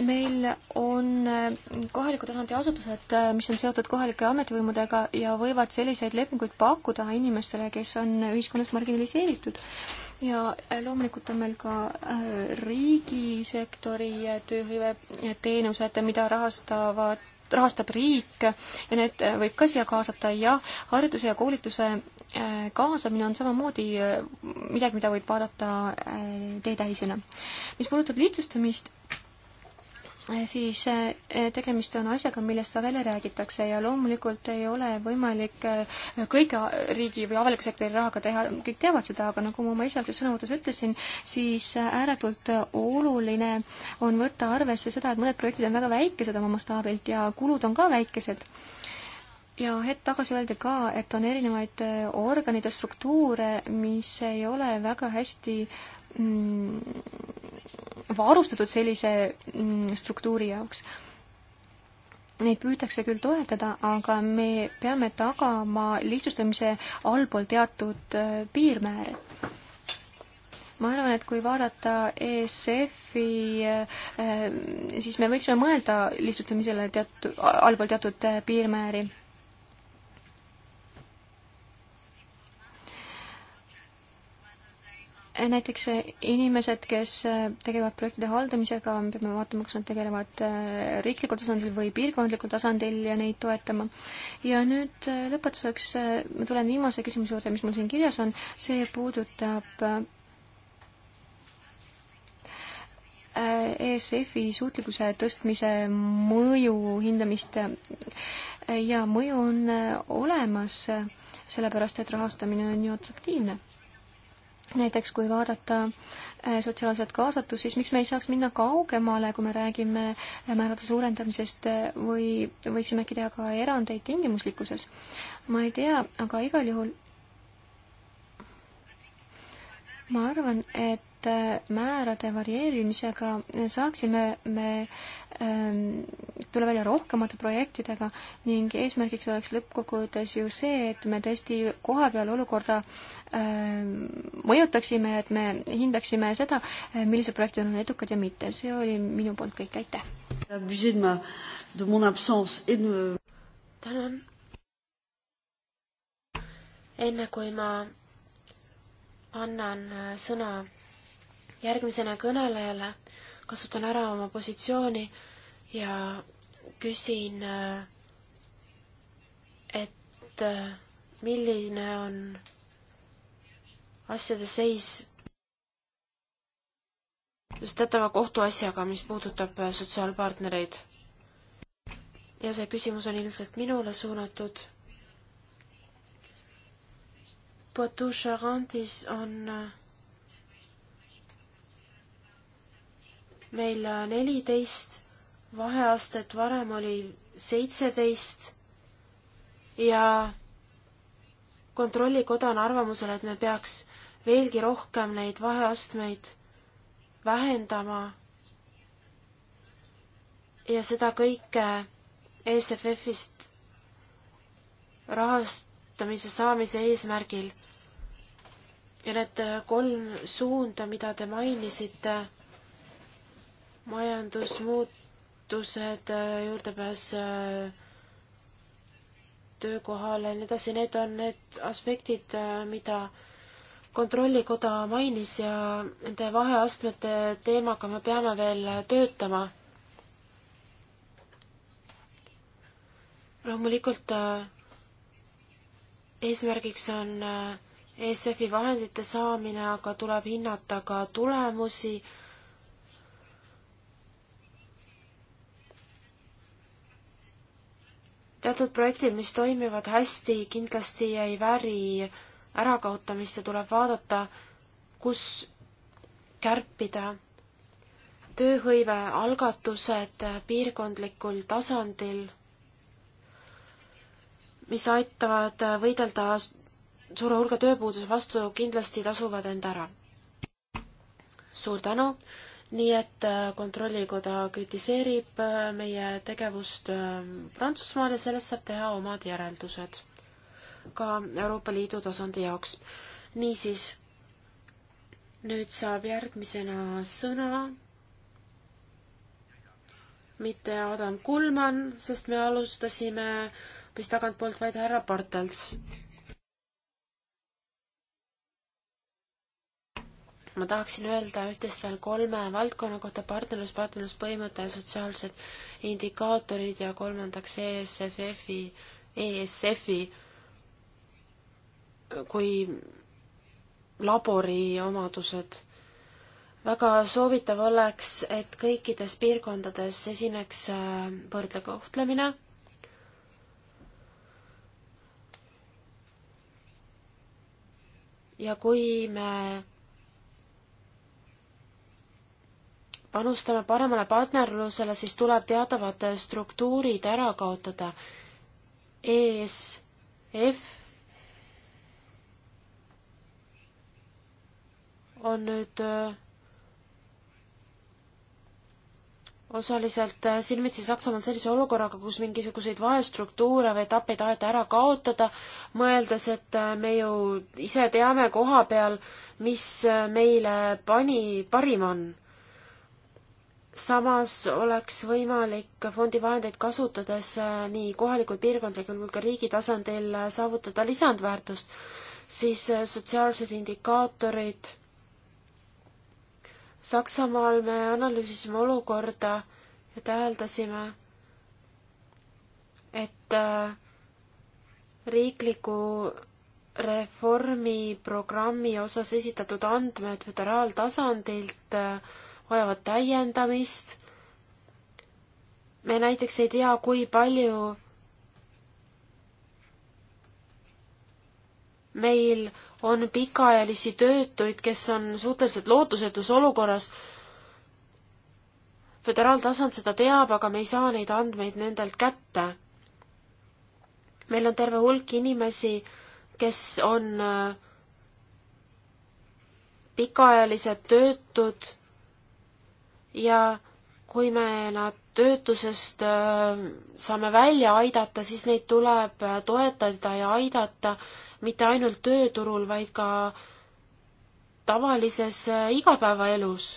meil on äh, kohaliku tasandi asutused, äh, mis on seotud kohalike ametivõimudega ja võivad selliseid lepinguid pakkuda inimestele, kes on ühiskonnas marginaliseeritud. ja äh, loomulikult on meil ka riigisektori tööhõive teenused, mida rahastavad rahastab riik ja need võib ka siia kaasata ja hariduse ja koolituse kaasamine on samamoodi midagi, mida võib vaadata teetähisena. mis puudutab lihtsustamist, siis eh, tegemist on asjaga, millest sageli räägitakse ja loomulikult ei ole võimalik eh, kõige riigi või avaliku sektori rahaga teha, kõik teavad seda, aga nagu ma oma esialgses sõnavõtus ütlesin, siis eh, ääretult oluline on võtta arvesse seda, et mõned projektid on väga väikesed oma mastaabilt ja kulud on ka väikesed ja hetk tagasi öeldi ka, et on erinevaid organid ja struktuure, mis ei ole väga hästi äh, Mm, varustatud sellise mm, struktuuri jaoks. Neid püütakse küll toetada, aga me peame tagama lihtsustamise allpool teatud äh, piirmääre ma arvan, et kui vaadata ESF-i, äh, äh, siis me võiksime mõelda lihtsustamisele teatud, allpool teatud piirmääri. näiteks eh, inimesed, kes eh, tegelevad projektide haldamisega, me peame vaatama, kas nad tegelevad eh, riiklikul tasandil või piirkondlikul tasandil ja neid toetama. ja nüüd lõpetuseks ma tulen viimase küsimuse juurde, mis mul siin kirjas on, see puudutab ESF-i e suutlikkuse tõstmise mõju hindamist ja mõju on olemas, sellepärast et rahastamine on ju atraktiivne näiteks kui vaadata äh, sotsiaalset kaasatust, siis miks me ei saaks minna kaugemale, kui me räägime äh, määrade suurendamisest äh, või võiksime äkki teha ka erandeid tingimuslikkuses? ma ei tea, aga igal juhul ma arvan, et äh, määrade varieerimisega saaksime me ähm, tulla välja rohkemate projektidega ning eesmärgiks oleks lõppkokkuvõttes ju see, et me tõesti kohapeal olukorda ähm, mõjutaksime, et me hindaksime seda, äh, millised projektid on edukad ja mitte. see oli minu poolt kõik, aitäh! tänan! enne kui ma annan äh, sõna järgmisena kõnelejale, kasutan ära oma positsiooni ja küsin, äh, et äh, milline on asjade seis just teatava kohtuasjaga, mis puudutab sotsiaalpartnereid. ja see küsimus on ilmselt minule suunatud Poitou-Charentis on äh, meil äh, neliteist vaheastet, varem oli seitseteist ja kontrollikoda on arvamusel, et me peaks veelgi rohkem neid vaheastmeid vähendama ja seda kõike ESFF-ist rahast toetamise saamise eesmärgil. ja need kolm suunda, mida te mainisite, majandusmuutused, juurdepääs töökohale ja nii edasi, need on need aspektid, mida kontrollikoda mainis ja nende vaheastmete teemaga me peame veel töötama. loomulikult eesmärgiks on äh, ESF-i vahendite saamine, aga tuleb hinnata ka tulemusi. teatud projektid, mis toimivad hästi, kindlasti ei vääri ärakaotamist ja tuleb vaadata, kus kärpida. tööhõive algatused piirkondlikul tasandil mis aitavad võidelda suure hulga tööpuuduse vastu, kindlasti tasuvad end ära. suur tänu, nii et äh, Kontrollikoda kritiseerib äh, meie tegevust äh, Prantsusmaal ja sellest saab teha omad järeldused ka Euroopa Liidu tasandi jaoks. niisiis, nüüd saab järgmisena sõna mitte Adam Kulman, sest me alustasime hoopis tagantpoolt, vaid härra Bartels. ma tahaksin öelda üht-teist veel kolme valdkonna kohta, partnerlus, partnerluspõhimõte, sotsiaalsed indikaatorid ja kolmandaks ESFF-i, ESF-i kui labori omadused väga soovitav oleks, et kõikides piirkondades esineks äh, võrdle kohtlemine ja kui me panustame paremale partnerlusele, siis tuleb teatavad struktuurid ära kaotada. ESF on nüüd äh, osaliselt äh, silmitsi Saksamaal sellise olukorraga, kus mingisuguseid vaestruktuure või etappe ei taheta ära kaotada, mõeldes, et äh, me ju ise teame koha peal, mis äh, meile pani, parim on. samas oleks võimalik fondivahendeid kasutades nii kohalikul, piirkondlikul kui ka riigi tasandil saavutada lisandväärtust, siis sotsiaalsed indikaatorid Saksamaal me analüüsisime olukorda ja täheldasime, et äh, riikliku reformiprogrammi osas esitatud andmed föderaaltasandilt äh, vajavad täiendamist. me näiteks ei tea, kui palju meil on pikaajalisi töötuid, kes on suhteliselt lootusetus olukorras. föderaaltasand seda teab, aga me ei saa neid andmeid nendelt kätte. meil on terve hulk inimesi, kes on äh, pikaajalised töötud ja kui me nad töötusest äh, saame välja aidata, siis neid tuleb äh, toetada ja aidata mitte ainult tööturul, vaid ka tavalises äh, igapäevaelus.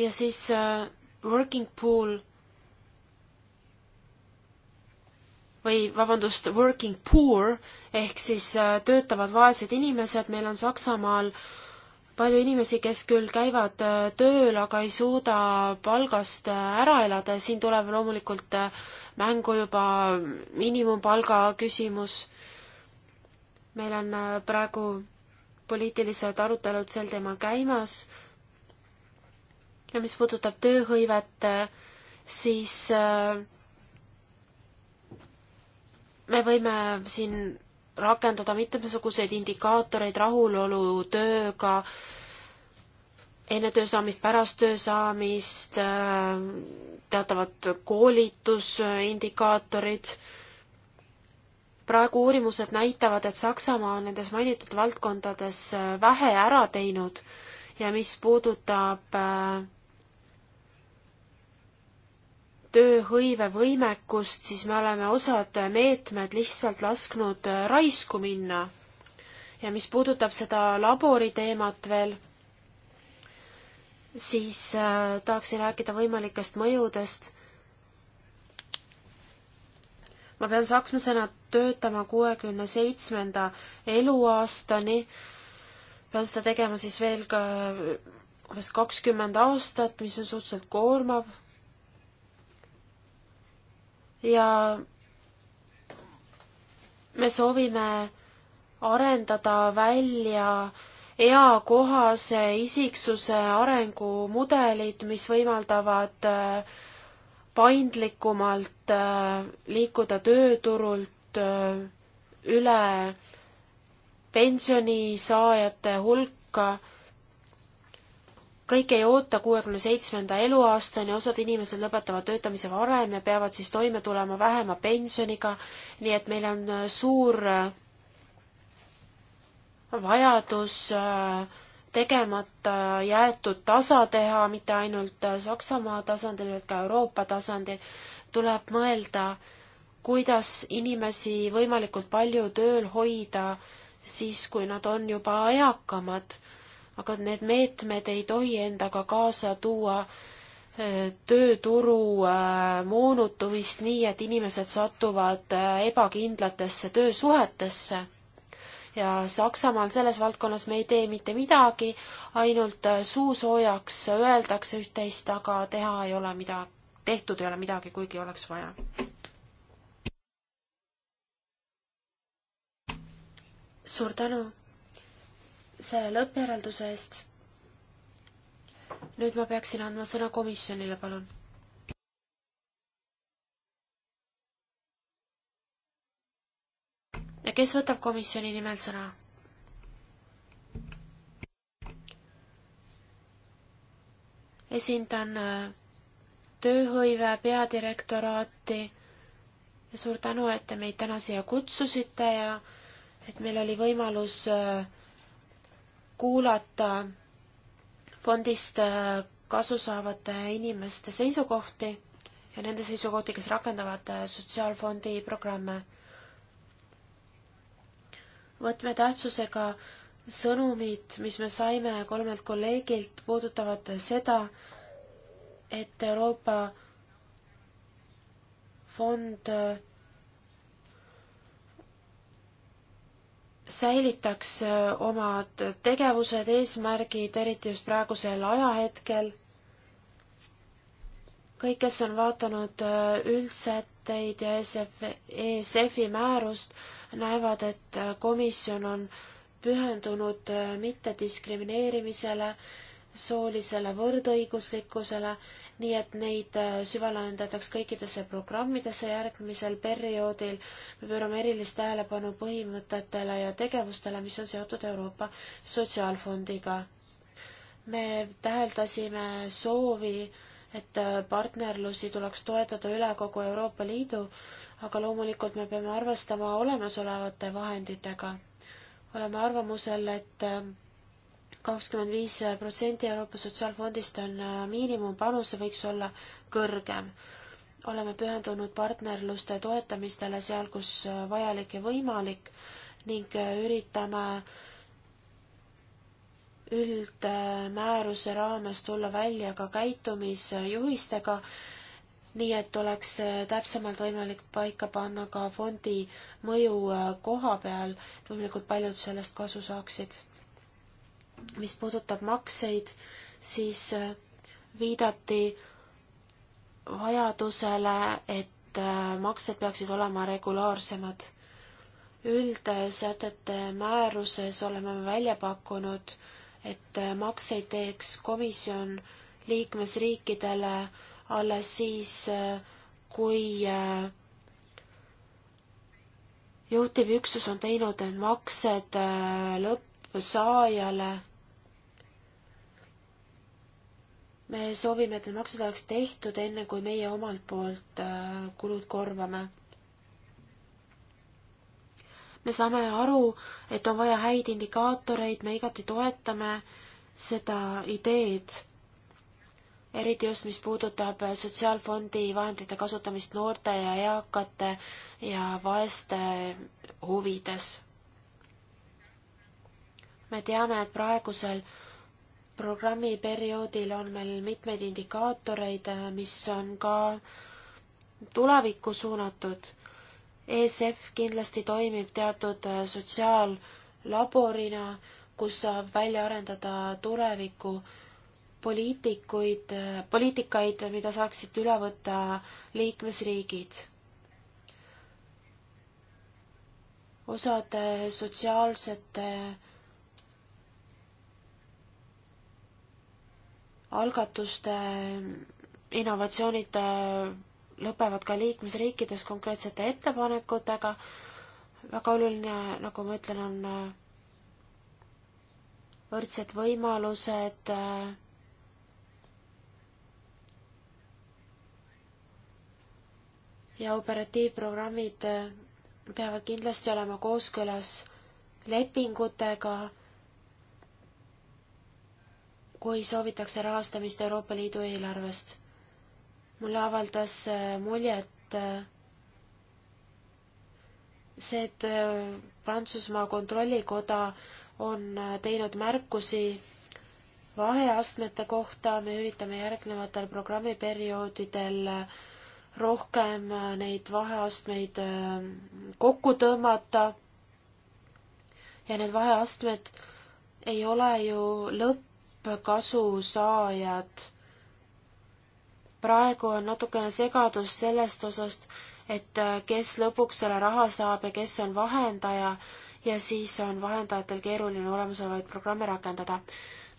ja siis working pool või vabandust, working poor ehk siis töötavad vaesed inimesed, meil on Saksamaal äh, palju inimesi, kes küll käivad äh, tööl, aga ei suuda palgast äh, ära elada ja siin tuleb loomulikult äh, mängu juba miinimumpalga küsimus. meil on praegu poliitilised arutelud sel teemal käimas. ja mis puudutab tööhõivet, siis me võime siin rakendada mitmesuguseid indikaatoreid rahulolu tööga, enne töö saamist, pärast töö saamist, teatavad koolitusindikaatorid. praegu uurimused näitavad, et Saksamaa on nendes mainitud valdkondades vähe ära teinud ja mis puudutab äh, tööhõivevõimekust, siis me oleme osad meetmed lihtsalt lasknud raisku minna. ja mis puudutab seda labori teemat veel, siis äh, tahaksin rääkida võimalikest mõjudest. ma pean sakslasena töötama kuuekümne seitsmenda eluaastani, pean seda tegema siis veel ka umbes kakskümmend aastat, mis on suhteliselt koormav ja me soovime arendada välja eakohase isiksuse arengumudelid, mis võimaldavad äh, paindlikumalt äh, liikuda tööturult äh, üle pensionisaajate hulka kõik ei oota kuuekümne seitsmenda eluaastani, osad inimesed lõpetavad töötamise varem ja peavad siis toime tulema vähema pensioniga, nii et meil on äh, suur äh, vajadus äh, tegemata jäetud tasa teha, mitte ainult Saksamaa tasandil, vaid ka Euroopa tasandil, tuleb mõelda, kuidas inimesi võimalikult palju tööl hoida siis, kui nad on juba eakamad aga need meetmed ei tohi endaga kaasa tuua äh, tööturu äh, moonutumist nii, et inimesed satuvad äh, ebakindlatesse töösuhetesse. ja Saksamaal selles valdkonnas me ei tee mitte midagi, ainult suusoojaks öeldakse üht-teist, aga teha ei ole midagi, tehtud ei ole midagi, kuigi oleks vaja. suur tänu selle lõppjärelduse eest. nüüd ma peaksin andma sõna komisjonile, palun. ja kes võtab komisjoni nimel sõna? esindan äh, tööhõive peadirektoraati ja suur tänu, et te meid täna siia kutsusite ja et meil oli võimalus äh, kuulata fondist äh, kasu saavate inimeste seisukohti ja nende seisukohti, kes rakendavad äh, sotsiaalfondi programme. võtmetähtsusega sõnumid, mis me saime kolmelt kolleegilt, puudutavad seda, et Euroopa fond äh, säilitaks äh, omad tegevused, eesmärgid, eriti just praegusel ajahetkel. kõik, kes on vaadanud äh, üldsätteid ja ESF, ESF-i määrust, näevad, et äh, komisjon on pühendunud mittediskrimineerimisele, soolisele võrdõiguslikkusele nii et neid äh, süvalaiendataks kõikidesse programmidesse järgmisel perioodil. me pöörame erilist tähelepanu põhimõtetele ja tegevustele, mis on seotud Euroopa Sotsiaalfondiga. me täheldasime soovi et äh, partnerlusi tuleks toetada üle kogu Euroopa Liidu, aga loomulikult me peame arvestama olemasolevate vahenditega. oleme arvamusel, et äh, kakskümmend viis protsenti Euroopa Sotsiaalfondist on äh, miinimumpanus, see võiks olla kõrgem. oleme pühendunud partnerluste toetamistele seal, kus äh, vajalik ja võimalik ning äh, üritame üldmääruse raames tulla välja ka käitumisjuhistega, nii et oleks täpsemalt võimalik paika panna ka fondi mõju koha peal, võimalikult paljud sellest kasu saaksid mis puudutab makseid, siis äh, viidati vajadusele, et äh, maksed peaksid olema regulaarsemad. üldsätete määruses oleme me välja pakkunud, et äh, makseid teeks komisjon liikmesriikidele alles siis, kui juhtivüksus on teinud need maksed lõppsaajale me soovime, et need maksud oleks tehtud enne, kui meie omalt poolt äh, kulud korvame. me saame aru, et on vaja häid indikaatoreid, me igati toetame seda ideed, eriti just, mis puudutab Sotsiaalfondi vahendite kasutamist noorte ja eakate ja vaeste huvides. me teame, et praegusel programmi perioodil on meil mitmeid indikaatoreid, mis on ka tulevikku suunatud. ESF kindlasti toimib teatud sotsiaallaborina, kus saab välja arendada tuleviku poliitikuid, poliitikaid, mida saaksid üle võtta liikmesriigid. osad sotsiaalsete algatuste innovatsioonid äh, lõpevad ka liikmesriikides konkreetsete ettepanekutega. väga oluline, nagu ma ütlen, on äh, võrdsed võimalused, äh, ja operatiivprogrammid peavad kindlasti olema kooskõlas lepingutega kui soovitakse rahastamist Euroopa Liidu eelarvest. mulle avaldas äh, muljet äh, see, et äh, Prantsusmaa kontrollikoda on teinud märkusi vaheastmete kohta, me üritame järgnevatel programmiperioodidel rohkem neid vaheastmeid kokku tõmmata. ja need vaheastmed ei ole ju lõpp lõppkasusaajad. praegu on natukene segadus sellest osast, et äh, kes lõpuks selle raha saab ja kes on vahendaja ja siis on vahendajatel keeruline olemasolevaid programme rakendada.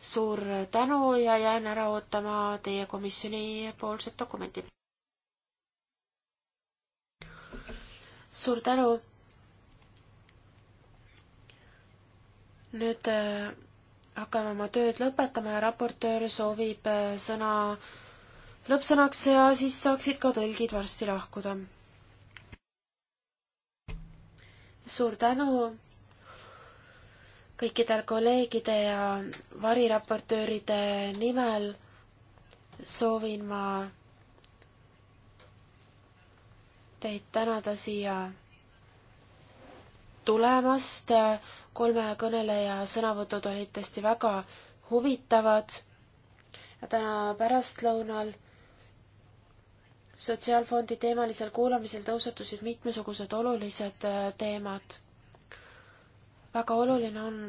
suur tänu ja jään ära ootama teie komisjoni poolset dokumenti. suur tänu. nüüd äh, hakkame oma tööd lõpetama ja raportöör soovib äh, sõna lõppsõnaks ja siis saaksid ka tõlgid varsti lahkuda. suur tänu kõikidel kolleegide ja variraportööride nimel soovin ma teid tänada siia tulemast kolme kõneleja sõnavõtud olid tõesti väga huvitavad ja täna pärastlõunal sotsiaalfondi teemalisel kuulamisel tõusetusid mitmesugused olulised äh, teemad. väga oluline on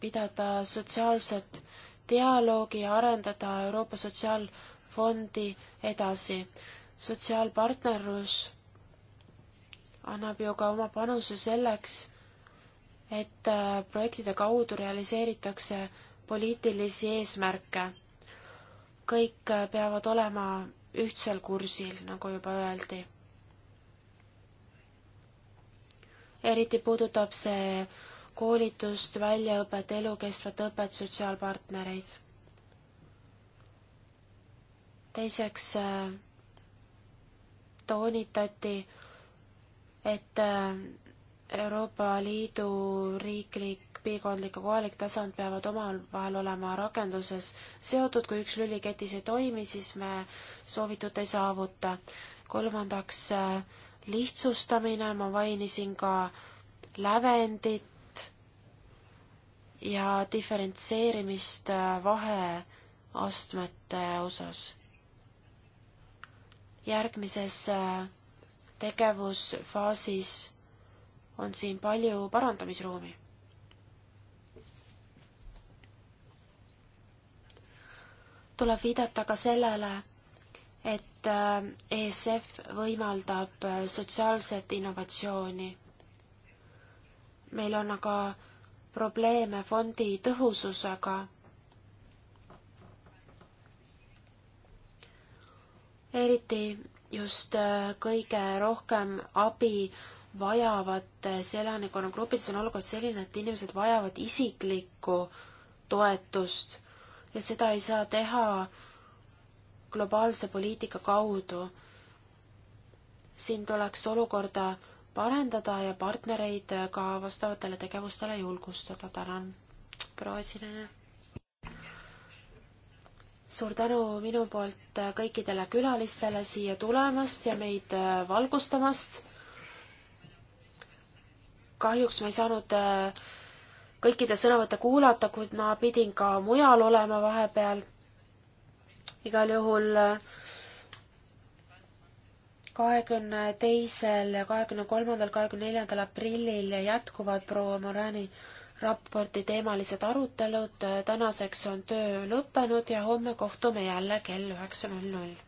pidada sotsiaalset dialoogi ja arendada Euroopa Sotsiaalfondi edasi. sotsiaalpartnerlus annab ju ka oma panuse selleks, et äh, projektide kaudu realiseeritakse poliitilisi eesmärke. kõik äh, peavad olema ühtsel kursil, nagu juba öeldi. eriti puudutab see koolitust, väljaõpet, elukestvat õpet, sotsiaalpartnereid. teiseks äh, toonitati, et Euroopa Liidu riiklik, piirkondlik ja kohalik tasand peavad omavahel olema rakenduses seotud, kui üks lüliketis ei toimi, siis me soovitut ei saavuta. kolmandaks, äh, lihtsustamine, ma mainisin ka lävendit ja diferentseerimist äh, vaheastmete osas. järgmises äh, tegevusfaasis on siin palju parandamisruumi. tuleb viidata ka sellele, et äh, ESF võimaldab äh, sotsiaalset innovatsiooni. meil on aga probleeme fondi tõhususega. eriti just äh, kõige rohkem abi vajavates elanikkonnagruppides on olukord selline, et inimesed vajavad isiklikku toetust ja seda ei saa teha globaalse poliitika kaudu. siin tuleks olukorda parendada ja partnereid ka vastavatele tegevustele julgustada. tänan, proua esineja. suur tänu minu poolt kõikidele külalistele siia tulemast ja meid valgustamast kahjuks ma ei saanud äh, kõikide sõnavõtte kuulata, kuid ma pidin ka mujal olema vahepeal. igal juhul äh, kahekümne teisel ja kahekümne kolmandal, kahekümne neljandal aprillil jätkuvad proua Morani raporti teemalised arutelud. tänaseks on töö lõppenud ja homme kohtume jälle kell üheksa null null.